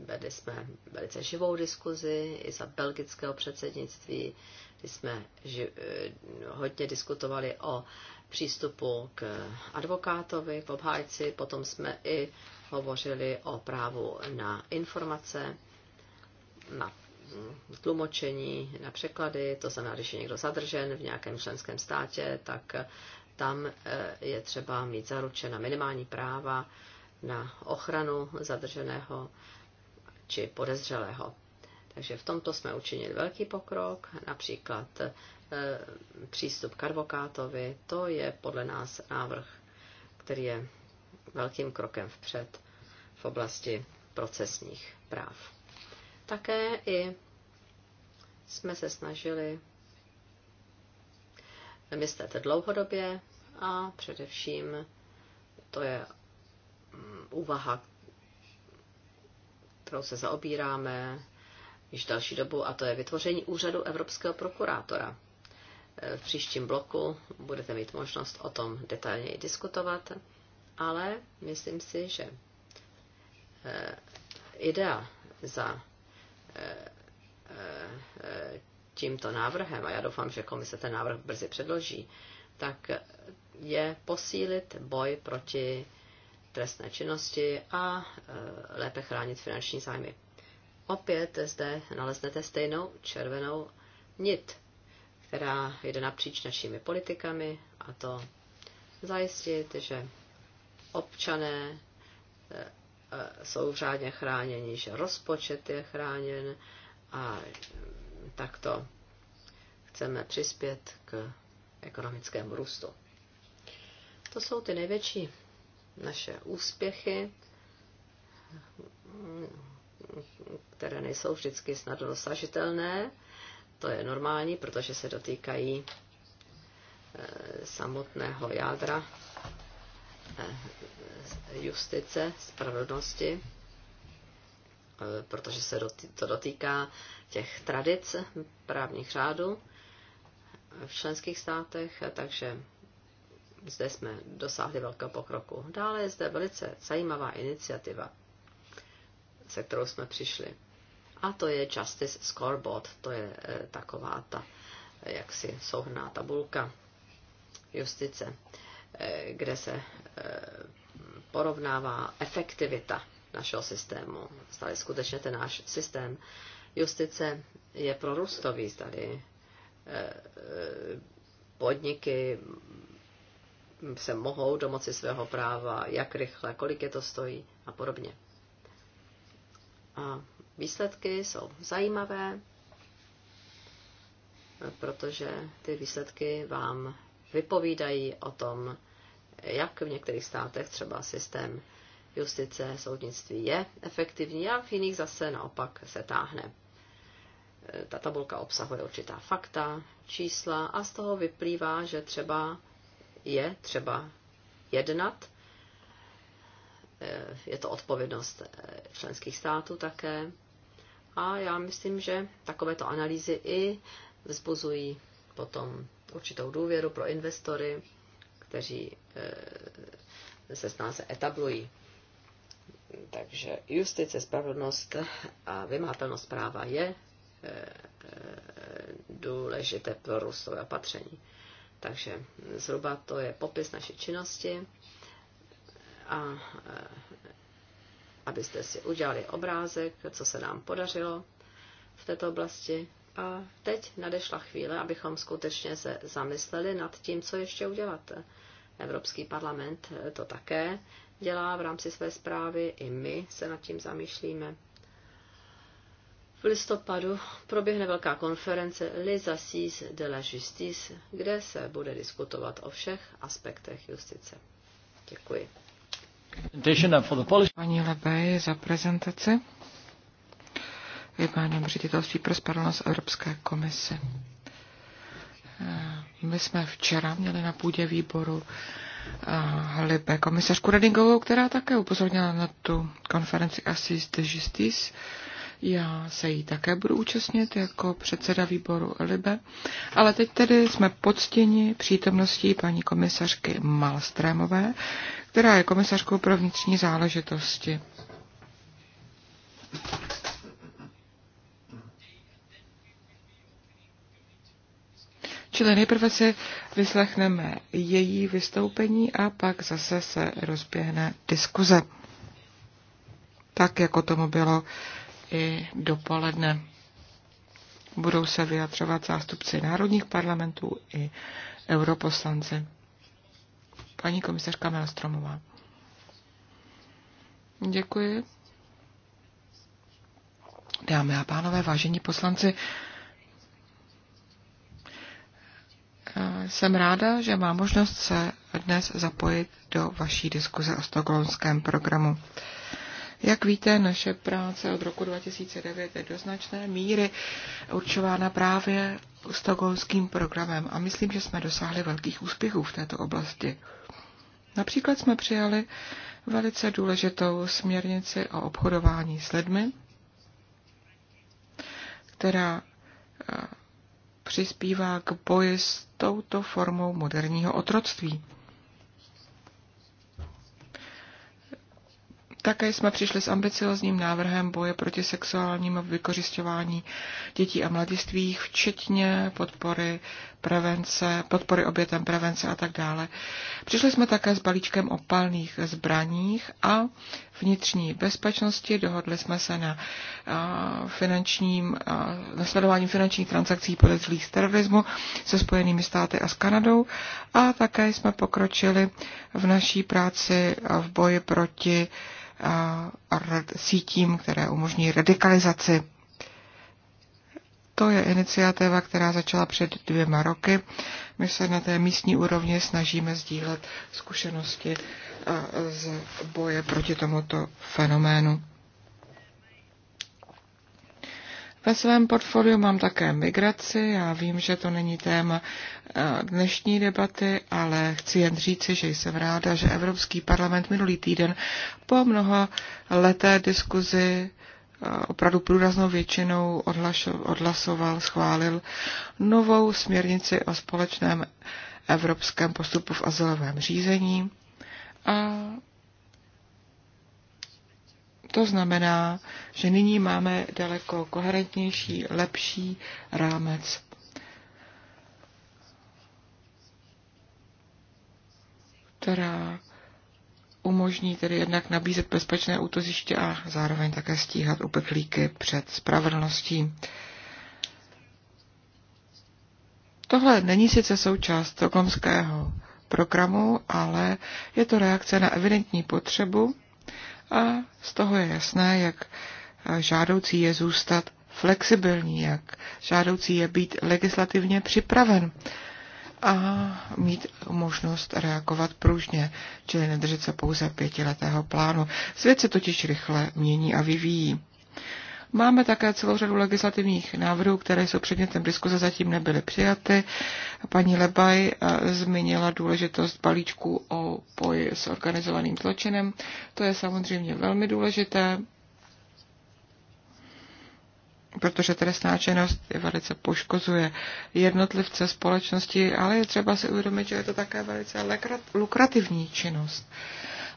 vedli jsme velice živou diskuzi i za belgického předsednictví, kdy jsme ži- e, hodně diskutovali o přístupu k advokátovi, k obhájci, potom jsme i hovořili o právu na informace, na tlumočení na překlady, to znamená, když je někdo zadržen v nějakém členském státě, tak tam eh, je třeba mít zaručena minimální práva na ochranu zadrženého či podezřelého. Takže v tomto jsme učinili velký pokrok, například eh, přístup k advokátovi, to je podle nás návrh, který je velkým krokem vpřed v oblasti procesních práv. Také i jsme se snažili myslet dlouhodobě a především to je mm, úvaha, kterou se zaobíráme již další dobu, a to je vytvoření úřadu Evropského prokurátora. E, v příštím bloku budete mít možnost o tom detailněji diskutovat, ale myslím si, že e, idea za tímto návrhem, a já doufám, že komise ten návrh brzy předloží, tak je posílit boj proti trestné činnosti a e, lépe chránit finanční zájmy. Opět zde naleznete stejnou červenou nit, která jde napříč našimi politikami, a to zajistit, že občané e, Eh, jsou řádně chráněni, že rozpočet je chráněn a takto chceme přispět k ekonomickému růstu. To jsou ty největší naše úspěchy, které nejsou vždycky snadno dosažitelné. To je normální, protože se dotýkají eh, samotného jádra justice, spravedlnosti, protože se to dotýká těch tradic právních řádů v členských státech, takže zde jsme dosáhli velkého pokroku. Dále je zde velice zajímavá iniciativa, se kterou jsme přišli. A to je Justice Scoreboard, to je eh, taková ta eh, jaksi souhrná tabulka justice. Eh, kde se eh, porovnává efektivita našeho systému. stále skutečně ten náš systém justice je prorůstový, Tady eh, podniky se mohou domoci svého práva, jak rychle, kolik je to stojí a podobně. A výsledky jsou zajímavé, protože ty výsledky vám vypovídají o tom, jak v některých státech třeba systém justice, soudnictví je efektivní a v jiných zase naopak se táhne. Ta tabulka obsahuje určitá fakta, čísla a z toho vyplývá, že třeba je třeba jednat. Eh, je to odpovědnost eh, členských států také. A já myslím, že takovéto analýzy i vzbuzují potom určitou důvěru pro investory, kteří eh, se snáze etablují. Takže justice, spravedlnost a vymátelnost práva je eh, eh, důležité pro růstové opatření. Takže zhruba to je popis naší činnosti a abyste si udělali obrázek, co se nám podařilo v této oblasti. A teď nadešla chvíle, abychom skutečně se zamysleli nad tím, co ještě udělat. Evropský parlament to také dělá v rámci své zprávy, i my se nad tím zamýšlíme. V listopadu proběhne velká konference Les Assises de la Justice, kde se bude diskutovat o všech aspektech justice. Děkuji. Paní Lebej za prezentaci jménem ředitelství pro spravedlnost Evropské komise. Eh, my jsme včera měli na půdě výboru eh, Libe komisařku Redingovou, která také upozornila na tu konferenci Assist de Justice. Já se jí také budu účastnit jako předseda výboru Libe. Ale teď tedy jsme poctěni přítomností paní komisařky Malstrémové, která je komisařkou pro vnitřní záležitosti. Čili nejprve si vyslechneme její vystoupení a pak zase se rozběhne diskuze. Tak, jako tomu bylo i dopoledne. Budou se vyjadřovat zástupci národních parlamentů i europoslanci. Paní komisařka Melstromová. Děkuji. Dámy a pánové, vážení poslanci, Jsem ráda, že má možnost se dnes zapojit do vaší diskuze o stokholmském programu. Jak víte, naše práce od roku 2009 je do značné míry určována právě stokholmským programem a myslím, že jsme dosáhli velkých úspěchů v této oblasti. Například jsme přijali velice důležitou směrnici o obchodování s lidmi, která přispívá k boji s touto formou moderního otroctví. Také jsme přišli s ambiciozním návrhem boje proti sexuálnímu vykořišťování dětí a mladistvých, včetně podpory prevence, podpory obětem prevence a tak dále. Přišli jsme také s balíčkem o palných zbraních a vnitřní bezpečnosti. Dohodli jsme se na finančním, na sledování finančních transakcí podezřelých z terorismu se Spojenými státy a s Kanadou a také jsme pokročili v naší práci v boji proti sítím, které umožní radikalizaci to je iniciativa, která začala před dvěma roky. My se na té místní úrovni snažíme sdílet zkušenosti eh, z boje proti tomuto fenoménu. Ve svém portfoliu mám také migraci. Já vím, že to není téma eh, dnešní debaty, ale chci jen říci, že jsem ráda, že Evropský parlament minulý týden po mnoha leté diskuzi opravdu průraznou většinou odhlasoval, schválil novou směrnici o společném evropském postupu v azylovém řízení. A to znamená, že nyní máme daleko koherentnější, lepší rámec. která umožní tedy jednak nabízet bezpečné útoziště a zároveň také stíhat uprchlíky před spravedlností. Tohle není sice součást stokholmského programu, ale je to reakce na evidentní potřebu a z toho je jasné, jak žádoucí je zůstat flexibilní, jak žádoucí je být legislativně připraven a mít možnost reagovat pružně, čili nedržet se pouze pětiletého plánu. Svět se totiž rychle mění a vyvíjí. Máme také celou řadu legislativních návrhů, které jsou předmětem diskuze, zatím nebyly přijaty. Paní Lebaj eh, zmínila důležitost balíčku o boji s organizovaným zločinem. To je samozřejmě velmi důležité protože trestná činnost je velice poškozuje jednotlivce společnosti, ale je třeba si uvědomit, že je to také velice lukrativní činnost.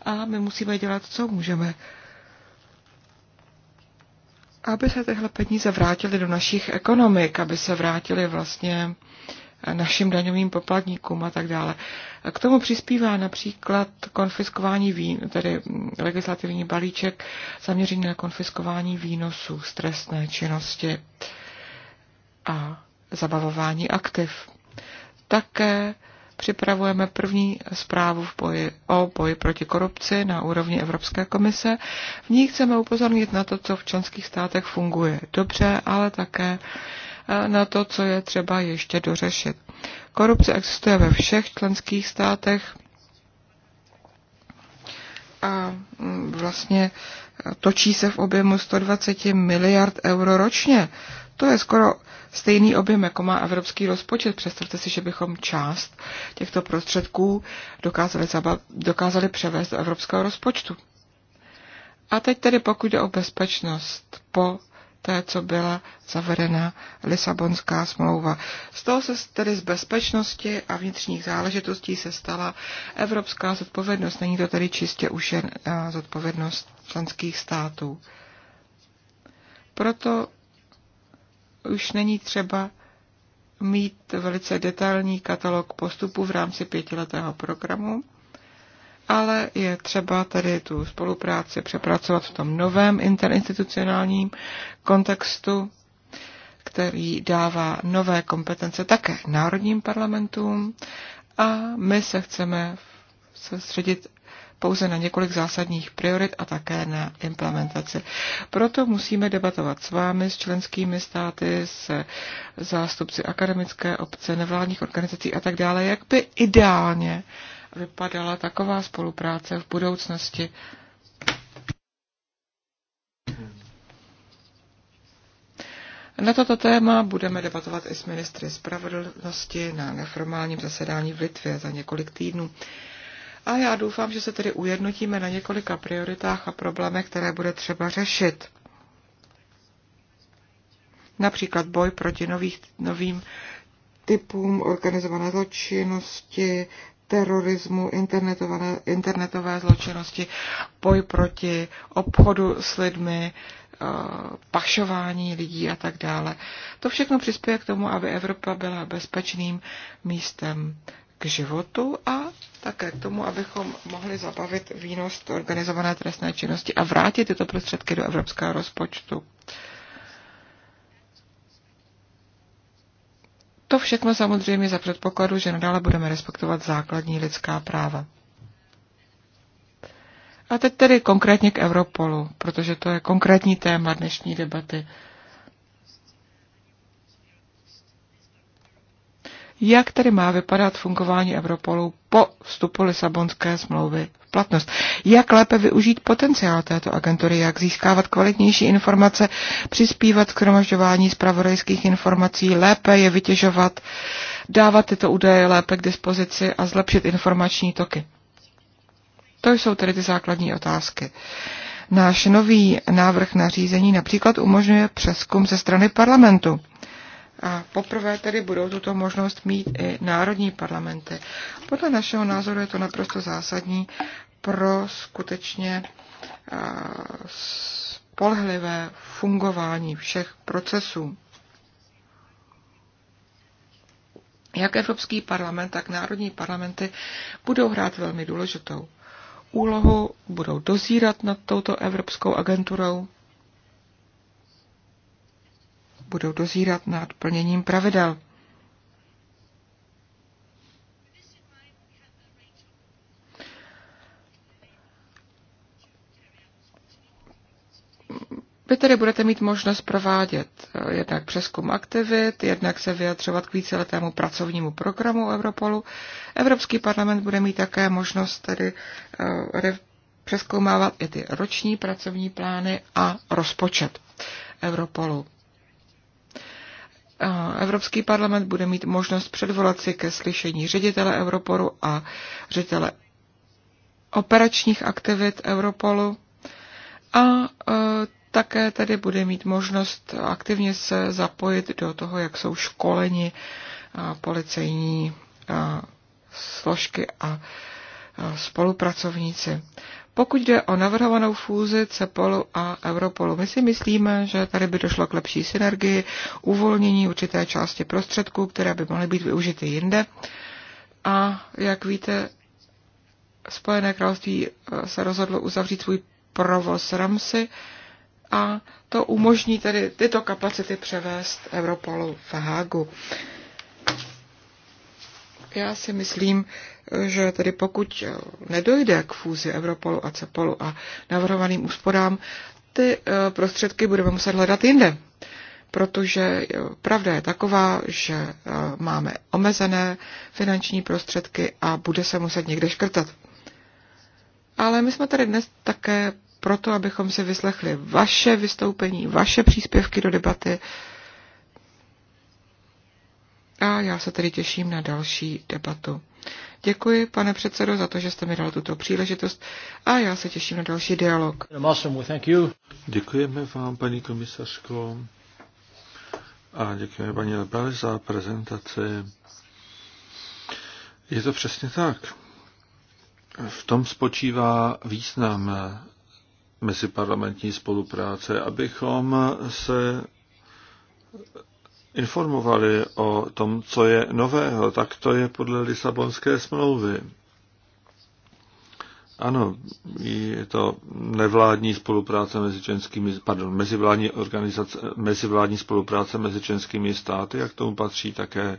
A my musíme dělat, co můžeme, aby se tyhle peníze vrátily do našich ekonomik, aby se vrátily vlastně uh, našim daňovým poplatníkům a tak dále. K tomu přispívá například konfiskování vín, tedy legislativní balíček zaměřený na konfiskování výnosů z trestné činnosti a zabavování aktiv. Také připravujeme první zprávu v boji, o boji proti korupci na úrovni Evropské komise. V ní chceme upozornit na to, co v členských státech funguje dobře, ale také uh, na to, co je třeba ještě dořešit. Korupce existuje ve všech členských státech a mm, vlastně točí se v objemu 120 miliard euro ročně. To je skoro stejný objem, jako má evropský rozpočet. Představte si, že bychom část těchto prostředků dokázali, zaba- dokázali převést do evropského rozpočtu. A teď tedy pokud jde o bezpečnost po té, co byla zavedena Lisabonská smlouva. Z toho se tedy z bezpečnosti a vnitřních záležitostí se stala evropská zodpovědnost. Není to tedy čistě už jen eh, zodpovědnost členských států. Proto už není třeba mít velice detailní katalog postupů v rámci pětiletého programu ale je třeba tedy tu spolupráci přepracovat v tom novém interinstitucionálním kontextu, který dává nové kompetence také národním parlamentům a my se chceme soustředit pouze na několik zásadních priorit a také na implementaci. Proto musíme debatovat s vámi, s členskými státy, s zástupci akademické obce, nevládních organizací a tak dále, jak by ideálně uh, vypadala taková spolupráce v budoucnosti. Na toto téma budeme debatovat i s ministry spravedlnosti na neformálním zasedání v Litvě za několik týdnů. A já doufám, že se tedy ujednotíme na několika prioritách a problémech, které bude třeba řešit. Například boj proti nových, novým typům organizované zločinnosti, terorismu, internetové, zločinnosti, boj proti obchodu s lidmi, eh, pašování lidí a tak dále. To všechno přispěje k tomu, aby Evropa byla bezpečným místem k životu a také k tomu, abychom mohli zabavit výnos organizované trestné činnosti a vrátit tyto prostředky do evropského rozpočtu. To všechno samozřejmě za předpokladu, že nadále budeme respektovat základní lidská práva. A teď tedy konkrétně k Europolu, protože to je konkrétní téma dnešní debaty. jak tedy má vypadat fungování Europolu po vstupu Lisabonské smlouvy v platnost. Jak lépe využít potenciál této agentury, jak získávat kvalitnější informace, přispívat k hromažďování zpravodajských informací, lépe je vytěžovat, dávat tyto údaje lépe k dispozici a zlepšit informační toky. To jsou tedy ty základní otázky. Náš nový návrh nařízení například umožňuje přeskum ze strany parlamentu. A poprvé tedy budou tuto možnost mít i národní parlamenty. Podle našeho názoru je to naprosto zásadní pro skutečně spolehlivé fungování všech procesů. Jak Evropský parlament, tak národní parlamenty budou hrát velmi důležitou úlohu, budou dozírat nad touto Evropskou agenturou budou dozírat nad plněním pravidel. Vy tedy budete mít možnost provádět eh, jednak přeskum aktivit, jednak se vyjadřovat k víceletému pracovnímu programu Europolu. Evropský parlament bude mít také možnost tedy eh, přeskoumávat i ty roční pracovní plány a rozpočet Europolu. Evropský parlament bude mít možnost předvolat si ke slyšení ředitele Europolu a ředitele operačních aktivit Europolu a e, také tedy bude mít možnost aktivně se zapojit do toho, jak jsou školeni e, policejní e, složky a spolupracovníci. Pokud jde o navrhovanou fúzi CEPOLu a Europolu, my si myslíme, že tady by došlo k lepší synergii, uvolnění určité části prostředků, které by mohly být využity jinde. A jak víte, Spojené království eh, se rozhodlo uzavřít svůj provoz Ramsy a to umožní tedy tyto kapacity převést Europolu v Hágu já si myslím, že tedy pokud nedojde k fúzi Europolu a Cepolu a navrhovaným úsporám, ty eh, prostředky budeme muset hledat jinde. Protože eh, pravda je taková, že eh, máme omezené finanční prostředky a bude se muset někde škrtat. Ale my jsme tady dnes také proto, abychom si vyslechli vaše vystoupení, vaše příspěvky do debaty, a já se tedy těším na další debatu. Děkuji, pane předsedo, za to, že jste mi dal tuto příležitost a já se těším na další dialog. Děkujeme vám, paní komisařko, a děkujeme paní Lebel za prezentaci. Je to přesně tak. V tom spočívá význam meziparlamentní spolupráce, abychom se informovali o tom, co je nového, tak to je podle Lisabonské smlouvy. Ano, je to nevládní spolupráce mezi členskými, pardon, mezivládní organizace, mezivládní spolupráce mezi členskými státy jak tomu patří také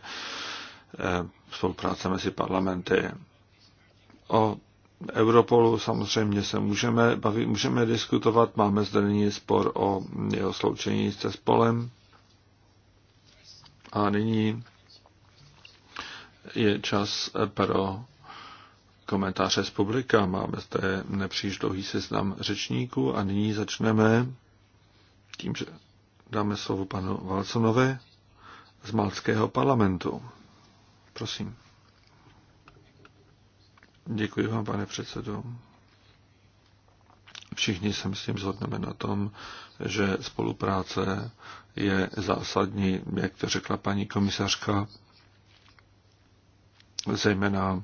eh, spolupráce mezi parlamenty. O Europolu samozřejmě se můžeme bavit, můžeme diskutovat, máme zde nyní spor o jeho sloučení se spolem. A nyní je čas pro komentáře z publika. Máme zde nepříliš dlouhý seznam řečníků a nyní začneme tím, že dáme slovo panu Valconovi z Malckého parlamentu. Prosím. Děkuji vám, pane předsedo všichni se myslím zhodneme na tom, že spolupráce je zásadní, jak to řekla paní komisařka, zejména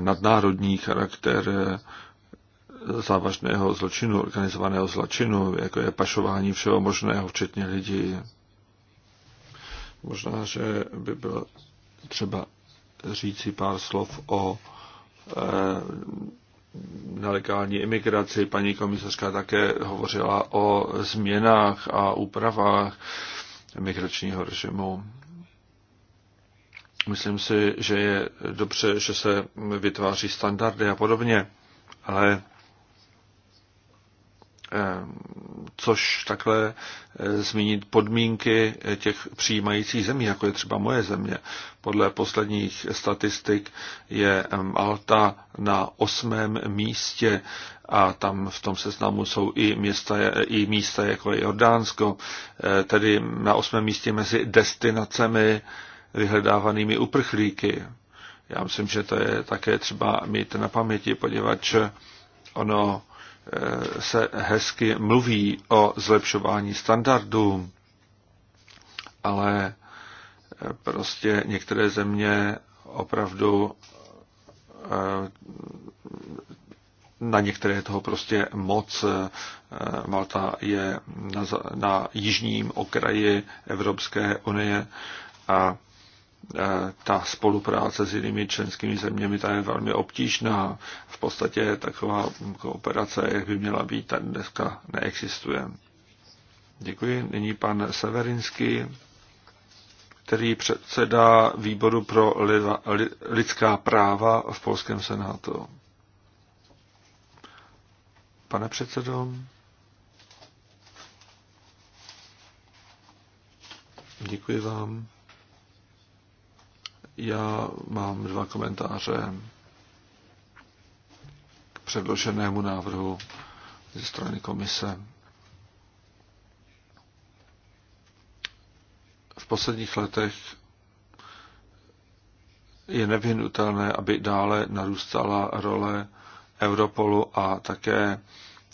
nadnárodní charakter závažného zločinu, organizovaného zločinu, jako je pašování všeho možného, včetně lidí. Možná, že by bylo třeba říci pár slov o eh, nelegální imigraci. Paní komisařka také hovořila o změnách a úpravách migračního režimu. Myslím si, že je dobře, že se vytváří standardy a podobně, ale Eh, což takhle eh, zmínit podmínky eh, těch přijímajících zemí, jako je třeba moje země. Podle posledních statistik je Malta na osmém místě a tam v tom seznamu jsou i města, i místa jako je Jordánsko, tedy na osmém místě mezi destinacemi vyhledávanými uprchlíky. Já myslím, že to je také třeba mít na paměti, poněvadž ono Eh, se hezky mluví o zlepšování standardů, ale eh, prostě některé země opravdu eh, na některé toho prostě moc. Malta je na, na jižním okraji Evropské unie a E, ta spolupráce s jinými členskými zeměmi ta je velmi obtížná. V podstatě taková kooperace, jak by měla být, tak dneska neexistuje. Děkuji. Nyní pan Severinský, který předsedá výboru pro lidská práva v Polském senátu. Pane předsedo, děkuji vám. Já mám dva komentáře k předloženému návrhu ze strany komise. V posledních letech je nevyhnutelné, aby dále narůstala role Europolu a také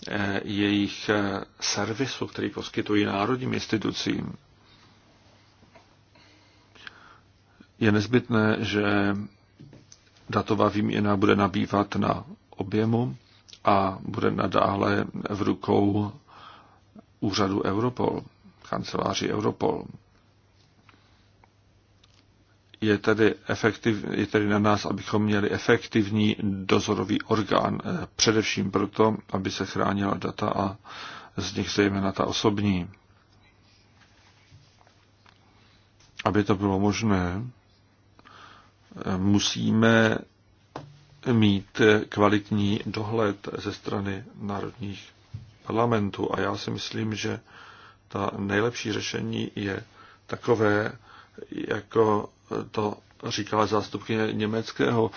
eh, jejich eh, servisu, který poskytují národním institucím. Je nezbytné, že datová výměna bude nabývat na objemu a bude nadále v rukou úřadu Europol, kanceláři Europol. Je tedy, efektiv, je tedy na nás, abychom měli efektivní dozorový orgán, eh, především proto, aby se chránila data a z nich zejména ta osobní. Aby to bylo možné, musíme mít kvalitní dohled ze strany národních parlamentů. A já si myslím, že ta nejlepší řešení je takové, jako to říkala zástupkyně německého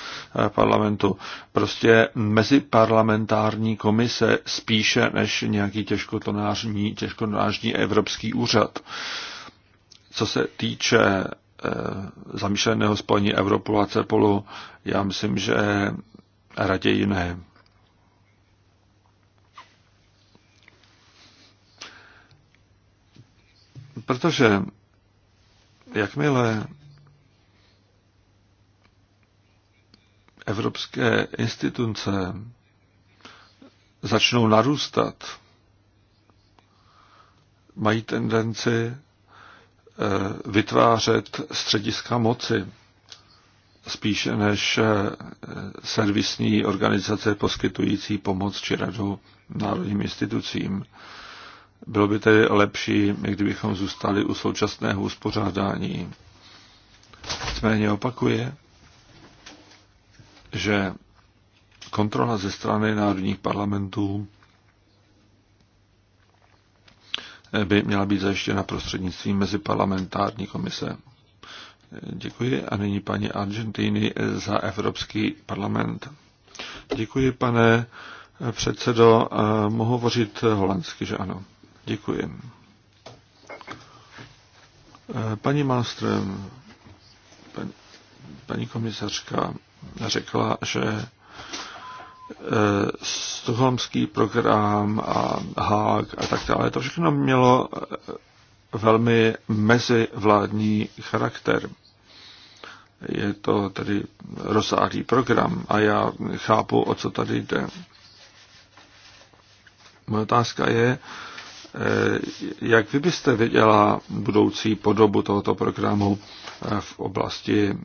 parlamentu, prostě meziparlamentární komise spíše než nějaký těžkotonářní, těžkotonářní evropský úřad. Co se týče Eh, zamýšleného spojení Evropu a Cepolu, já myslím, že raději ne. Protože jakmile evropské instituce začnou narůstat, mají tendenci Eh, vytvářet střediska moci, spíše než eh, servisní organizace poskytující pomoc či radu národním institucím. Bylo by tedy lepší, kdybychom zůstali u současného uspořádání. Nicméně opakuje, že kontrola ze strany národních parlamentů by měla být zajištěna prostřednictvím meziparlamentární komise. Děkuji a nyní paní Argentíny za Evropský parlament. Děkuji, pane předsedo. Mohu hovořit holandsky, že ano? Děkuji. Paní Malmström, paní komisařka řekla, že Eh, Stuholmský program a Haag a tak dále. To všechno mělo eh, velmi mezivládní charakter. Je to tedy rozsáhlý program a já chápu, o co tady jde. Moje otázka je, eh, jak vy byste viděla budoucí podobu tohoto programu v oblasti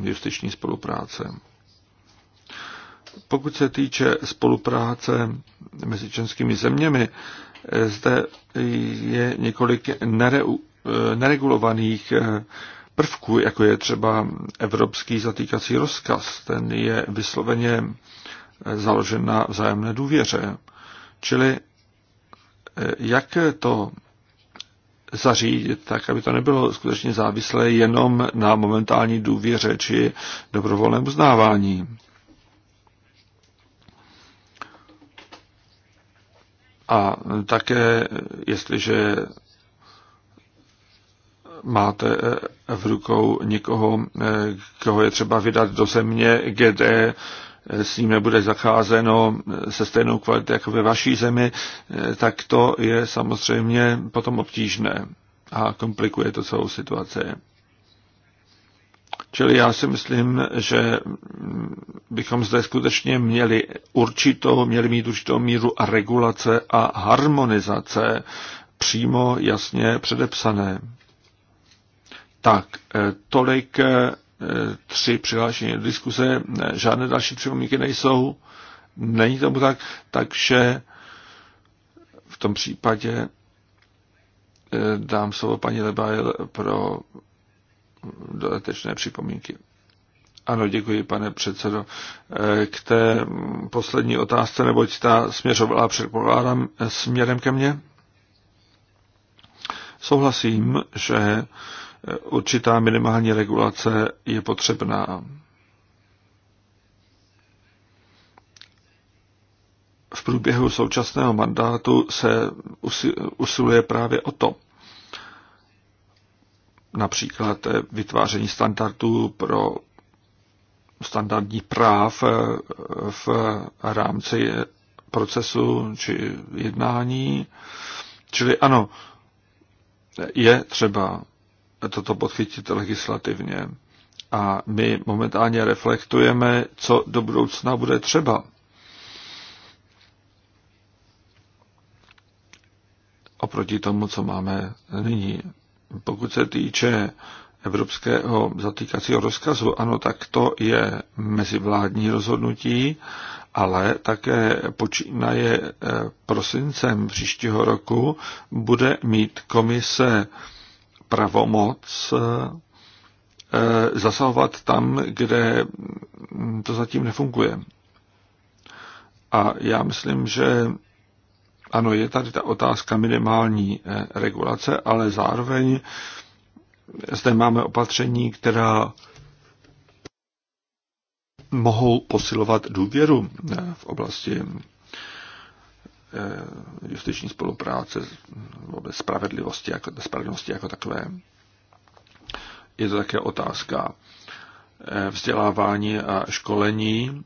justiční spolupráce? Pokud se týče spolupráce mezi českými zeměmi, zde je několik nere, neregulovaných prvků, jako je třeba evropský zatýkací rozkaz. Ten je vysloveně založen na vzájemné důvěře. Čili eh, jak to zařídit tak, aby to nebylo skutečně závislé jenom na momentální důvěře či dobrovolném uznávání. A také, jestliže máte eh, v rukou někoho, eh, koho je třeba vydat do země, kde eh, s ním nebude zacházeno se stejnou kvalitou jako ve vaší zemi, tak to je samozřejmě potom obtížné a komplikuje to celou situaci. Čili já si myslím, že bychom zde skutečně měli určitou, měli mít určitou míru a regulace a harmonizace přímo jasně předepsané. Tak, eh, tolik eh, tři přihlášení do diskuse, žádné další připomínky nejsou, není tomu tak, takže v tom případě eh, dám slovo paní Lebajl pro dodatečné připomínky. Ano, děkuji, pane předsedo. Eh, k té poslední otázce, neboť ta směřovala, předpokládám, eh, směrem ke mně. Souhlasím, že eh, určitá minimální regulace je potřebná. V průběhu současného mandátu se usiluje právě o to, například eh, vytváření standardů pro standardní práv eh, v rámci eh, procesu či jednání. Čili ano, je třeba toto podchytit legislativně. A my momentálně reflektujeme, co do budoucna bude třeba. Oproti tomu, co máme nyní. Pokud se týče evropského zatýkacího rozkazu, ano, tak to je mezivládní rozhodnutí, ale také počínaje eh, prosincem příštího roku bude mít komise pravomoc eh, zasahovat tam, kde to zatím nefunguje. A já myslím, že ano, je tady ta otázka minimální eh, regulace, ale zároveň zde máme opatření, která mohou posilovat důvěru eh, v oblasti eh, justiční spolupráce, vůbec spravedlivosti jako, spravedlnosti jako takové. Je to také otázka vzdělávání a školení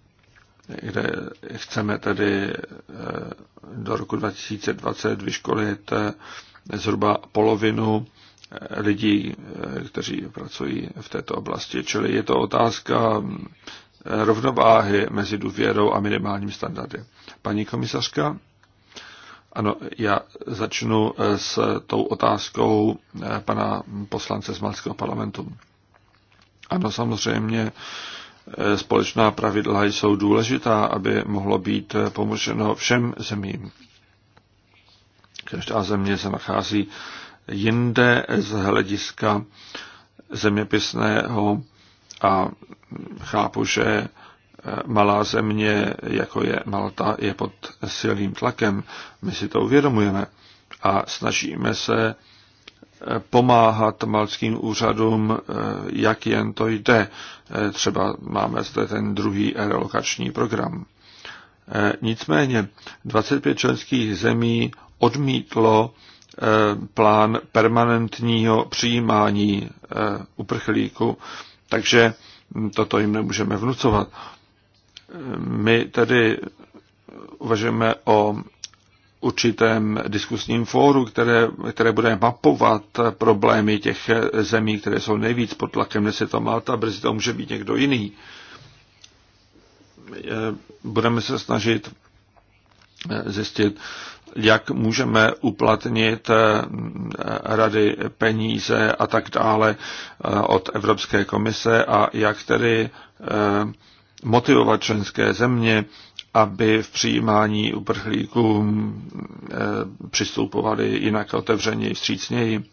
kde chceme tedy eh, do roku 2020 vyškolit eh, zhruba polovinu eh, lidí, kteří pracují v této oblasti. Čili je to otázka rovnováhy mezi důvěrou a minimálním standardy. Paní komisařka? Ano, já začnu s tou otázkou pana poslance z Malského parlamentu. Ano, samozřejmě společná pravidla jsou důležitá, aby mohlo být pomoženo všem zemím. Každá země se nachází jinde z hlediska zeměpisného a chápu, že malá země, jako je Malta, je pod silným tlakem. My si to uvědomujeme a snažíme se pomáhat malským úřadům, eh, jak jen to jde. Eh, třeba máme zde ten druhý relokační program. Eh, nicméně 25 členských zemí odmítlo plán permanentního přijímání uprchlíku, takže toto jim nemůžeme vnucovat. My tedy uvažujeme o určitém diskusním fóru, které, které bude mapovat problémy těch zemí, které jsou nejvíc pod tlakem, než je to má, a brzy to může být někdo jiný. Budeme se snažit eh, zjistit, jak můžeme uplatnit eh, rady peníze a tak dále eh, od Evropské komise a jak tedy motivovat členské země aby v přijímání uprchlíků eh, přistupovali jinak otevřeněji, vstřícněji.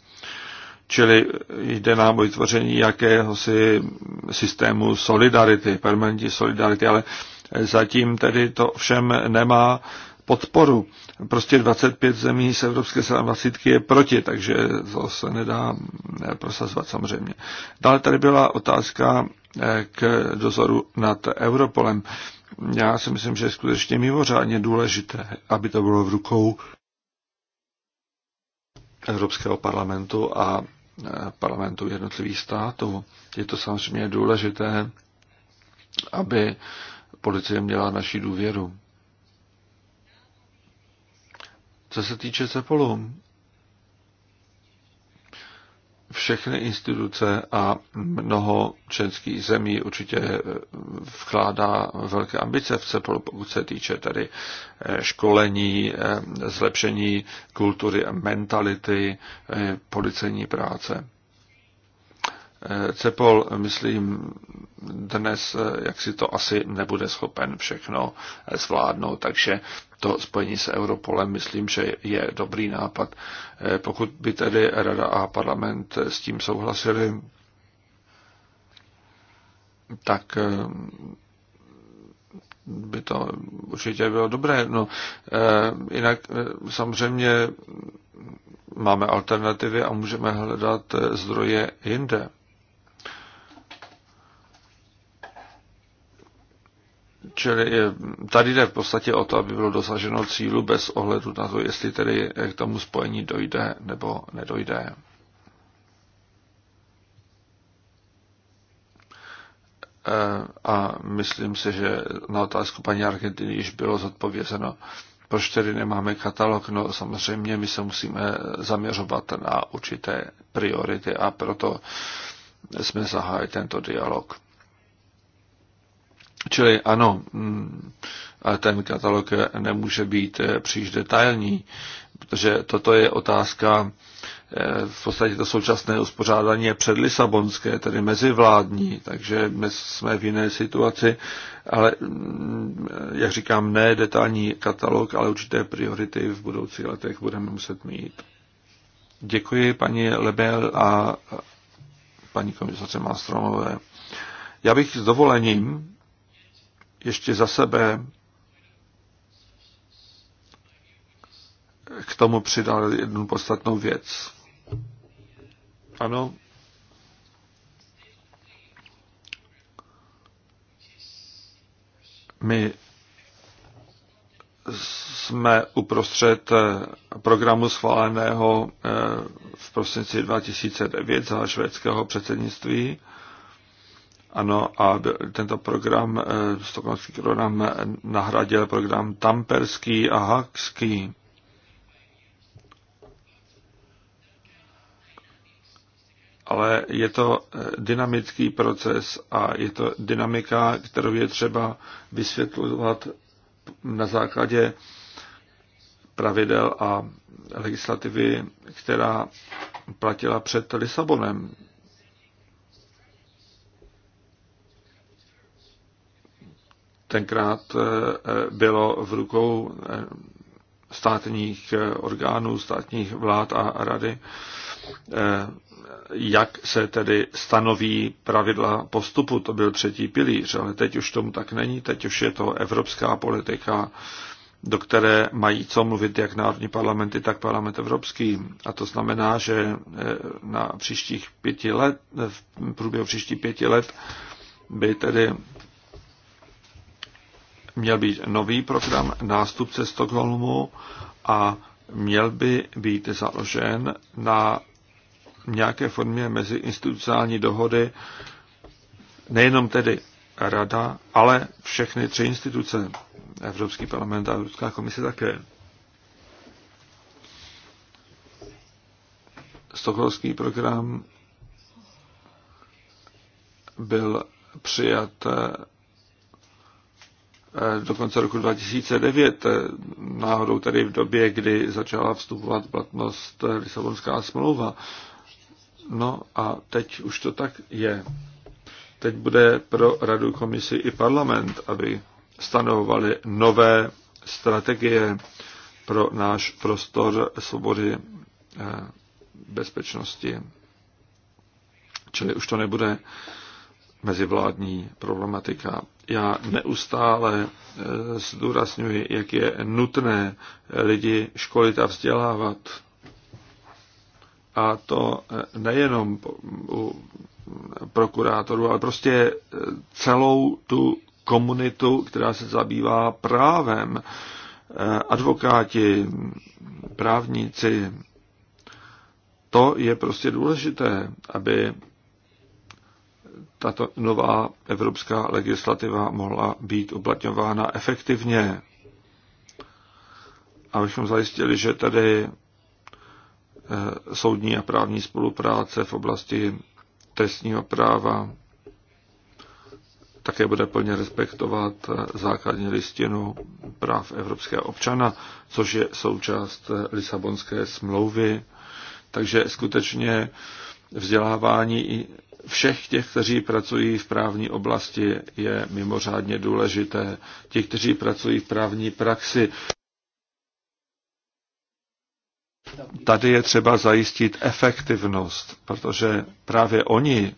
Čili jde nám o vytvoření jakéhosi systému solidarity, permanentní solidarity, ale eh, zatím tedy to všem nemá podporu. Prostě 25 zemí z Evropské 27 je proti, takže to se nedá eh, prosazovat samozřejmě. Dále tady byla otázka k dozoru nad Europolem já si myslím, že je skutečně mimořádně důležité, aby to bylo v rukou Evropského parlamentu a e, parlamentu jednotlivých států. Je to samozřejmě důležité, aby policie měla naši důvěru. Co se týče Cepolu, všechny instituce a mnoho členských zemí určitě vkládá velké ambice v CEPOL, pokud se týče tady eh, školení, eh, zlepšení kultury a mentality, eh, policejní práce. Eh, Cepol, myslím, dnes eh, jak si to asi nebude schopen všechno eh, zvládnout, takže to spojení s Europolem myslím, že je dobrý nápad. Pokud by tedy Rada a parlament s tím souhlasili, tak by to určitě bylo dobré. No, jinak samozřejmě máme alternativy a můžeme hledat zdroje jinde. Čili eh, tady jde v podstatě o to, aby bylo dosaženo cílu bez ohledu na to, jestli tedy eh, k tomu spojení dojde nebo nedojde. Eh, a myslím si, že na otázku paní Argentiny již bylo zodpovězeno, proč tedy nemáme katalog. No samozřejmě my se musíme zaměřovat na určité priority a proto jsme zahájili tento dialog. Čili ano, mm, ale ten katalog nemůže být eh, příliš detailní, protože toto je otázka, eh, v podstatě to současné uspořádání je předlisabonské, tedy mezivládní, takže my jsme v jiné situaci, ale mm, jak říkám, ne detailní katalog, ale určité priority v budoucích letech budeme muset mít. Děkuji paní Lebel a paní komisaře Mástromové. Já bych s dovolením ještě za sebe k tomu přidal jednu podstatnou věc. Ano, my jsme uprostřed programu schváleného eh, v prosinci 2009 za švédského předsednictví ano, a tento program, eh, stokholmský program, eh, nahradil program Tamperský a Hakský. Ale je to eh, dynamický proces a je to dynamika, kterou je třeba vysvětlovat na základě pravidel a legislativy, která platila před Lisabonem. tenkrát eh, eh, bylo v rukou eh, státních orgánů, státních vlád a rady, jak se tedy stanoví pravidla postupu. To byl třetí pilíř, ale teď už tomu tak není. Teď už je to evropská politika, do které mají co mluvit jak národní parlamenty, tak parlament evropský. A to znamená, že na příštích pěti let, v průběhu příštích pěti let by tedy měl být nový program nástupce Stockholmu a měl by být založen na nějaké formě meziinstitucionální dohody nejenom tedy Rada, ale všechny tři instituce, Evropský parlament a Evropská komise také. Stokholmský program byl přijat Eh, do konce roku 2009, eh, náhodou tedy v době, kdy začala vstupovat platnost eh, Lisabonská smlouva. No a teď už to tak je. Teď bude pro Radu komisi i parlament, aby stanovovali nové strategie pro náš prostor svobody bezpečnosti. Čili už to nebude mezivládní problematika. Já neustále e, zdůrazňuji, jak je nutné lidi školit a vzdělávat. A to e, nejenom u prokurátorů, ale prostě e, celou tu komunitu, která se zabývá právem, advokáti, právníci. To je prostě důležité, aby tato nová evropská legislativa mohla být uplatňována efektivně. Abychom zajistili, že tady eh, soudní a právní spolupráce v oblasti trestního práva také bude plně respektovat eh, základní listinu práv evropského občana, což je součást eh, Lisabonské smlouvy. Takže skutečně vzdělávání všech těch, kteří pracují v právní oblasti, je mimořádně důležité. Ti, kteří pracují v právní praxi, Tady je třeba zajistit efektivnost, protože právě oni,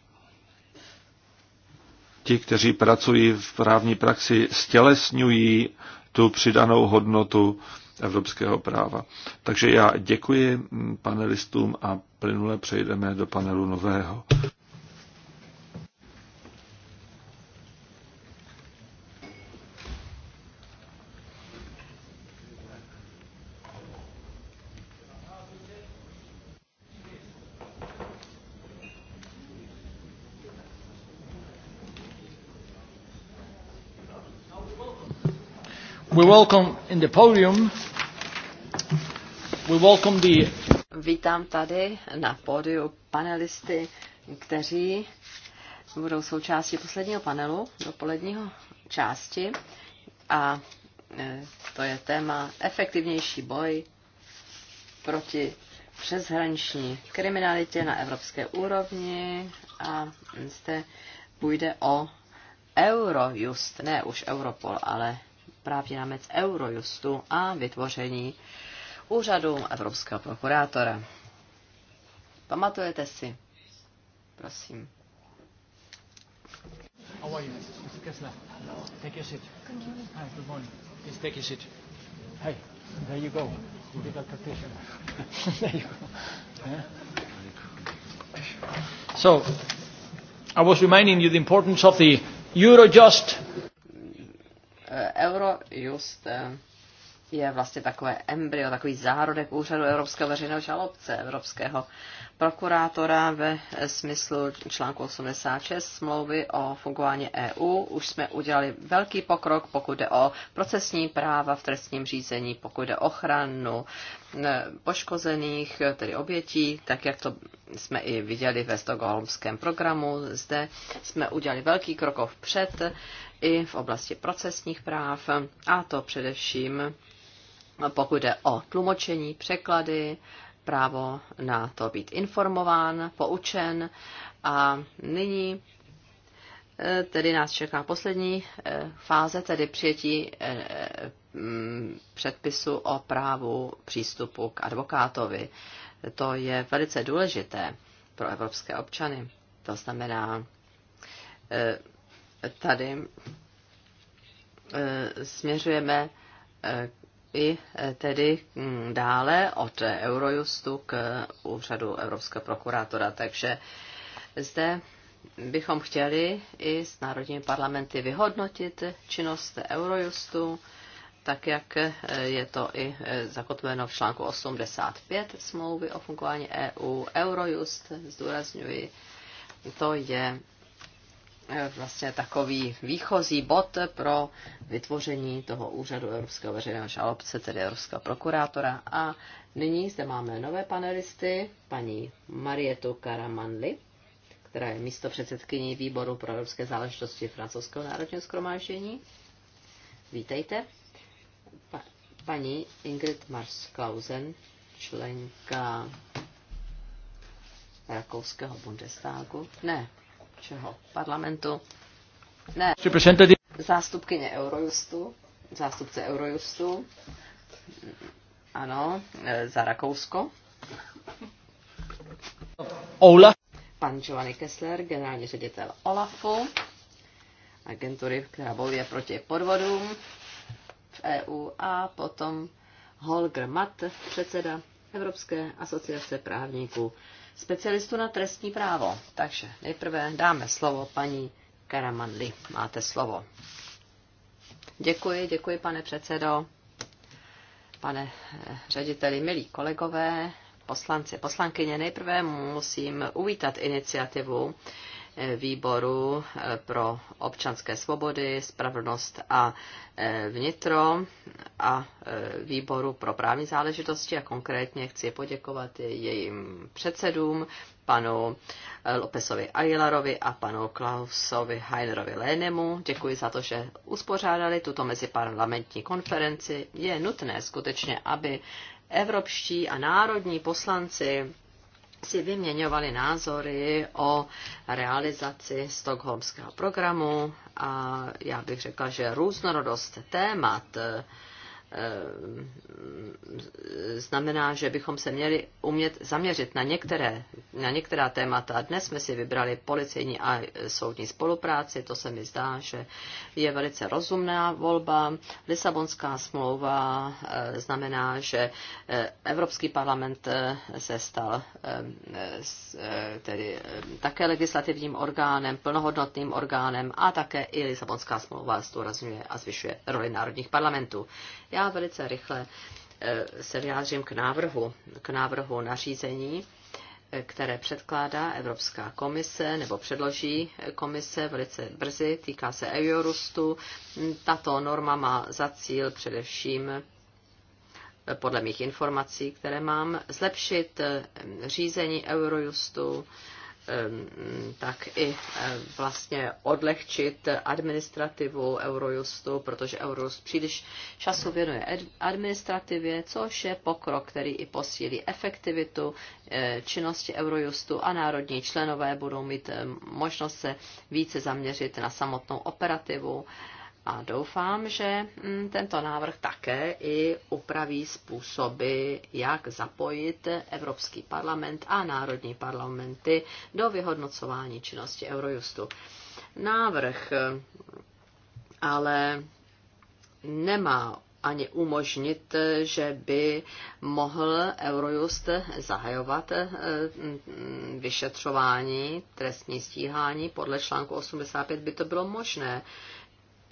ti, kteří pracují v právní praxi, stělesňují tu přidanou hodnotu evropského práva. Takže já děkuji panelistům a plynule přejdeme do panelu nového. Vítám tady na pódiu panelisty, kteří budou součástí posledního panelu, dopoledního části. A e, to je téma efektivnější boj proti přeshraniční kriminalitě na evropské úrovni a zde půjde o Eurojust, ne už Europol, ale právní rámec Eurojustu a vytvoření úřadu Evropského prokurátora. Pamatujete si? Prosím. How are you, Mr. Kessler? Take your seat. Good morning. Hi, good morning. Please take your seat. Hey, there you go. You did a there you go. Yeah. So, I was reminding you the importance of the Eurojust Eurojust eh, je vlastně takové embryo, takový zárodek úřadu Evropského veřejného žalobce, Evropského prokurátora ve smyslu článku 86 smlouvy o fungování EU. Už jsme udělali velký pokrok, pokud jde o procesní práva v trestním řízení, pokud jde o ochranu eh, poškozených, tedy obětí, tak jak to jsme i viděli ve stokholmském programu. Zde jsme udělali velký krok vpřed i v oblasti procesních práv, a to především pokud jde o tlumočení, překlady, právo na to být informován, poučen. A nyní e, tedy nás čeká poslední e, fáze, tedy přijetí e, předpisu o právu přístupu k advokátovi. To je velice důležité pro evropské občany. To znamená, tady eh, směřujeme eh, i eh, tedy hm, dále od Eurojustu k úřadu Evropského prokurátora. Takže zde bychom chtěli i s národními parlamenty vyhodnotit činnost Eurojustu, tak jak je to i zakotveno v článku 85 smlouvy o fungování EU. Eurojust, zdůrazňuji, to je Eh, vlastně takový výchozí bod pro vytvoření toho úřadu Evropského veřejného žalobce, tedy Evropského prokurátora. A nyní zde máme nové panelisty, paní Marietu Karamanli, která je místo předsedkyní výboru pro evropské záležitosti francouzského národního schromáždění. Vítejte. Pa, paní Ingrid Marsklausen, členka Rakouského Bundestagu. Ne, čeho? Parlamentu. Ne. Zástupkyně Eurojustu. Zástupce Eurojustu. Ano, e, za Rakousko. Olaf. Pan Giovanni Kessler, generální ředitel Olafu, agentury, která bojuje proti podvodům v EU a potom Holger Matt, předseda Evropské asociace právníků specialistu na trestní právo. Takže nejprve dáme slovo paní Karamanli. Máte slovo. Děkuji, děkuji, pane předsedo, pane eh, řediteli, milí kolegové, poslanci, poslankyně. Nejprve musím uvítat iniciativu výboru eh, pro občanské svobody, spravedlnost a eh, vnitro a eh, výboru pro právní záležitosti a konkrétně chci poděkovat jejím předsedům, panu Lopesovi Aguilarovi a panu Klausovi Heinerovi Lénemu. Děkuji za to, že uspořádali tuto meziparlamentní konferenci. Je nutné skutečně, aby evropští a národní poslanci si vyměňovali názory o realizaci Stockholmského programu a já bych řekla, že různorodost témat Eh, znamená, že bychom se měli umět zaměřit na, některé, na některá témata. Dnes jsme si vybrali policejní a soudní spolupráci, to se mi zdá, že je velice rozumná volba. Lisabonská smlouva eh, znamená, že eh, Evropský parlament se stal tedy také legislativním orgánem, plnohodnotným orgánem a také i Lisabonská smlouva zdůrazňuje a zvyšuje roli národních parlamentů. Já velice rychle eh, se vyjádřím k návrhu, k návrhu nařízení, eh, které předkládá Evropská komise nebo předloží eh, komise velice brzy, týká se Eurostu. Tato norma má za cíl především podle mých informací, které mám, zlepšit řízení Eurojustu, tak i vlastně odlehčit administrativu Eurojustu, protože Eurojust příliš času věnuje administrativě, což je pokrok, který i posílí efektivitu e, činnosti Eurojustu a národní členové budou mít možnost se více zaměřit na samotnou operativu a doufám, že mm, tento návrh také i upraví způsoby, jak zapojit Evropský parlament a národní parlamenty do vyhodnocování činnosti Eurojustu. Návrh eh, ale nemá ani umožnit, že by mohl Eurojust zahajovat eh, mm, vyšetřování, trestní stíhání. Podle článku 85 by to bylo možné.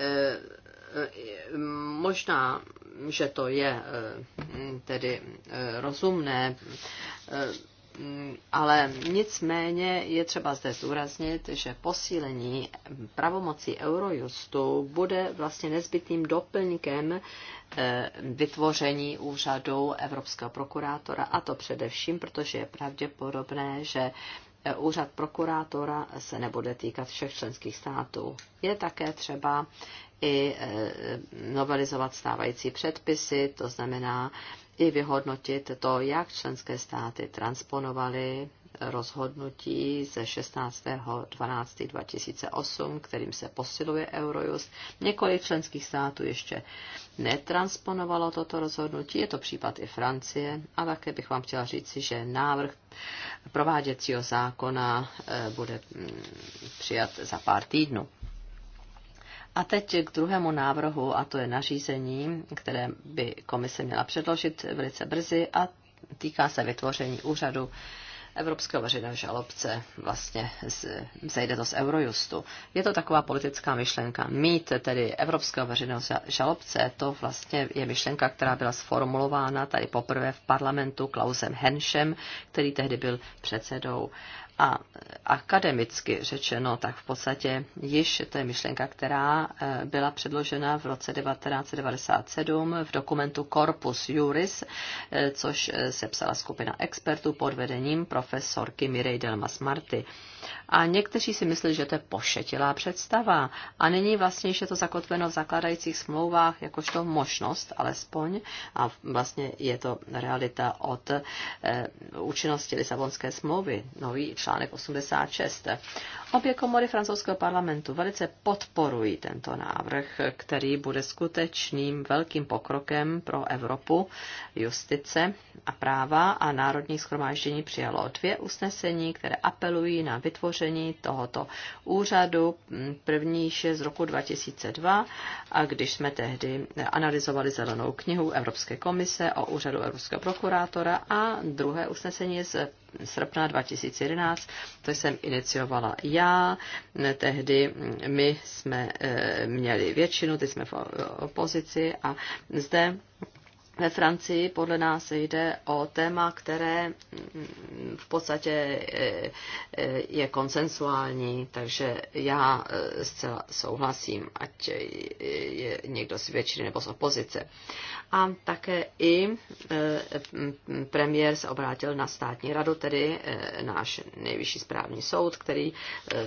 Eh, možná, že to je eh, tedy eh, rozumné, ale nicméně je třeba zde zdůraznit, že posílení pravomocí Eurojustu bude vlastně nezbytným doplňkem vytvoření úřadu Evropského prokurátora, a to především, protože je pravděpodobné, že Eh, úřad prokurátora se nebude týkat všech členských států. Je také třeba i eh, novelizovat stávající předpisy, to znamená i vyhodnotit to, jak členské státy transponovaly rozhodnutí ze 16.12.2008, kterým se posiluje Eurojust. Několik členských států ještě netransponovalo toto rozhodnutí, je to případ i Francie. A také bych vám chtěla říci, že návrh prováděcího zákona eh, bude mm, přijat za pár týdnů. A teď k druhému návrhu, a to je nařízení, které by komise měla předložit velice brzy a týká se vytvoření úřadu evropského veřejného žalobce, vlastně zejde to z Eurojustu. Je to taková politická myšlenka. Mít tedy evropského veřejného žalobce, to vlastně je myšlenka, která byla sformulována tady poprvé v parlamentu Klausem Henšem, který tehdy byl předsedou a akademicky řečeno, tak v podstatě již to je myšlenka, která eh, byla předložena v roce 1997 v dokumentu Corpus Juris, eh, což eh, sepsala skupina expertů pod vedením profesorky Mirej Delmas Marty. A někteří si myslí, že to je pošetilá představa. A není vlastně, že to zakotveno v zakládajících smlouvách jakožto možnost, alespoň. A vlastně je to realita od e, účinnosti Lisabonské smlouvy. Nový článek 86. Obě komory francouzského parlamentu velice podporují tento návrh, který bude skutečným velkým pokrokem pro Evropu, justice a práva a Národní schromáždění přijalo dvě usnesení, které apelují na vytvoření tohoto úřadu. První je z roku 2002 a když jsme tehdy analyzovali zelenou knihu Evropské komise o úřadu Evropského prokurátora a druhé usnesení je z srpna 2011, to jsem iniciovala já. Tehdy my jsme eh, měli většinu, teď jsme v opozici a zde ve Francii podle nás jde o téma, které mm, v podstatě e, e, je konsensuální, takže já e, zcela souhlasím, ať je někdo z většiny nebo z opozice. A také i premiér se obrátil na státní radu, tedy náš nejvyšší správní soud, který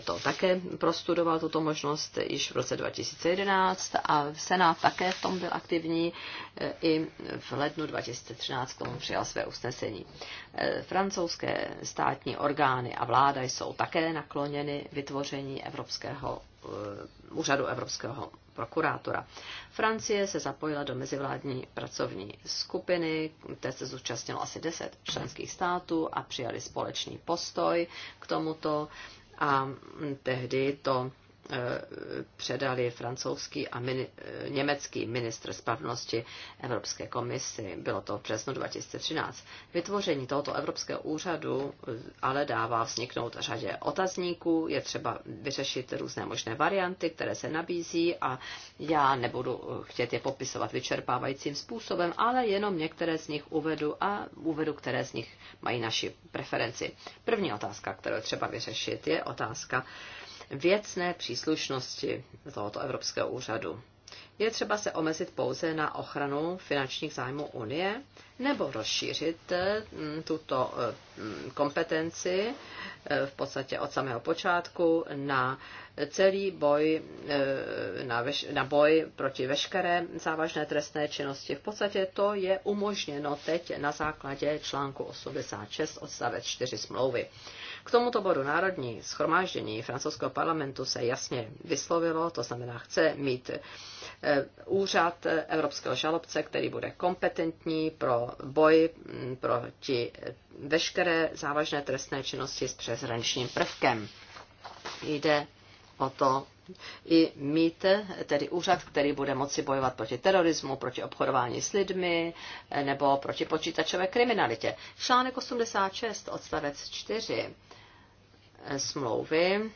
to také prostudoval, tuto možnost, již v roce 2011 a Senát také v tom byl aktivní i v lednu 2013 k tomu přijal své usnesení. E, francouzské státní orgány a vláda jsou také nakloněny vytvoření Evropského e, úřadu Evropského prokurátora. Francie se zapojila do mezivládní pracovní skupiny, které se zúčastnilo asi 10 členských států a přijali společný postoj k tomuto a tehdy to předali francouzský a mini, německý ministr spravnosti Evropské komisi. Bylo to v březnu 2013. Vytvoření tohoto Evropského úřadu ale dává vzniknout řadě otazníků. Je třeba vyřešit různé možné varianty, které se nabízí a já nebudu chtět je popisovat vyčerpávajícím způsobem, ale jenom některé z nich uvedu a uvedu, které z nich mají naši preferenci. První otázka, kterou třeba vyřešit, je otázka věcné příslušnosti tohoto Evropského úřadu. Je třeba se omezit pouze na ochranu finančních zájmů Unie nebo rozšířit eh, tuto eh, kompetenci eh, v podstatě od samého počátku na celý boj, na, veš, na boj proti veškeré závažné trestné činnosti. V podstatě to je umožněno teď na základě článku 86 odstavec 4 smlouvy. K tomuto bodu Národní schromáždění francouzského parlamentu se jasně vyslovilo, to znamená, chce mít eh, úřad evropského žalobce, který bude kompetentní pro boj mm, proti veškeré závažné trestné činnosti s přeshraničním prvkem. Jde o to i mít tedy úřad, který bude moci bojovat proti terorismu, proti obchodování s lidmi eh, nebo proti počítačové kriminalitě. Článek 86 odstavec 4 smlouvy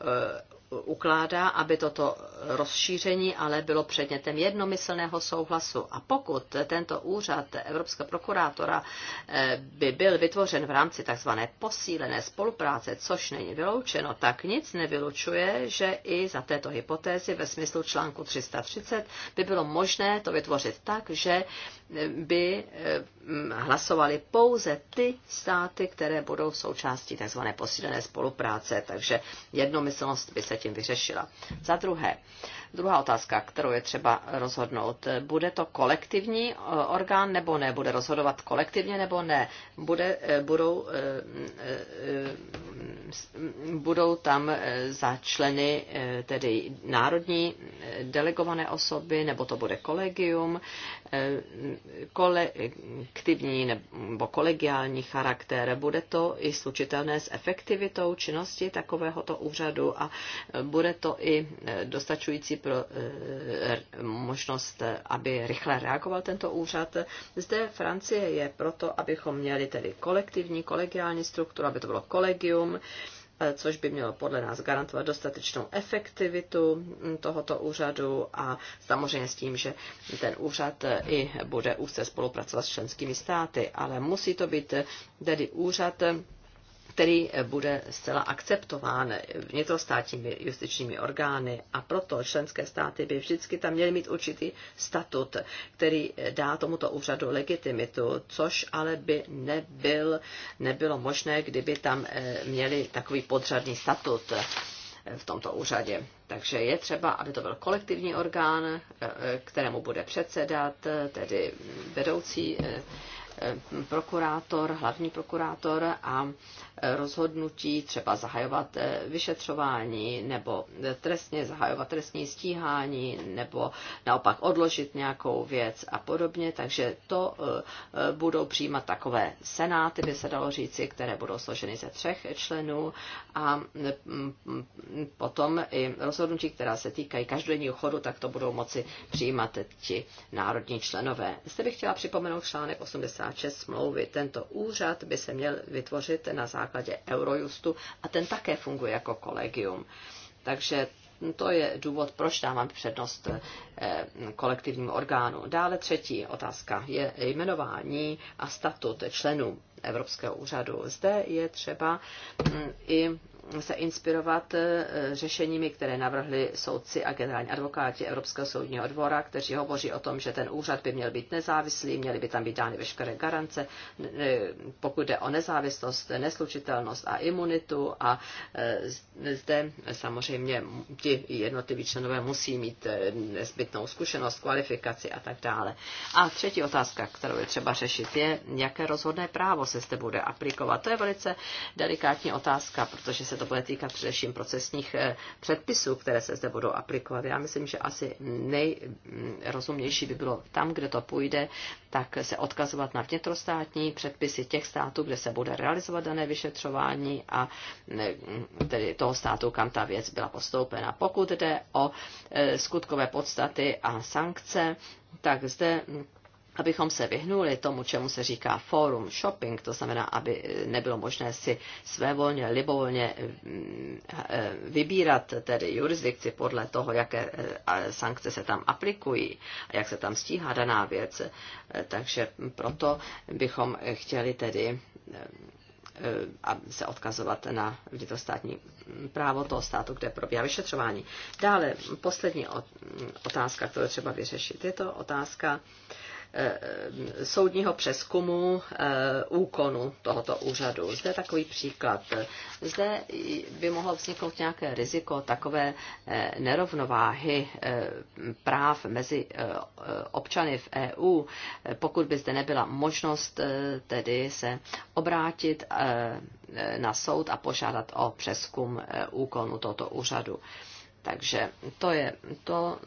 e, ukládá, aby toto rozšíření ale bylo předmětem jednomyslného souhlasu. A pokud tento úřad Evropského prokurátora e, by byl vytvořen v rámci tzv. posílené spolupráce, což není vyloučeno, tak nic nevylučuje, že i za této hypotézy ve smyslu článku 330 by bylo možné to vytvořit tak, že by eh, hlasovali pouze ty státy, které budou součástí tzv. posílené spolupráce, takže jednomyslnost by se tím vyřešila. Za druhé, Druhá otázka, kterou je třeba rozhodnout. Bude to kolektivní eh, orgán nebo ne? Bude rozhodovat kolektivně nebo ne? Bude, eh, budou, eh, mm, budou tam začleny tedy národní delegované osoby nebo to bude kolegium, kolektivní nebo kolegiální charakter. Bude to i slučitelné s efektivitou činnosti takovéhoto úřadu a bude to i dostačující pro eh, možnost, aby rychle reagoval tento úřad. Zde Francie je proto, abychom měli tedy kolektivní, kolegiální strukturu, aby to bylo kolegium, eh, což by mělo podle nás garantovat dostatečnou efektivitu mm, tohoto úřadu a samozřejmě s tím, že ten úřad eh, i bude úzce spolupracovat s členskými státy, ale musí to být tedy úřad, který eh, bude zcela akceptován vnitrostátními justičními orgány a proto členské státy by vždycky tam měly mít určitý statut, který eh, dá tomuto úřadu legitimitu, což ale by nebyl, nebylo možné, kdyby tam eh, měli takový podřadný statut v tomto úřadě. Takže je třeba, aby to byl kolektivní orgán, kterému bude předsedat, tedy vedoucí prokurátor, hlavní prokurátor a rozhodnutí, třeba zahajovat eh, vyšetřování nebo eh, trestně zahajovat trestní stíhání nebo naopak odložit nějakou věc a podobně. Takže to eh, budou přijímat takové senáty, by se dalo říci, které budou složeny ze třech členů a mm, mm, potom i rozhodnutí, která se týkají každodenního chodu, tak to budou moci přijímat ti národní členové. Zde bych chtěla připomenout článek 86 smlouvy. Tento úřad by se měl vytvořit na základě základě Eurojustu a ten také funguje jako kolegium. Takže to je důvod, proč dávám přednost eh, kolektivním orgánu. Dále třetí otázka je jmenování a statut členů Evropského úřadu. Zde je třeba mm, i se inspirovat e, řešeními, které navrhli soudci a generální advokáti Evropského soudního dvora, kteří hovoří o tom, že ten úřad by měl být nezávislý, měly by tam být dány veškeré garance, e, pokud jde o nezávislost, neslučitelnost a imunitu a e, zde samozřejmě ti jednotliví členové musí mít nezbytnou zkušenost, kvalifikaci a tak dále. A třetí otázka, kterou je třeba řešit, je, jaké rozhodné právo se zde bude aplikovat. To je velice delikátní otázka, protože se to bude týkat především procesních eh, předpisů, které se zde budou aplikovat. Já myslím, že asi nejrozumnější by bylo tam, kde to půjde, tak se odkazovat na vnitrostátní předpisy těch států, kde se bude realizovat dané vyšetřování a tedy toho státu, kam ta věc byla postoupena. Pokud jde o eh, skutkové podstaty a sankce, tak zde abychom se vyhnuli tomu, čemu se říká forum shopping, to znamená, aby nebylo možné si svévolně, libovolně mm, eh, vybírat tedy jurisdikci podle toho, jaké eh, sankce se tam aplikují a jak se tam stíhá daná věc. Eh, takže proto bychom chtěli tedy a se odkazovat na vnitrostátní právo toho státu, kde probíhá vyšetřování. Dále poslední otázka, kterou třeba vyřešit, je to otázka Eh, soudního přeskumu eh, úkonu tohoto úřadu. Zde takový příklad. Zde by mohlo vzniknout nějaké riziko takové eh, nerovnováhy práv mezi občany v EU, pokud by zde nebyla možnost tedy se obrátit na soud a požádat o přeskum úkonu tohoto úřadu. Takže to je to,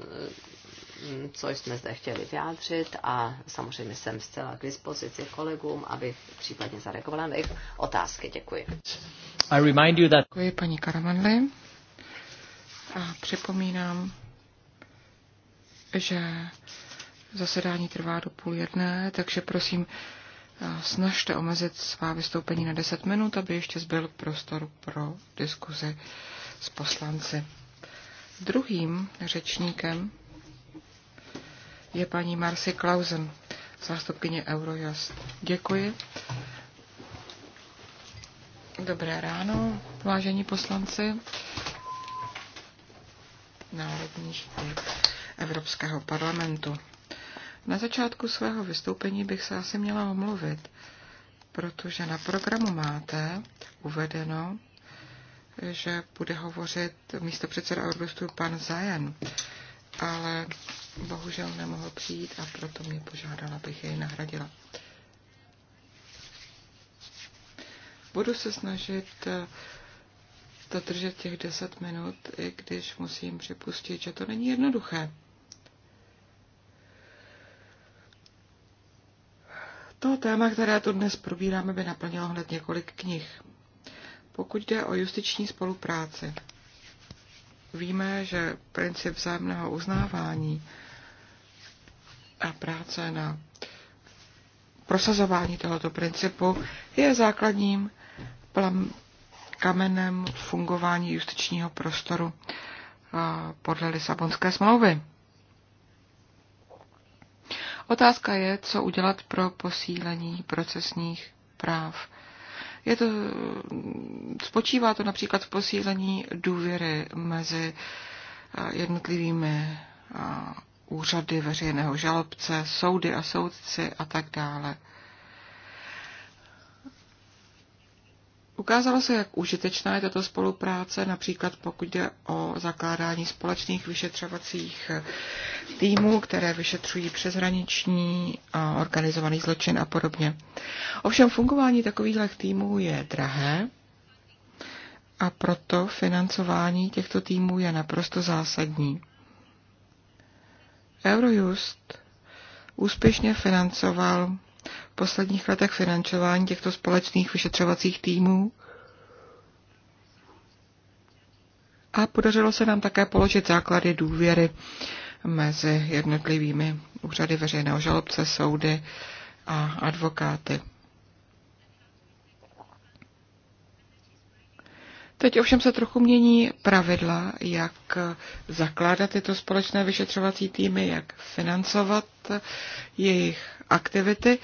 Mm, co jsme zde chtěli vyjádřit a samozřejmě jsem zcela k dispozici kolegům, aby případně zareagovala na jejich otázky. Děkuji. I remind you that... Děkuji paní Karamanli a připomínám, že zasedání trvá do půl jedné, takže prosím, eh, snažte omezit svá vystoupení na 10 minut, aby ještě zbyl prostor pro diskuzi s poslanci. Druhým řečníkem je paní Marcy Klausen, zástupkyně Eurojust. Děkuji. Dobré ráno, vážení poslanci národních i Evropského parlamentu. Na začátku svého vystoupení bych se asi měla omluvit, protože na programu máte uvedeno, že bude hovořit místo předseda Eurojustu pan Zajen, ale bohužel nemohl přijít a proto mě požádala, abych jej nahradila. Budu se snažit dodržet eh, těch deset minut, i když musím připustit, že to není jednoduché. To téma, které tu dnes probíráme, by naplnilo hned několik knih. Pokud jde o justiční spolupráci, víme, že princip vzájemného uznávání a práce na prosazování tohoto principu je základním kamenem fungování justičního prostoru podle Lisabonské smlouvy. Otázka je, co udělat pro posílení procesních práv. Je to, spočívá to například v posílení důvěry mezi jednotlivými úřady veřejného žalobce, soudy a soudci a tak dále. Ukázalo se, jak užitečná je tato spolupráce, například pokud jde o zakládání společných vyšetřovacích týmů, které vyšetřují přeshraniční a organizovaný zločin a podobně. Ovšem fungování takovýchto týmů je drahé a proto financování těchto týmů je naprosto zásadní. Eurojust úspěšně financoval v posledních letech financování těchto společných vyšetřovacích týmů a podařilo se nám také položit základy důvěry mezi jednotlivými úřady veřejného žalobce, soudy a advokáty. Teď ovšem se trochu mění pravidla, jak zakládat tyto společné vyšetřovací týmy, jak financovat jejich aktivity.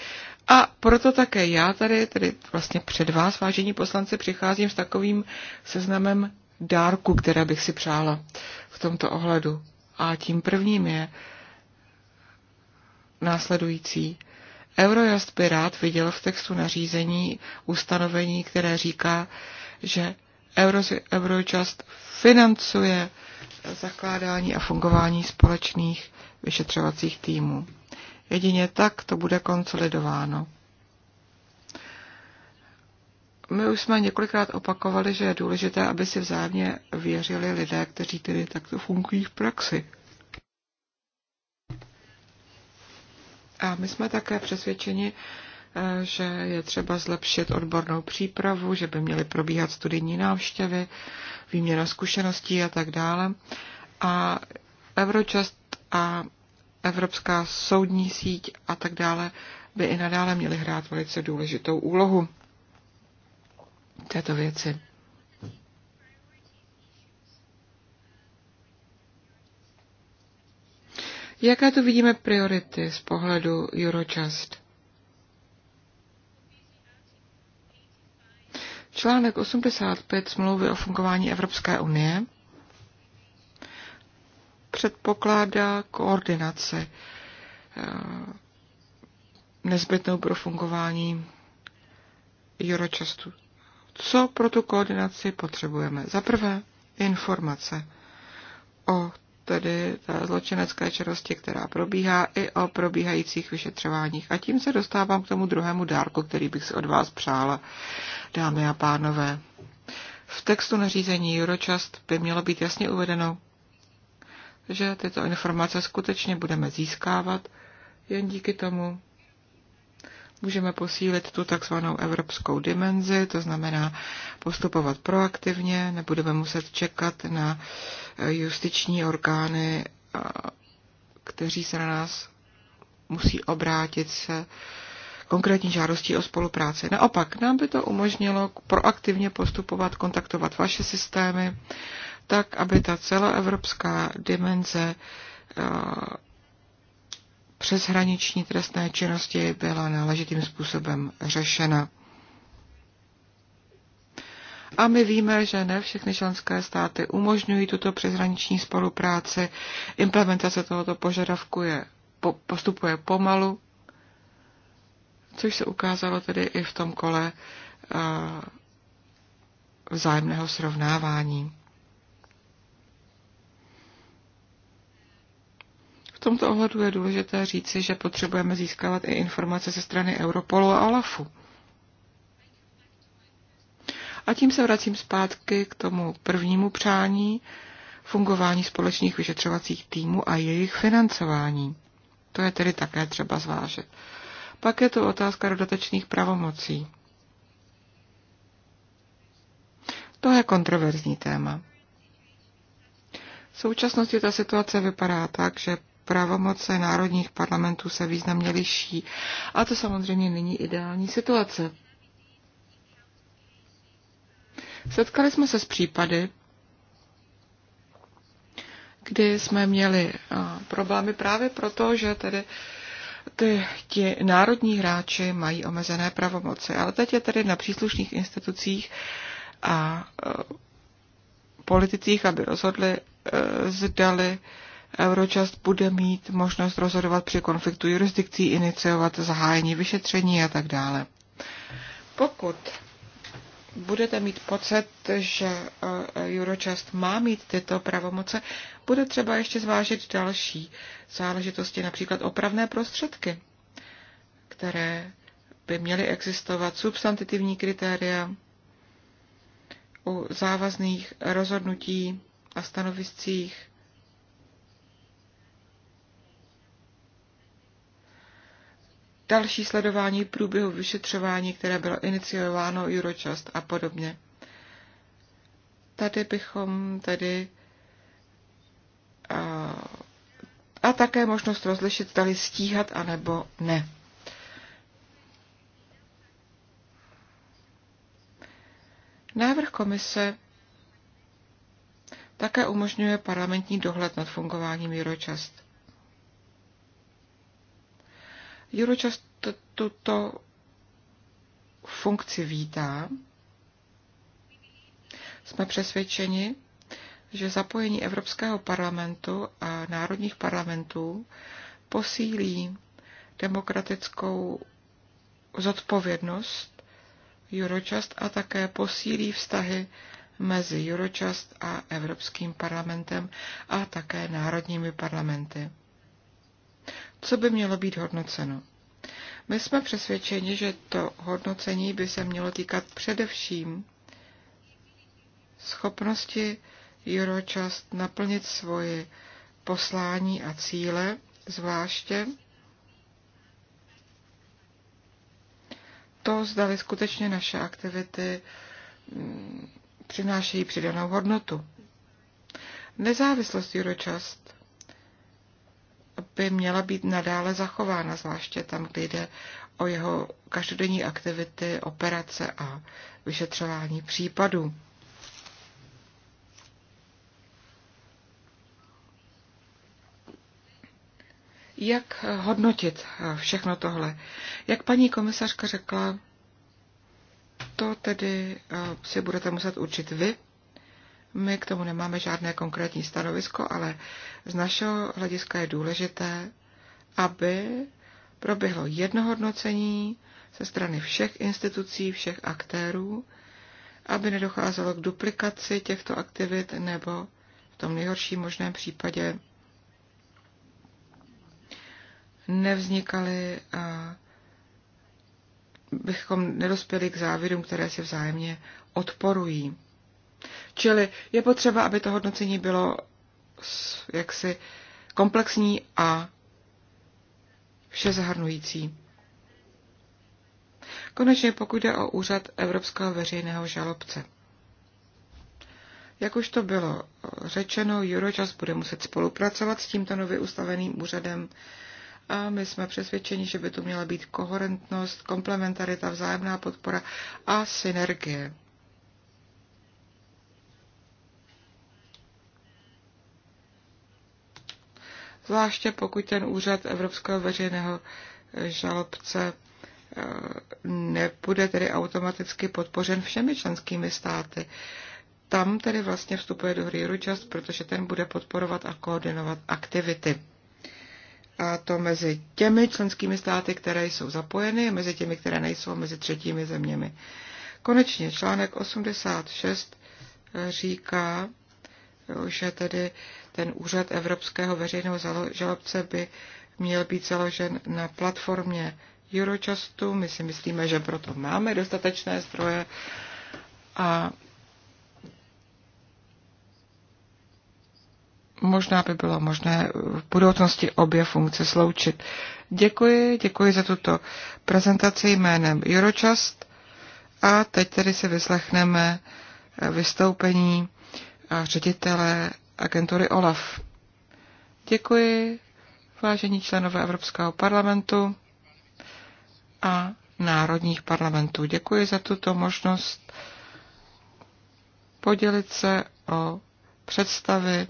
A proto také já tady, tedy vlastně před vás, vážení poslanci, přicházím s takovým seznamem dárku, které bych si přála v tomto ohledu. A tím prvním je následující. Eurojust by rád viděl v textu nařízení ustanovení, které říká, že Eurojust financuje zakládání a fungování společných vyšetřovacích týmů. Jedině tak to bude konsolidováno. My už jsme několikrát opakovali, že je důležité, aby si vzájemně věřili lidé, kteří tedy takto fungují v praxi. A my jsme také přesvědčeni, Eh, že je třeba zlepšit odbornou přípravu, že by měly probíhat studijní návštěvy, výměna zkušeností a tak dále. A Eurojust a Evropská soudní síť a tak dále by i nadále měly hrát velice důležitou úlohu této věci. Jaké tu vidíme priority z pohledu Eurojust? Článek 85 smlouvy o fungování Evropské unie předpokládá koordinaci eh, nezbytnou pro fungování Eurochastu. Co pro tu koordinaci potřebujeme? Za prvé informace o tedy té zločinecké činnosti, která probíhá, i o probíhajících vyšetřováních. A tím se dostávám k tomu druhému dárku, který bych si od vás přála, dámy a pánové. V textu nařízení Juročast by mělo být jasně uvedeno, že tyto informace skutečně budeme získávat jen díky tomu, Můžeme posílit tu takzvanou evropskou dimenzi, to znamená postupovat proaktivně, nebudeme muset čekat na eh, justiční orgány, eh, kteří se na nás musí obrátit se konkrétní žádostí o spolupráci. Naopak, nám by to umožnilo proaktivně postupovat, kontaktovat vaše systémy, tak, aby ta celoevropská dimenze eh, přeshraniční trestné činnosti byla náležitým způsobem řešena. A my víme, že ne všechny členské státy umožňují tuto přeshraniční spolupráci. Implementace tohoto požadavku je, po, postupuje pomalu, což se ukázalo tedy i v tom kole uh, vzájemného srovnávání. V tomto ohledu je důležité říci, že potřebujeme získávat i informace ze strany Europolu a OLAFu. A tím se vracím zpátky k tomu prvnímu přání, fungování společných vyšetřovacích týmů a jejich financování. To je tedy také třeba zvážit. Pak je to otázka dodatečných pravomocí. To je kontroverzní téma. V současnosti ta situace vypadá tak, že pravomoce národních parlamentů se významně liší. A to samozřejmě není ideální situace. Setkali jsme se s případy, kdy jsme měli problémy právě proto, že tedy ty, ti národní hráči mají omezené pravomoci. Ale teď je tedy na příslušných institucích a e, politicích, aby rozhodli, e, zdali Eurojust bude mít možnost rozhodovat při konfliktu jurisdikcí, iniciovat zahájení vyšetření a tak dále. Pokud budete mít pocit, že eh, Eurojust má mít tyto pravomoce, bude třeba ještě zvážit další záležitosti, například opravné prostředky, které by měly existovat, substantitivní kritéria u závazných rozhodnutí a stanoviscích, další sledování průběhu vyšetřování, které bylo iniciováno Eurojust a podobně. Tady bychom tedy a, a také možnost rozlišit, zda stíhat anebo ne. Návrh komise také umožňuje parlamentní dohled nad fungováním Eurojust. Juročas tuto funkci vítá. Jsme přesvědčeni, že zapojení Evropského parlamentu a národních parlamentů posílí demokratickou zodpovědnost Juročast a také posílí vztahy mezi Juročast a Evropským parlamentem a také národními parlamenty co by mělo být hodnoceno. My jsme přesvědčeni, že to hodnocení by se mělo týkat především schopnosti juročast naplnit svoje poslání a cíle, zvláště to, zdali skutečně naše aktivity mm, přinášejí přidanou hodnotu. Nezávislost juročast by měla být nadále zachována, zvláště tam, kde jde o jeho každodenní aktivity, operace a vyšetřování případů. Jak hodnotit všechno tohle? Jak paní komisařka řekla, to tedy eh, si budete muset učit vy. My k tomu nemáme žádné konkrétní stanovisko, ale z našeho hlediska je důležité, aby proběhlo jednohodnocení ze strany všech institucí, všech aktérů, aby nedocházelo k duplikaci těchto aktivit nebo v tom nejhorším možném případě nevznikaly, bychom nedospěli k závěrům, které se vzájemně odporují. Čili je potřeba, aby to hodnocení bylo jaksi komplexní a vše zahrnující. Konečně pokud jde o úřad Evropského veřejného žalobce. Jak už to bylo řečeno, Eurojust bude muset spolupracovat s tímto nově ustaveným úřadem a my jsme přesvědčeni, že by tu měla být koherentnost, komplementarita, vzájemná podpora a synergie. zvláště pokud ten úřad Evropského veřejného eh, žalobce eh, nebude tedy automaticky podpořen všemi členskými státy. Tam tedy vlastně vstupuje do hry Eurojust, protože ten bude podporovat a koordinovat aktivity. A to mezi těmi členskými státy, které jsou zapojeny, mezi těmi, které nejsou, mezi třetími zeměmi. Konečně článek 86 eh, říká, že tedy ten úřad Evropského veřejného žalobce by měl být založen na platformě Eurojustu. My si myslíme, že proto máme dostatečné zdroje a možná by bylo možné v budoucnosti obě funkce sloučit. Děkuji, děkuji za tuto prezentaci jménem Eurojust a teď tedy si vyslechneme vystoupení ředitele agentury OLAF. Děkuji, vážení členové Evropského parlamentu a národních parlamentů. Děkuji za tuto možnost podělit se o představy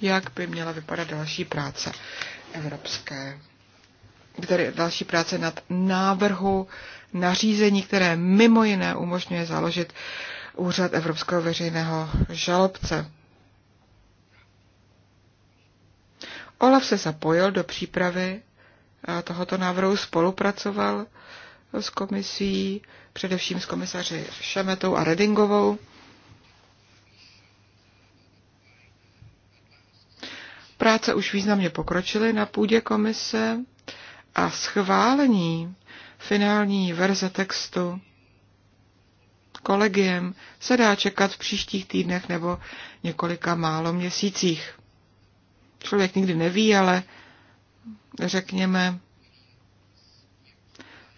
jak by měla vypadat další práce Evropské tedy další práce nad návrhu nařízení, které mimo jiné umožňuje založit úřad Evropského veřejného žalobce. Olaf se zapojil do přípravy eh, tohoto návrhu, spolupracoval s komisí, především s komisaři Šemetou a Redingovou. Práce už významně pokročily na půdě komise a schválení finální verze textu kolegiem se dá čekat v příštích týdnech nebo několika málo měsících. Člověk nikdy neví, ale řekněme,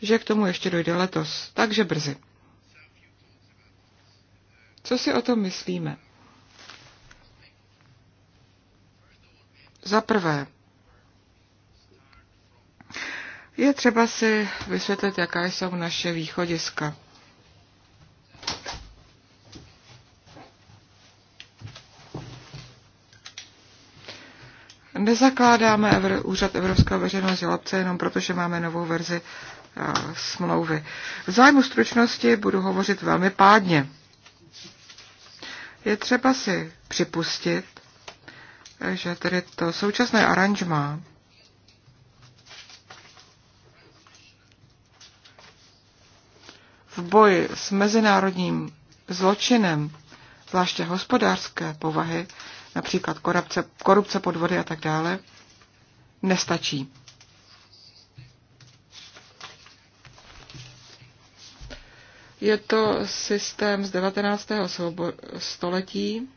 že k tomu ještě dojde letos, takže brzy. Co si o tom myslíme? Za prvé, je třeba si vysvětlit, jaká jsou naše východiska. Nezakládáme Úřad Evropského veřejného žalobce jenom proto, že máme novou verzi smlouvy. V zájmu stručnosti budu hovořit velmi pádně. Je třeba si připustit, že tedy to současné aranžma v boji s mezinárodním zločinem, zvláště hospodářské povahy, například korupce, korupce podvody a tak dále, nestačí. Je to systém z 19. století,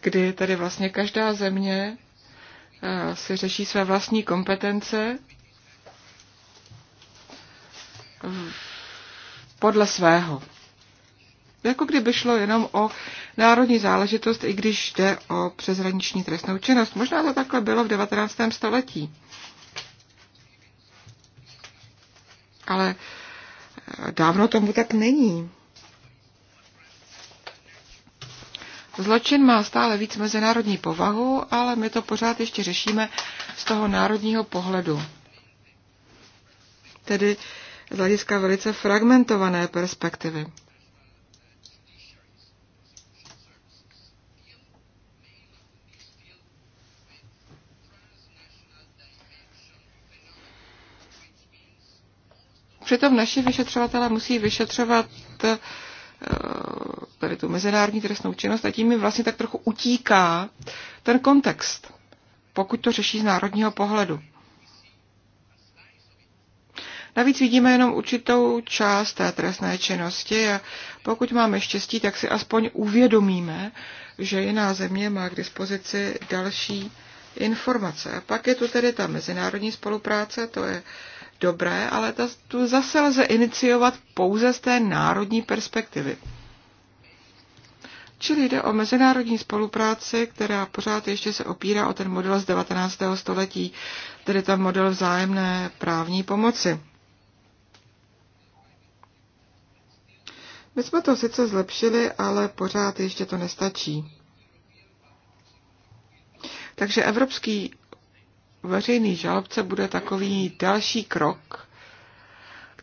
kdy tedy vlastně každá země si řeší své vlastní kompetence podle svého. Jako kdyby šlo jenom o národní záležitost, i když jde o přeshraniční trestnou činnost. Možná to takhle bylo v 19. století. Ale dávno tomu tak není. Zločin má stále víc mezinárodní povahu, ale my to pořád ještě řešíme z toho národního pohledu. Tedy z hlediska velice fragmentované perspektivy. Přitom naši vyšetřovatelé musí vyšetřovat eh, tady tu mezinárodní trestnou činnost a tím mi vlastně tak trochu utíká ten kontext, pokud to řeší z národního pohledu. Navíc vidíme jenom určitou část té trestné činnosti a pokud máme štěstí, tak si aspoň uvědomíme, že jiná země má k dispozici další informace. A pak je tu tedy ta mezinárodní spolupráce, to je dobré, ale ta, tu zase lze iniciovat pouze z té národní perspektivy. Čili jde o mezinárodní spolupráci, která pořád ještě se opírá o ten model z 19. století, tedy ten model vzájemné právní pomoci. My jsme to sice zlepšili, ale pořád ještě to nestačí. Takže evropský veřejný žalobce bude takový další krok,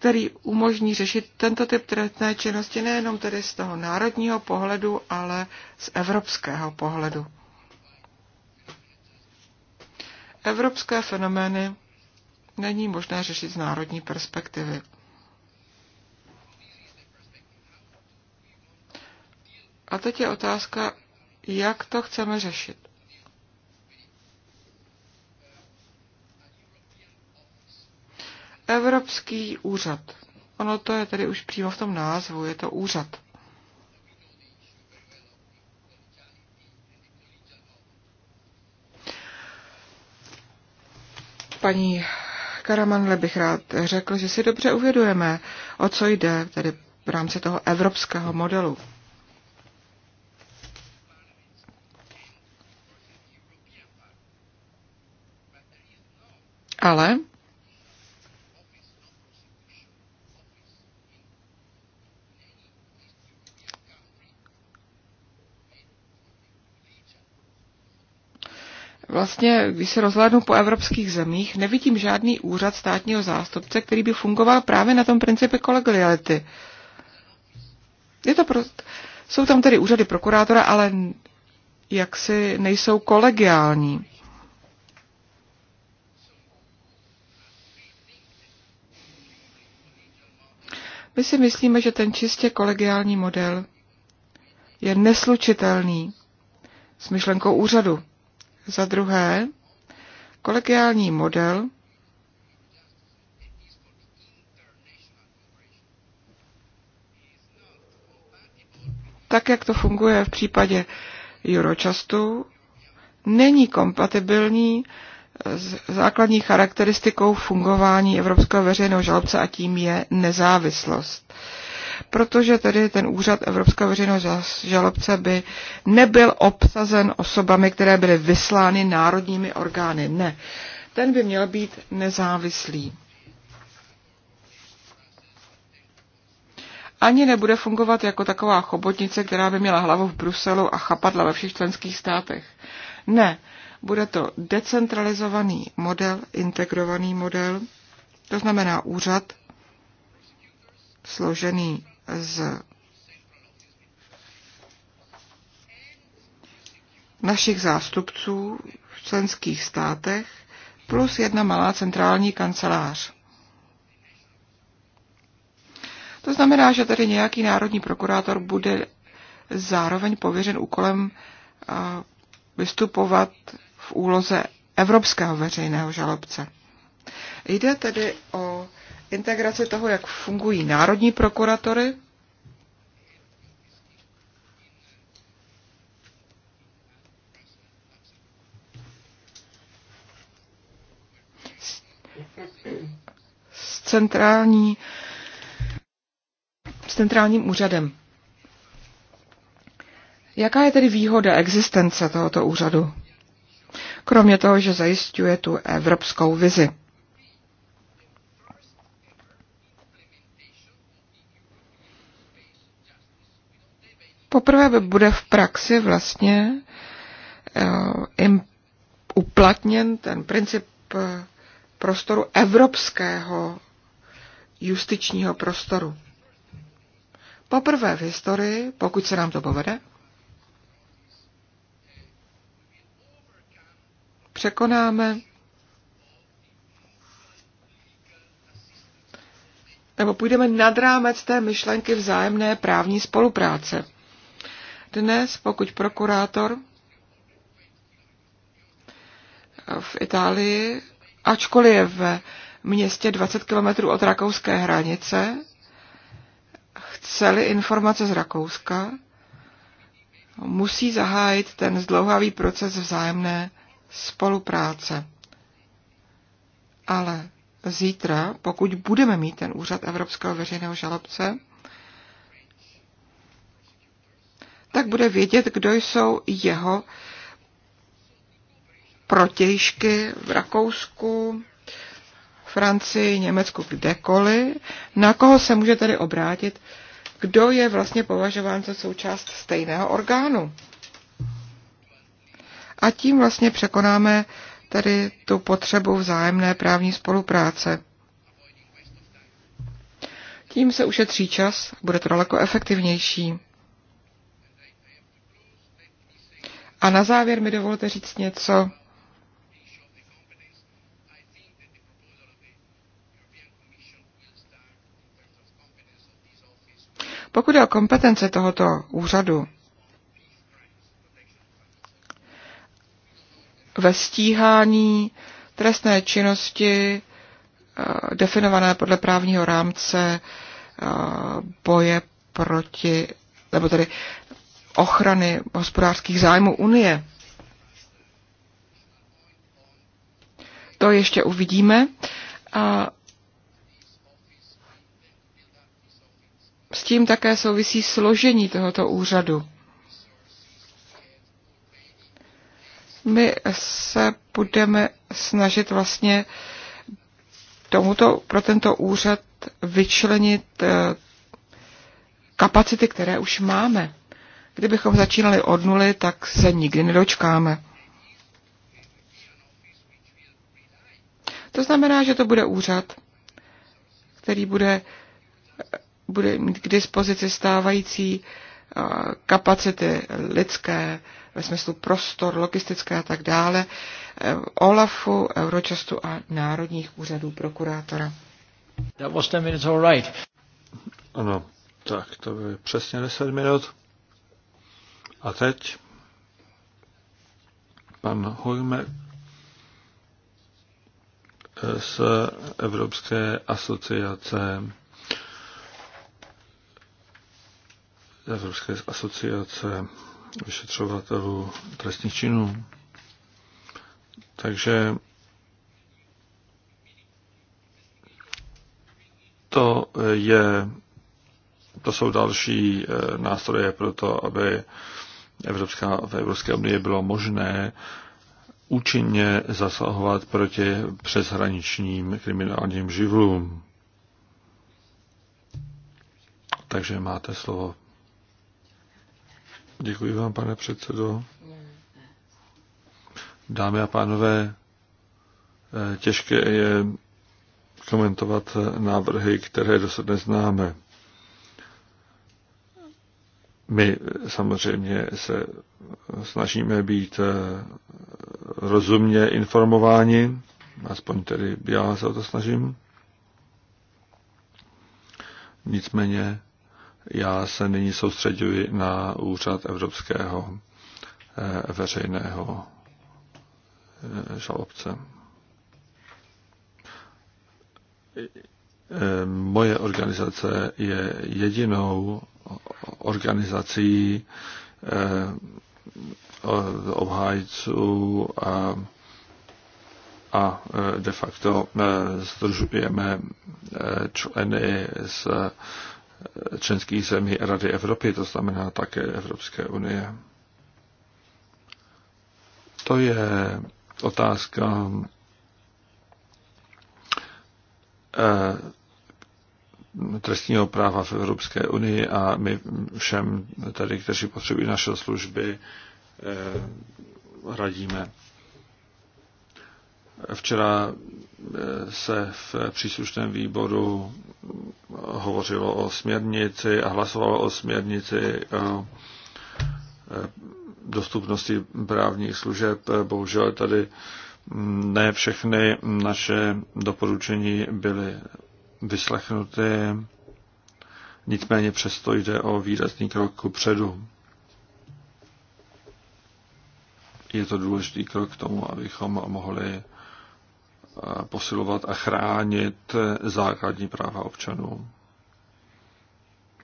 který umožní řešit tento typ trestné činnosti nejenom tedy z toho národního pohledu, ale z evropského pohledu. Evropské fenomény není možné řešit z národní perspektivy. A teď je otázka, jak to chceme řešit. Evropský úřad. Ono to je tedy už přímo v tom názvu, je to úřad. Paní Karamanle bych rád řekl, že si dobře uvědujeme, o co jde, tedy v rámci toho evropského modelu. Ale vlastně, když se rozhlédnu po evropských zemích, nevidím žádný úřad státního zástupce, který by fungoval právě na tom principu kolegiality. Je to prost... Jsou tam tedy úřady prokurátora, ale jaksi nejsou kolegiální. My si myslíme, že ten čistě kolegiální model je neslučitelný s myšlenkou úřadu. Za druhé, kolegiální model tak, jak to funguje v případě Eurochastu, není kompatibilní s základní charakteristikou fungování Evropského veřejného žalobce a tím je nezávislost protože tedy ten úřad Evropského veřejného žalobce by nebyl obsazen osobami, které byly vyslány národními orgány. Ne, ten by měl být nezávislý. ani nebude fungovat jako taková chobotnice, která by měla hlavu v Bruselu a chapadla ve všech členských státech. Ne, bude to decentralizovaný model, integrovaný model, to znamená úřad složený z našich zástupců v členských státech plus jedna malá centrální kancelář. To znamená, že tady nějaký národní prokurátor bude zároveň pověřen úkolem vystupovat v úloze evropského veřejného žalobce. Jde tedy o Integrace toho, jak fungují národní prokuratory, s centrální s centrálním úřadem. Jaká je tedy výhoda existence tohoto úřadu? Kromě toho, že zajišťuje tu evropskou vizi. poprvé bude v praxi vlastně eh, im uplatněn ten princip eh, prostoru evropského justičního prostoru. Poprvé v historii, pokud se nám to povede, překonáme nebo půjdeme nad rámec té myšlenky vzájemné právní spolupráce. Dnes, pokud prokurátor v Itálii, ačkoliv je v městě 20 kilometrů od rakouské hranice, chceli informace z Rakouska, musí zahájit ten zdlouhavý proces vzájemné spolupráce. Ale zítra, pokud budeme mít ten úřad Evropského veřejného žalobce, tak bude vědět, kdo jsou jeho protějšky v Rakousku, Francii, Německu, kdekoliv, na koho se může tedy obrátit, kdo je vlastně považován za součást stejného orgánu. A tím vlastně překonáme tedy tu potřebu vzájemné právní spolupráce. Tím se ušetří čas, bude to daleko efektivnější. A na závěr mi dovolte říct něco Pokud je o kompetence tohoto úřadu ve stíhání trestné činnosti eh, definované podle právního rámce eh, boje proti, nebo tedy ochrany hospodářských zájmů Unie. To ještě uvidíme. A s tím také souvisí složení tohoto úřadu. My se budeme snažit vlastně tomuto, pro tento úřad vyčlenit eh, kapacity, které už máme. Kdybychom začínali od nuly, tak se nikdy nedočkáme. To znamená, že to bude úřad, který bude, bude mít k dispozici stávající eh, kapacity lidské, ve smyslu prostor, logistické a tak dále, eh, OLAFu, Eurochastu a národních úřadů prokurátora. That was 10 minutes all right. Ano, tak to by přesně 10 minut. A teď pan Hojme z Evropské asociace Evropské asociace vyšetřovatelů trestních činů. Takže to je to jsou další eh, nástroje pro to, aby Evropská, v Evropské unii bylo možné účinně zasahovat proti přeshraničním kriminálním živlům. Takže máte slovo. Děkuji vám, pane předsedo. Dámy a pánové, eh, těžké je komentovat návrhy, které dosud neznáme. My samozřejmě se snažíme být eh, rozumně informováni, aspoň tedy já se o to snažím. Nicméně já se nyní soustředuji na úřad evropského eh, veřejného eh, žalobce. Moje organizace je jedinou organizací eh, obhájců a, a eh, de facto eh, združujeme členy z členských zemí Rady Evropy, to znamená také Evropské unie. To je otázka Eh, trestního práva v Evropské unii a my všem tady, kteří potřebují naše služby, eh, radíme. Včera eh, se v příslušném výboru hovořilo o směrnici a hlasovalo o směrnici o dostupnosti právních služeb. Bohužel tady ne všechny naše doporučení byly vyslechnuty, nicméně přesto jde o výrazný krok ku předu. Je to důležitý krok k tomu, abychom mohli eh, posilovat a chránit základní práva občanů.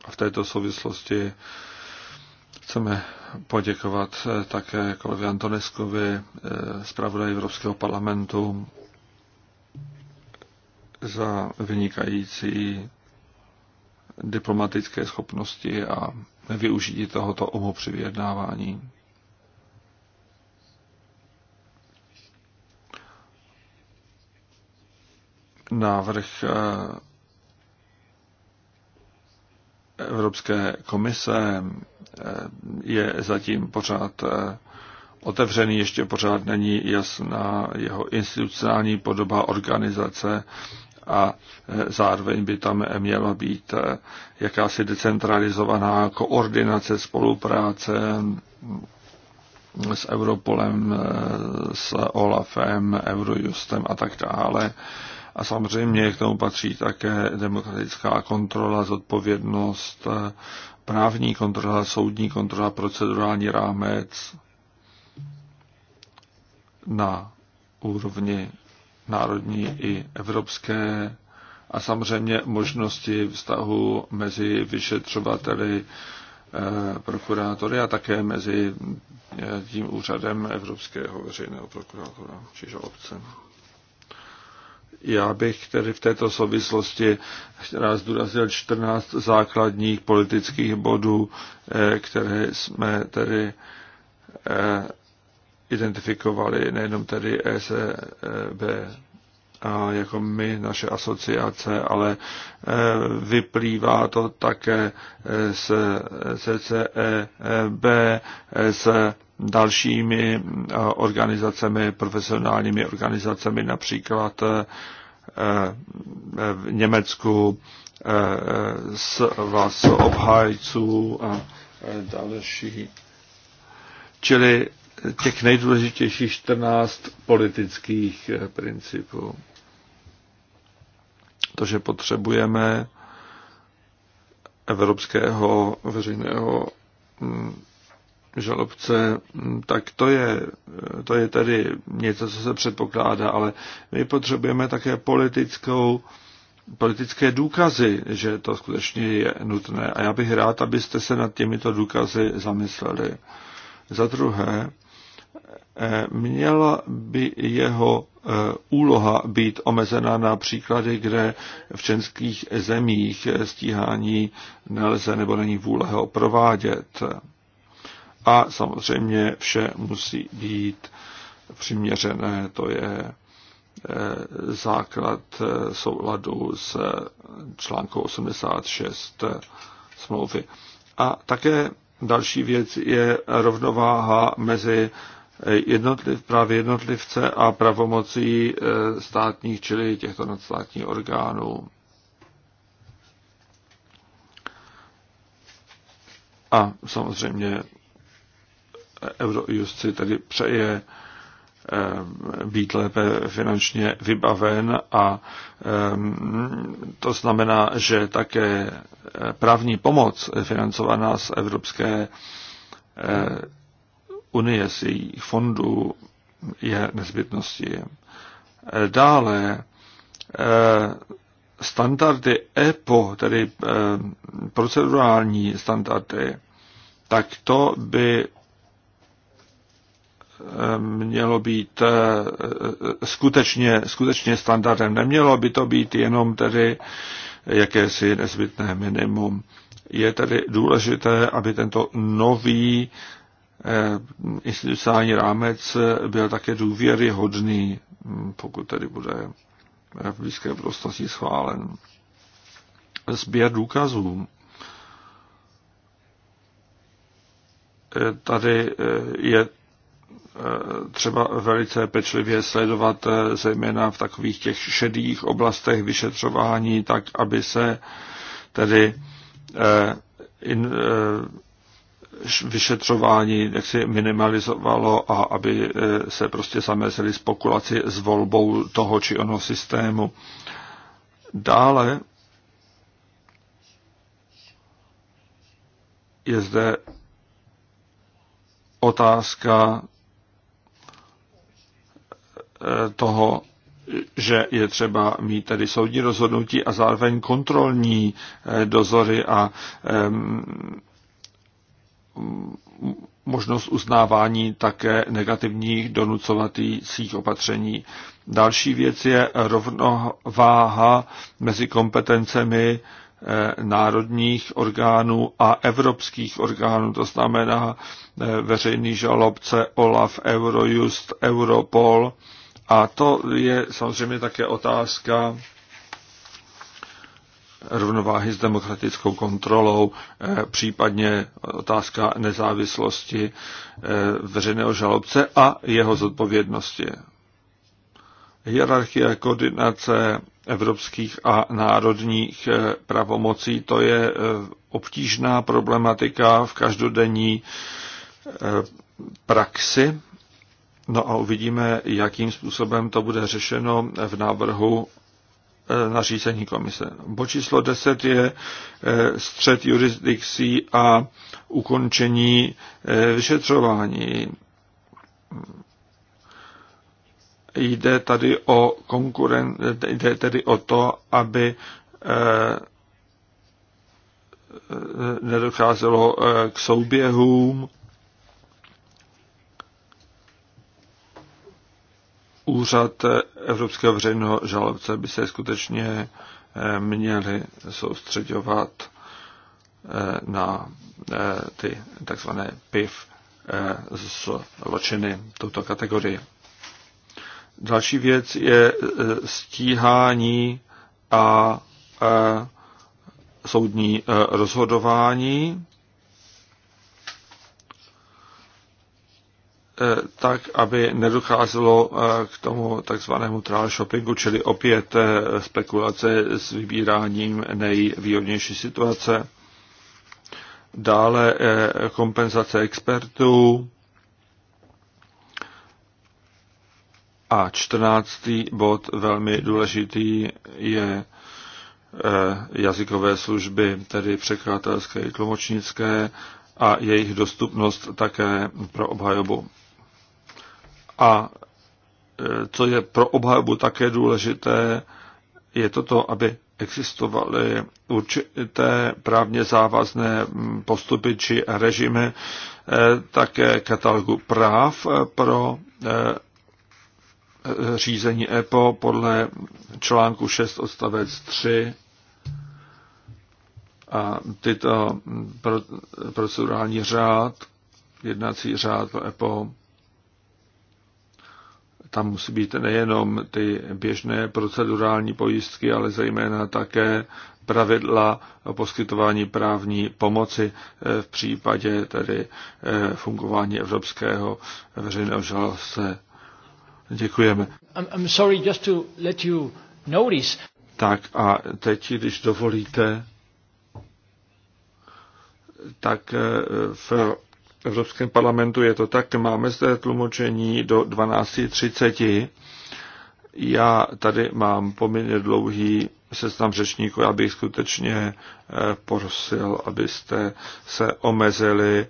A v této souvislosti Chceme poděkovat eh, také kolegovi Antoneskovi, eh, zpravodaji Evropského parlamentu, za vynikající diplomatické schopnosti a využití tohoto omu při vyjednávání. Návrh eh, Evropské komise eh, je zatím pořád eh, otevřený, ještě pořád není jasná jeho institucionální podoba organizace a eh, zároveň by tam měla být jakási decentralizovaná koordinace spolupráce mm, s Europolem, s Olafem, Eurojustem a tak dále. A samozřejmě k tomu patří také demokratická kontrola, zodpovědnost, právní kontrola, soudní kontrola, procedurální rámec na úrovni národní i evropské a samozřejmě možnosti vztahu mezi vyšetřovateli, eh, prokurátory a také mezi eh, tím úřadem Evropského veřejného prokurátora čiže žalobcem. Já bych tedy v této souvislosti rád zdůraznil 14 základních politických bodů, eh, které jsme tedy eh, identifikovali nejenom tedy ECB a jako my, naše asociace, ale eh, vyplývá to také z CCEB, z dalšími eh, organizacemi, profesionálními organizacemi, například eh, eh, v Německu vás obhájců a další. Čili těch nejdůležitějších 14 politických principů. To, že potřebujeme evropského veřejného hm, žalobce, tak to je, to je tedy něco, co se předpokládá, ale my potřebujeme také politickou, politické důkazy, že to skutečně je nutné. A já bych rád, abyste se nad těmito důkazy zamysleli. Za druhé, eh, měla by jeho eh, úloha být omezena na příklady, kde v českých zemích stíhání nelze nebo není vůle ho provádět. A samozřejmě vše musí být přiměřené, to je eh, základ eh, souladu s eh, článkou 86 smlouvy. A také další věc je rovnováha mezi jednotliv, právě jednotlivce a pravomocí státních, čili těchto nadstátních orgánů. A samozřejmě Eurojust si tedy přeje eh, být lépe finančně vybaven a eh, to znamená, že také eh, právní pomoc financovaná z Evropské unie, z jejich fondů je nezbytností. Dále standardy EPO, tedy procedurální standardy, tak to by mělo být eh, eh, skutečně, skutečně standardem. Nemělo by to být jenom tedy jakési nezbytné minimum. Je tedy důležité, aby tento nový eh, institucionální rámec byl také důvěryhodný, hm, pokud tedy bude v blízké prostosti schválen. Sběr důkazů. Tady je třeba velice pečlivě sledovat, eh, zejména v takových těch šedých oblastech vyšetřování, tak aby se tedy eh, in, eh, vyšetřování jaksi minimalizovalo a aby se prostě zamezili spokulaci s volbou toho či onoho systému. Dále je zde otázka Eh, toho, že je třeba mít tedy soudní rozhodnutí a zároveň kontrolní eh, dozory a možnost uznávání také negativních donucovacích opatření. Další věc je rovnováha mezi kompetencemi eh, národních orgánů a evropských orgánů, to znamená veřejný žalobce, OLAF, Eurojust, Europol, a to je samozřejmě také otázka rovnováhy s demokratickou kontrolou, eh, případně otázka nezávislosti eh, veřejného žalobce a jeho zodpovědnosti. Hierarchie koordinace evropských a národních eh, pravomocí, to je obtížná problematika v každodenní praxi No a uvidíme, jakým způsobem to bude řešeno v návrhu eh, nařízení komise. Bo číslo 10 je eh, střed jurisdikcí a ukončení eh, vyšetřování. Jde tady o konkuren, jde tedy o to, aby nedocházelo k souběhům úřad Evropského veřejného žalobce by se skutečně eh, měli soustředovat eh, na eh, ty takzvané PIV zločiny, tuto kategorii. Další věc je stíhání a soudní rozhodování. Eh, tak, aby nedocházelo eh, k tomu takzvanému trial shoppingu, čili opět eh, spekulace s vybíráním nejvýhodnější situace. Dále kompenzace expertů. A čtrnáctý bod, velmi důležitý, je jazykové služby, tedy překladatelské i tlumočnické, a jejich dostupnost také pro obhajobu. A e, co je pro obhajobu také důležité, je toto, aby existovaly určité právně závazné mm, postupy či režimy, e, také katalogu práv pro e, řízení EPO podle článku 6 odstavec 3 a tyto procedurální řád, jednací řád pro EPO tam musí být nejenom ty běžné procedurální pojistky, ale zejména také pravidla o poskytování právní pomoci eh, v případě tedy eh, fungování evropského veřejného žalce. Děkujeme. I'm sorry, just to let you notice. Tak a teď, když dovolíte, tak eh, v Evropském parlamentu je to tak, máme zde tlumočení do 12.30. Já tady mám poměrně dlouhý seznam řečníků, já bych skutečně eh, prosil, abyste se omezili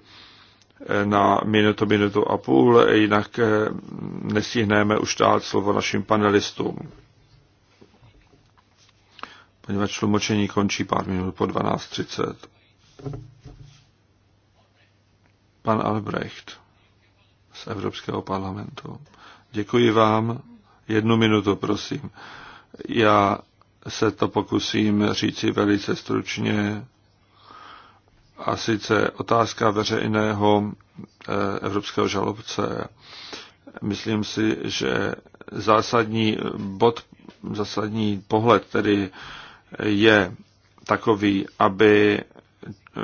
eh, na minutu, minutu a půl, jinak eh, nestihneme už dát slovo našim panelistům. Poněvadž tlumočení končí pár minut po 12.30. Pan Albrecht z Evropského parlamentu. Děkuji vám. Jednu minutu, prosím. Já se to pokusím říci velice stručně. A sice otázka veřejného eh, evropského žalobce. Myslím si, že zásadní bod, zásadní pohled, tedy je takový, aby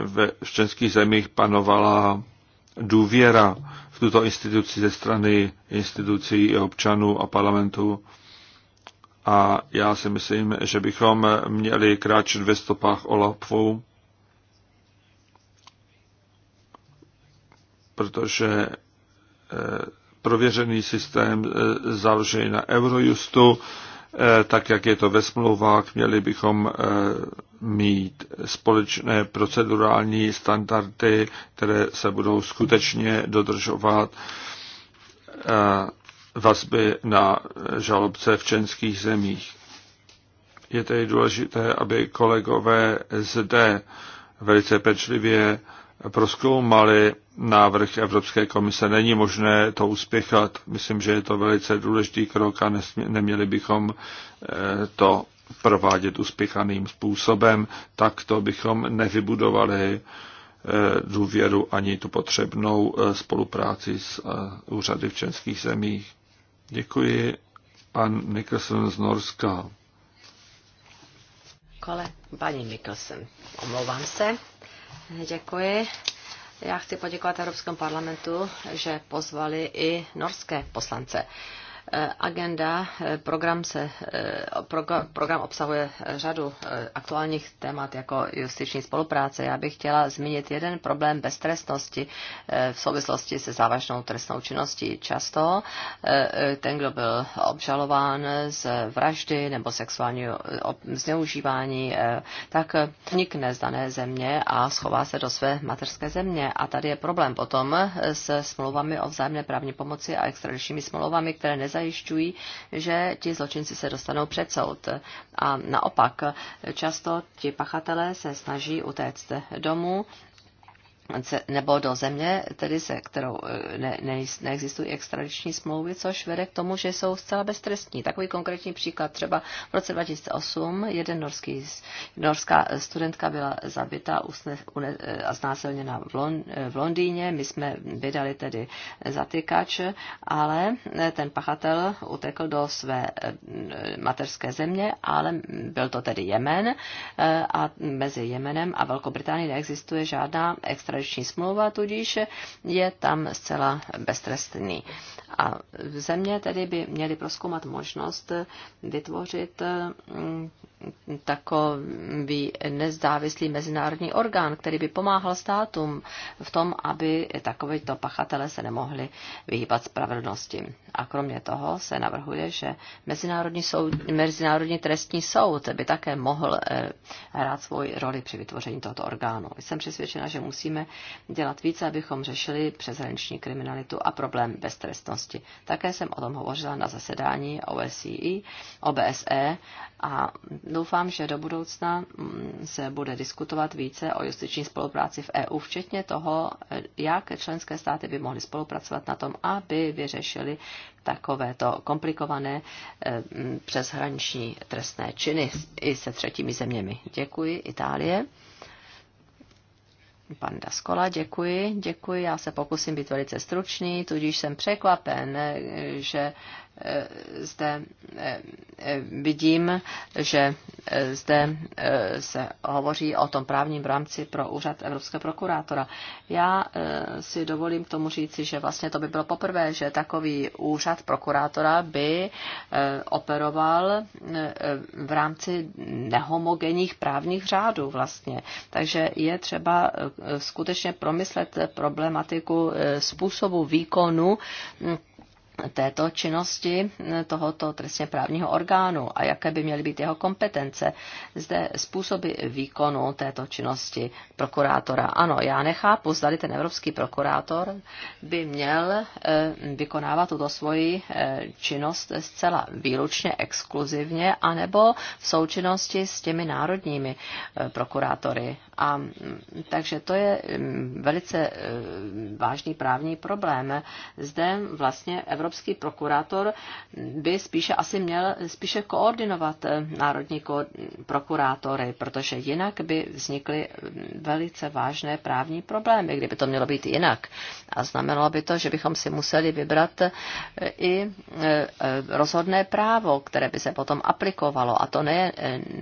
ve členských zemích panovala důvěra v tuto instituci ze strany institucí občanů a parlamentu. A já si myslím, že bychom měli kráčet ve stopách Olafu, protože eh, prověřený systém eh, založený na Eurojustu, Eh, tak jak je to ve smlouvách, měli bychom eh, mít společné procedurální standardy, které se budou skutečně dodržovat eh, vazby na žalobce v českých zemích. Je tedy důležité, aby kolegové zde velice pečlivě proskoumali návrh Evropské komise. Není možné to uspěchat. Myslím, že je to velice důležitý krok a nesmě, neměli bychom eh, to provádět uspěchaným způsobem. tak to bychom nevybudovali eh, důvěru ani tu potřebnou eh, spolupráci s úřady v českých zemích. Děkuji. Pan Nicholson z Norska. Kole, paní Mikkelsen, omlouvám se. Děkuji. Já chci poděkovat Evropskému parlamentu, že pozvali i norské poslance Eh, agenda, eh, program, se, eh, program obsahuje řadu aktuálních témat jako justiční spolupráce. Já bych chtěla zmínit jeden problém beztrestnosti v souvislosti se závažnou trestnou činností. Často ten, kdo byl obžalován z vraždy nebo sexuálního zneužívání, tak nikne z dané země a schová se do své mateřské země. A tady je problém potom se smlouvami o vzájemné právní pomoci a extradičními smlouvami, které nez zajišťují, že ti zločinci se dostanou před soud. A naopak, často ti pachatelé se snaží utéct domů nebo do země, tedy se kterou e, ne, ne, neexistují extradiční smlouvy, což vede k tomu, že jsou zcela beztrestní. Takový konkrétní příklad třeba v roce 2008 jeden norský, norská studentka byla zabita usne, une, e, a znásilněna v, Lon, e, v Londýně. My jsme vydali tedy zatykač, ale ten pachatel utekl do své materské země, ale byl to tedy Jemen a mezi Jemenem a Velkou Británií neexistuje žádná extradiční extradiční smlouva, tudíž je tam zcela beztrestný. A v země tedy by měly proskoumat možnost vytvořit mm, takový nezávislý mezinárodní orgán, který by pomáhal státům v tom, aby takovýto pachatele se nemohli vyhýbat spravedlnosti. A kromě toho se navrhuje, že Mezinárodní, soud, Mezinárodní trestní soud by také mohl eh, hrát svoji roli při vytvoření tohoto orgánu. Jsem přesvědčena, že musíme dělat více, abychom řešili přeshraniční kriminalitu a problém beztrestnosti. Také jsem o tom hovořila na zasedání OSCE, OBSE a doufám, že do budoucna mm, se bude diskutovat více o justiční spolupráci v EU, včetně toho, jak členské státy by mohly spolupracovat na tom, aby vyřešili takovéto komplikované e, mm, přeshraniční trestné činy i se třetími zeměmi. Děkuji, Itálie. Pan Daskola, děkuji, děkuji. Já se pokusím být velice stručný, tudíž jsem překvapen, že Eh, zde eh, eh, vidím, že zde se hovoří o tom právním rámci pro úřad Evropského prokurátora. Já si dovolím k tomu říci, že vlastně to by bylo poprvé, že takový úřad prokurátora by operoval v rámci nehomogenních právních řádů vlastně. Takže je třeba skutečně promyslet problematiku způsobu výkonu hm, této činnosti eh, tohoto trestně právního orgánu a jaké by měly být jeho kompetence. Zde způsoby výkonu této činnosti prokurátora. Ano, já nechápu, Zda ten evropský prokurátor by měl eh, vykonávat tuto svoji eh, činnost zcela výlučně, exkluzivně, anebo v součinnosti s těmi národními prokurátory. A, mm, takže to je mm, velice vážný právní problém. Zde vlastně Evropský evropský prokurátor by spíše asi měl spíše koordinovat eh, národní ko- prokurátory, protože jinak by vznikly mm, velice vážné právní problémy, kdyby to mělo být jinak. A znamenalo by to, že bychom si museli vybrat eh, i eh, rozhodné právo, které by se potom aplikovalo. A to ne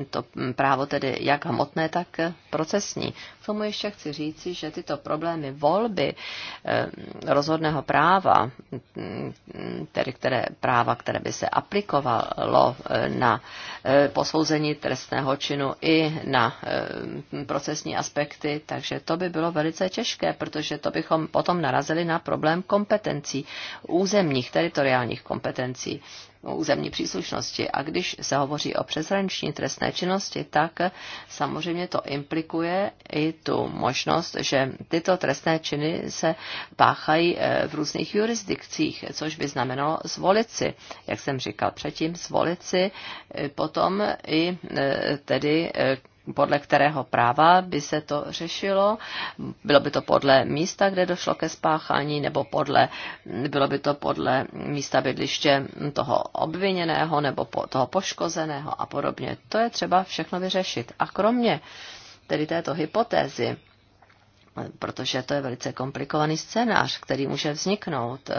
to právo tedy jak hmotné, tak procesní. K tomu ještě chci říci, že tyto problémy volby rozhodného práva, mm, Mm, tedy které práva, které by se aplikovalo e, na e, posouzení trestného činu i na e, procesní aspekty, takže to by bylo velice těžké, protože to bychom potom narazili na problém kompetencí, územních, teritoriálních kompetencí územní příslušnosti. A když se hovoří o přeshraniční trestné činnosti, tak samozřejmě to implikuje i tu možnost, že tyto trestné činy se páchají eh, v různých jurisdikcích, což by znamenalo zvolit si, jak jsem říkal předtím, zvolit si eh, potom i eh, tedy podle kterého práva by se to řešilo. Bylo by to podle místa, kde došlo ke spáchání, nebo podle, bylo by to podle místa bydliště toho obviněného nebo po, toho poškozeného a podobně. To je třeba všechno vyřešit. A kromě tedy této hypotézy, protože to je velice komplikovaný scénář, který může vzniknout,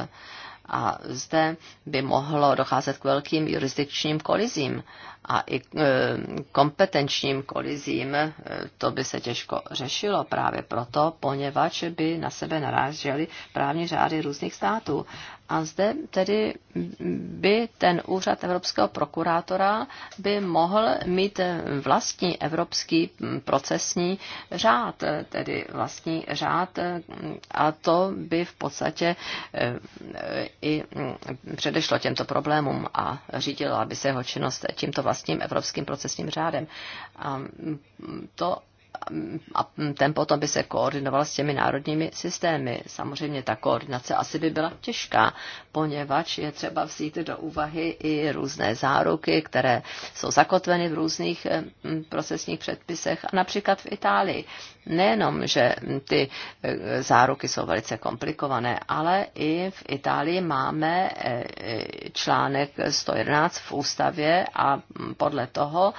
a zde by mohlo docházet k velkým jurisdikčním kolizím a i e, kompetenčním kolizím, e, to by se těžko řešilo právě proto, poněvadž by na sebe narážely právní řády různých států. A zde tedy by ten úřad evropského prokurátora by mohl mít vlastní evropský procesní řád, tedy vlastní řád a to by v podstatě e, i předešlo těmto problémům a řídilo, aby se jeho činnost tímto vlastním vlastním evropským procesním řádem. A mm, to a ten potom by se koordinoval s těmi národními systémy. Samozřejmě ta koordinace asi by byla těžká, poněvadž je třeba vzít do úvahy i různé záruky, které jsou zakotveny v různých eh, procesních předpisech a například v Itálii. Nejenom, že ty eh, záruky jsou velice komplikované, ale i v Itálii máme eh, článek 111 v ústavě a podle toho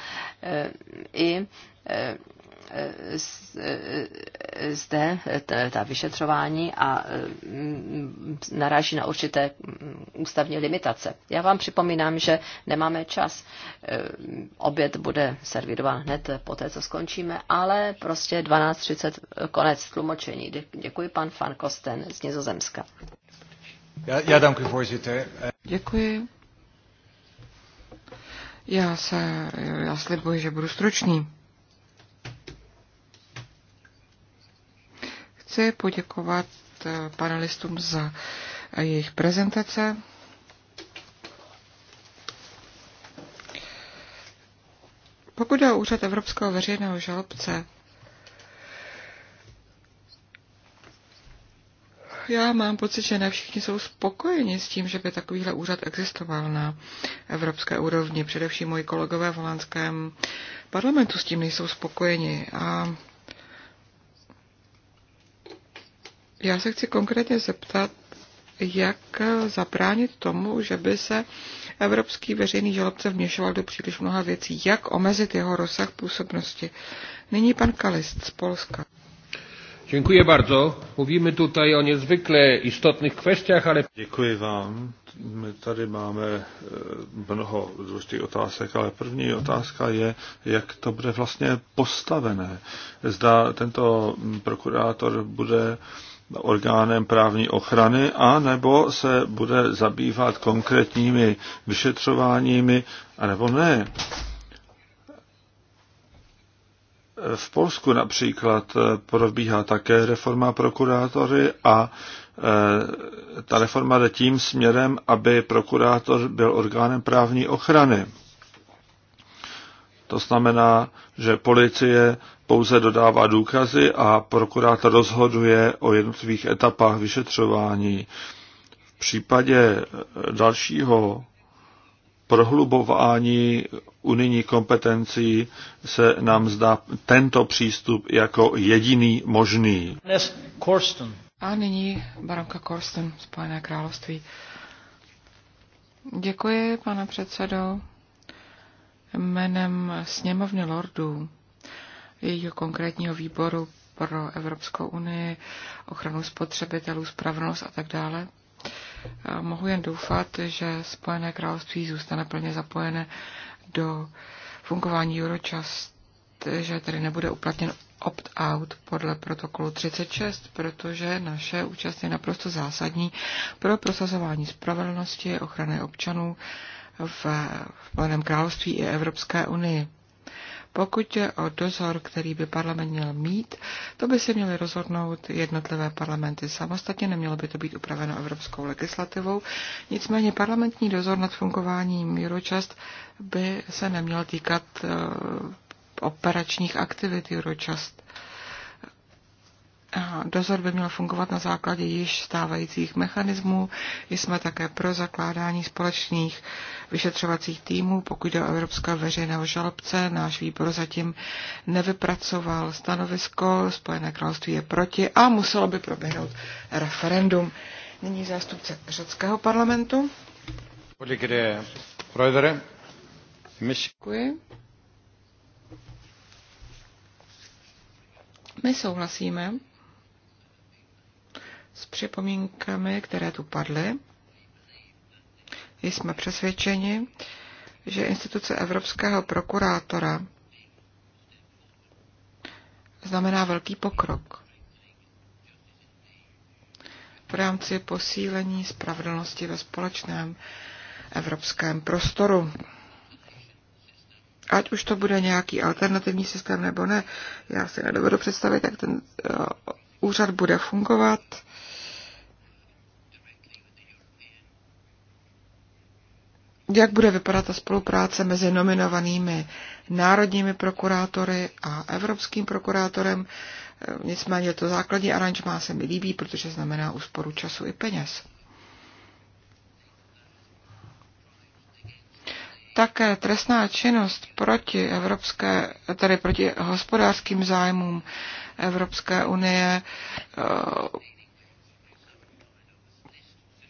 i zde ta vyšetřování a mm, naráží na určité mm, ústavní limitace. Já vám připomínám, že nemáme čas. Eh, oběd bude servidován hned po té, co skončíme, ale prostě 12.30 konec tlumočení. Děkuji pan Van Kosten z Nizozemska. Já, já dám eh. Děkuji. Já se, já slibuji, že budu stručný. chci poděkovat eh, panelistům za jejich prezentace. Pokud je o úřad Evropského veřejného žalobce, já mám pocit, že ne všichni jsou spokojeni s tím, že by takovýhle úřad existoval na evropské úrovni. Především moji kolegové v holandském parlamentu s tím nejsou spokojeni. A Já se chci konkrétně zeptat, jak zabránit tomu, že by se evropský veřejný žalobce vměšoval do příliš mnoha věcí. Jak omezit jeho rozsah působnosti? Nyní pan Kalist z Polska. Dziękuję bardzo. Mówimy tutaj o niezwykle istotnych kwestiach, ale... Děkuji vám. My tady máme e, mnoho důležitých otázek, ale první otázka je, jak to bude vlastně postavené. Zda tento prokurátor bude orgánem právní ochrany a nebo se bude zabývat konkrétními vyšetřováními, a nebo ne. V Polsku například probíhá také reforma prokurátory a e, ta reforma jde tím směrem, aby prokurátor byl orgánem právní ochrany. To znamená, že policie pouze dodává důkazy a prokurátor rozhoduje o jednotlivých etapách vyšetřování. V případě dalšího prohlubování unijní kompetencí se nám zdá tento přístup jako jediný možný. A nyní baronka Korsten, Spojené království. Děkuji, pane předsedo jménem sněmovny lordů, jejího konkrétního výboru pro Evropskou unii, ochranu spotřebitelů, spravnost a tak dále. Mohu jen doufat, že Spojené království zůstane plně zapojené do fungování Eurojust, že tedy nebude uplatněn opt-out podle protokolu 36, protože naše účast je naprosto zásadní pro prosazování spravedlnosti, ochrany občanů v Spojeném království i Evropské unii. Pokud je o dozor, který by parlament měl mít, to by se měly rozhodnout jednotlivé parlamenty samostatně, nemělo by to být upraveno evropskou legislativou. Nicméně parlamentní dozor nad fungováním Juročast by se neměl týkat eh, operačních aktivit Juročast. Dozor by měl fungovat na základě již stávajících mechanismů. Jsme také pro zakládání společných vyšetřovacích týmů. Pokud jde o Evropská veřejného žalobce, náš výbor zatím nevypracoval stanovisko, Spojené království je proti a muselo by proběhnout referendum. Nyní zástupce řeckého parlamentu. Děkuji. My souhlasíme s připomínkami, které tu padly. Jsme přesvědčeni, že instituce Evropského prokurátora znamená velký pokrok v rámci posílení spravedlnosti ve společném evropském prostoru. Ať už to bude nějaký alternativní systém nebo ne, já si nedovedu představit, jak ten eh, úřad bude fungovat. Jak bude vypadat ta spolupráce mezi nominovanými národními prokurátory a evropským prokurátorem? Nicméně to základní aranžma se mi líbí, protože znamená úsporu času i peněz. Také trestná činnost proti evropské, tedy proti hospodářským zájmům Evropské unie, eh,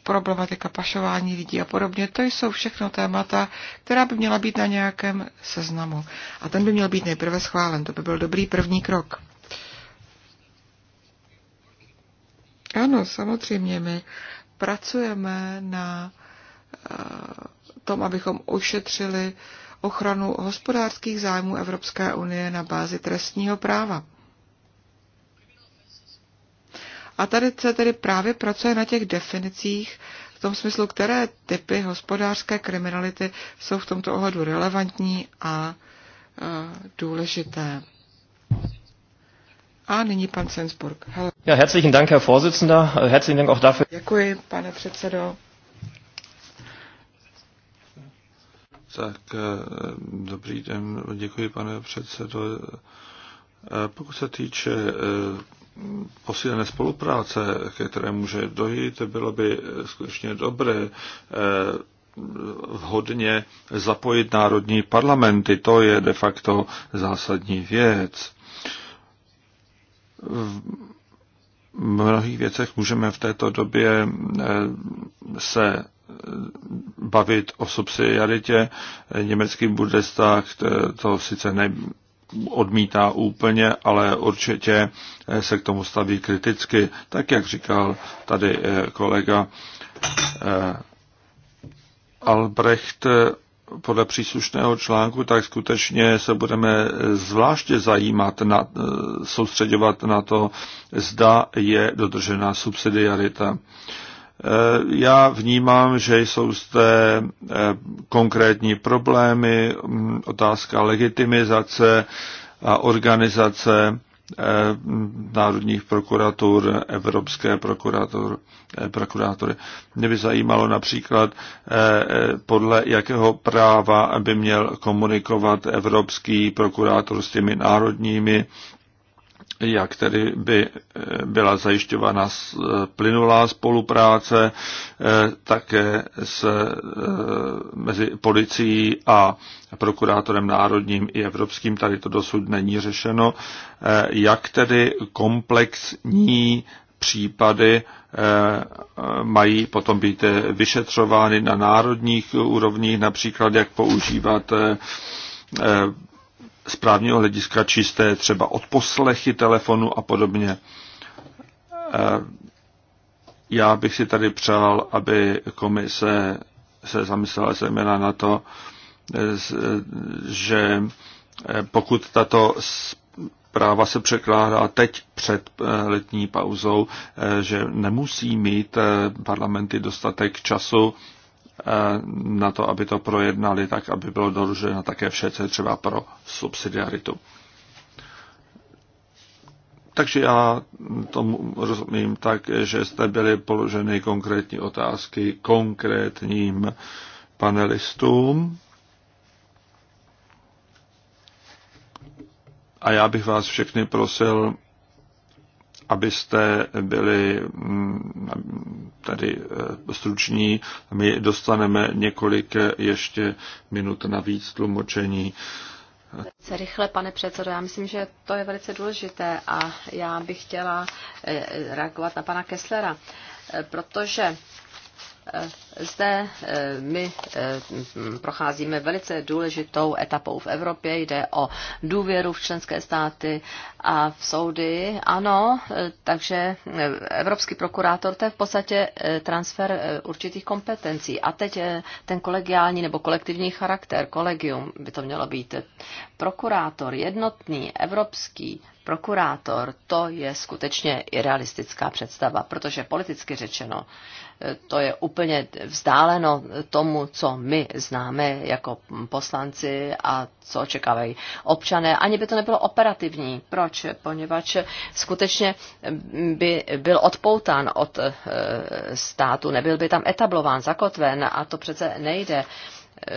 problematika pašování lidí a podobně, to jsou všechno témata, která by měla být na nějakém seznamu. A ten by měl být nejprve schválen, to by byl dobrý první krok. Ano, samozřejmě, my pracujeme na eh, tom, abychom ošetřili ochranu hospodářských zájmů Evropské unie na bázi trestního práva. A tady se tedy právě pracuje na těch definicích v tom smyslu, které typy hospodářské kriminality jsou v tomto ohledu relevantní a e, důležité. A nyní pan Sensburg. Hele. Ja, herzlichen Dank, Herr Vorsitzender. Herzlichen Dank auch dafür. Děkuji, pane předsedo. Tak eh, dobrý den, děkuji pane předsedo. Eh, pokud se týče eh, posílené spolupráce, které může dojít, bylo by skutečně dobré vhodně zapojit národní parlamenty. To je de facto zásadní věc. V mnohých věcech můžeme v této době se bavit o subsidiaritě. Německý Bundestag to sice ne, odmítá úplně, ale určitě eh, se k tomu staví kriticky. Tak, jak říkal tady eh, kolega eh, Albrecht, podle příslušného článku, tak skutečně se budeme zvláště zajímat, na, soustředovat na to, zda je dodržena subsidiarita. Eh, já vnímám, že jsou zde eh, konkrétní problémy, hm, otázka legitimizace a organizace eh, hm, národních prokuratur, evropské prokurator, prokurátory. Mě by zajímalo například, podle jakého práva by měl komunikovat evropský prokurátor s těmi národními jak tedy by eh, byla zajišťována eh, plynulá spolupráce eh, také s, mezi policií a prokurátorem národním i evropským, tady to dosud není řešeno, jak tedy komplexní případy mají potom být vyšetřovány na národních úrovních, například jak používat z právního hlediska čisté, třeba odposlechy telefonu a podobně. E, já bych si tady přál, aby komise se zamyslela zejména na to, e, že e, pokud tato práva se překládá teď před letní pauzou, že nemusí mít parlamenty dostatek času Eh, na to, aby to projednali tak, aby bylo doruženo také vše, co je třeba pro subsidiaritu. Takže já tomu rozumím tak, že jste byly položeny konkrétní otázky konkrétním panelistům. A já bych vás všechny prosil, abyste byli mm, tady eh, struční, my dostaneme několik eh, ještě minut navíc tlumočení. Velice rychle, pane předsedo, já myslím, že to je velice důležité a já bych chtěla eh, reagovat na pana Kesslera, protože Eh, zde eh, my eh, procházíme velice důležitou etapou v Evropě. Jde o důvěru v členské státy a v soudy. Ano, takže evropský prokurátor to je v podstatě transfer určitých kompetencí. A teď ten kolegiální nebo kolektivní charakter, kolegium by to mělo být. Prokurátor jednotný evropský prokurátor, to je skutečně irrealistická představa, protože politicky řečeno, eh, to je úplně vzdáleno tomu, co my známe jako poslanci a co očekávají občané. Ani by to nebylo operativní. Proč? Poněvadž skutečně by byl odpoután od eh, státu, nebyl by tam etablován, zakotven a to přece nejde.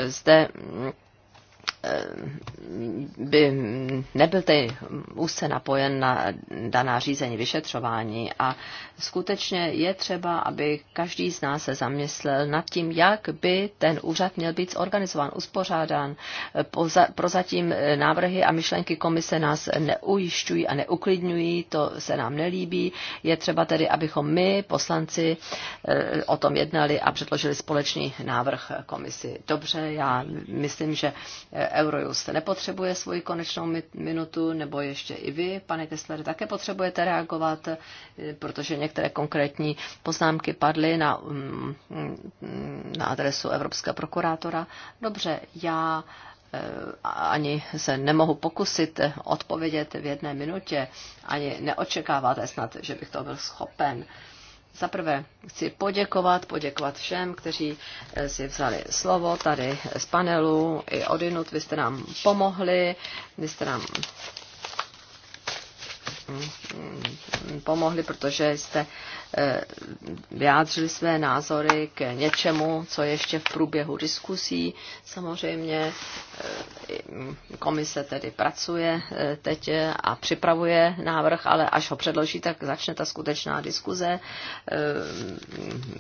Zde hm, Eh, by nebyl tedy úzce napojen na daná řízení vyšetřování a skutečně je třeba, aby každý z nás se zamyslel nad tím, jak by ten úřad měl být zorganizován, uspořádán. prozatím eh, návrhy a myšlenky komise nás neujišťují a neuklidňují, to se nám nelíbí. Je třeba tedy, abychom my, poslanci, eh, o tom jednali a předložili společný návrh komisi. Dobře, já myslím, že Eurojust nepotřebuje svoji konečnou minutu, nebo ještě i vy, pane Kessler, také potřebujete reagovat, protože některé konkrétní poznámky padly na, mm, mm, na adresu Evropského prokurátora. Dobře, já eh, ani se nemohu pokusit odpovědět v jedné minutě, ani neočekáváte snad, že bych to byl schopen. Za prvé chci poděkovat, poděkovat všem, kteří eh, si vzali slovo tady z panelu i odinut. Vy jste nám pomohli, vy jste nám pomohli, protože jste eh, vyjádřili své názory k něčemu, co ještě v průběhu diskusí. Samozřejmě eh, komise tedy pracuje eh, teď a připravuje návrh, ale až ho předloží, tak začne ta skutečná diskuze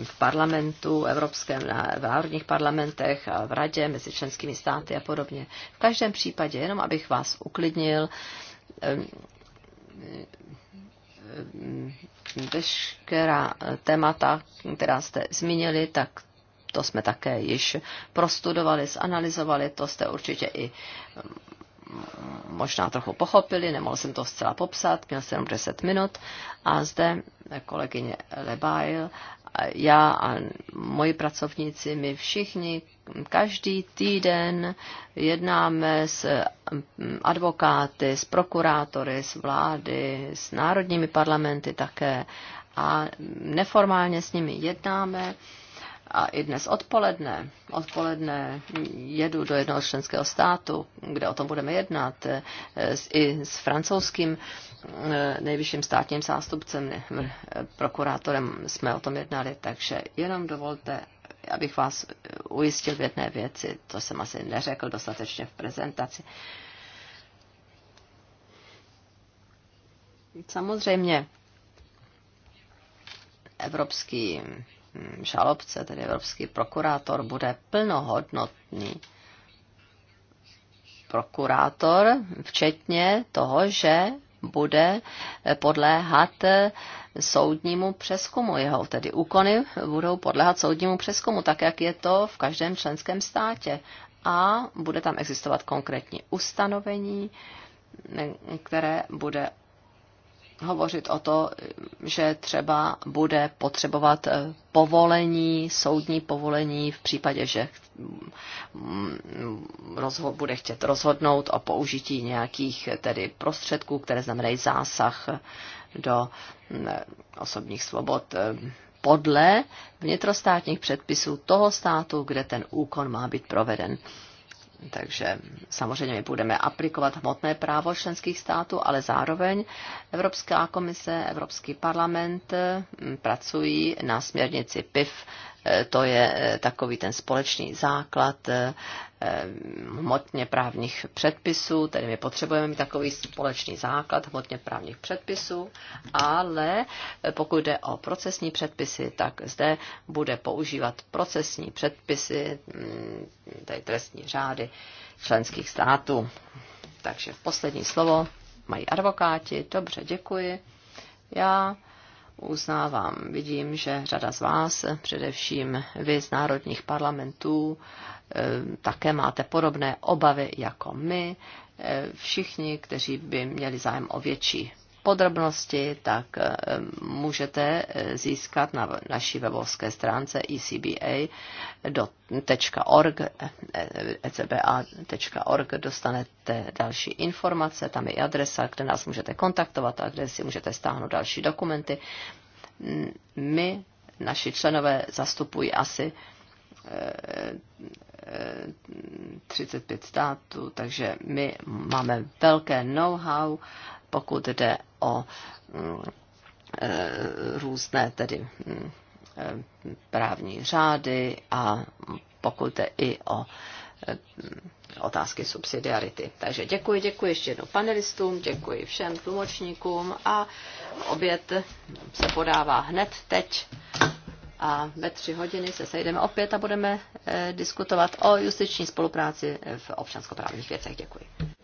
v parlamentu, evropském, v národních parlamentech, a v radě, mezi členskými státy a podobně. V každém případě, jenom abych vás uklidnil, veškerá témata, která jste zmínili, tak to jsme také již prostudovali, zanalizovali, to jste určitě i mm, možná trochu pochopili, nemohl jsem to zcela popsat, měl jsem 10 minut a zde kolegyně Lebail já a moji pracovníci, my všichni každý týden jednáme s mm, advokáty, s prokurátory, s vlády, s národními parlamenty také a neformálně s nimi jednáme. A i dnes odpoledne, odpoledne jedu do jednoho členského státu, kde o tom budeme jednat, e, i s francouzským Eh, nejvyšším státním zástupcem, ne, eh, prokurátorem jsme o tom jednali, takže jenom dovolte, abych vás eh, ujistil v jedné věci, to jsem asi neřekl dostatečně v prezentaci. Samozřejmě evropský hm, žalobce, tedy evropský prokurátor, bude plnohodnotný prokurátor, včetně toho, že bude podléhat soudnímu přeskumu. Jeho tedy úkony budou podléhat soudnímu přeskumu, tak jak je to v každém členském státě. A bude tam existovat konkrétní ustanovení, které bude hovořit o to, že třeba bude potřebovat eh, povolení, soudní povolení v případě, že mm, rozho- bude chtět rozhodnout o použití nějakých eh, tedy prostředků, které znamenají zásah do mm, eh, osobních svobod podle vnitrostátních předpisů toho státu, kde ten úkon má být proveden. Takže samozřejmě my budeme aplikovat hmotné právo členských států, ale zároveň Evropská komise, Evropský parlament mm, pracují na směrnici PIF E, to je e, takový ten společný základ e, hmotně právních předpisů, tedy my potřebujeme mít takový společný základ hmotně právních předpisů, ale pokud jde o procesní předpisy, tak zde bude používat procesní předpisy, mm, tedy trestní řády členských států. Takže poslední slovo mají advokáti. Dobře, děkuji. Já uznávám. Vidím, že řada z vás, především vy z národních parlamentů, eh, také máte podobné obavy jako my. Eh, všichni, kteří by měli zájem o větší podrobnosti, tak eh, můžete eh, získat na naší webovské stránce ecba.org, ecba.org dostanete další informace, tam je i adresa, kde nás můžete kontaktovat a kde si můžete stáhnout další dokumenty. Mm, my, naši členové, zastupují asi 35 eh, států, takže my máme velké know-how pokud jde o mm, e, různé tedy mm, e, právní řády a pokud jde i o e, otázky subsidiarity. Takže děkuji, děkuji ještě jednou panelistům, děkuji všem tlumočníkům a oběd se podává hned teď a ve tři hodiny se sejdeme opět a budeme diskutovat o justiční spolupráci v občanskoprávních věcech. Děkuji.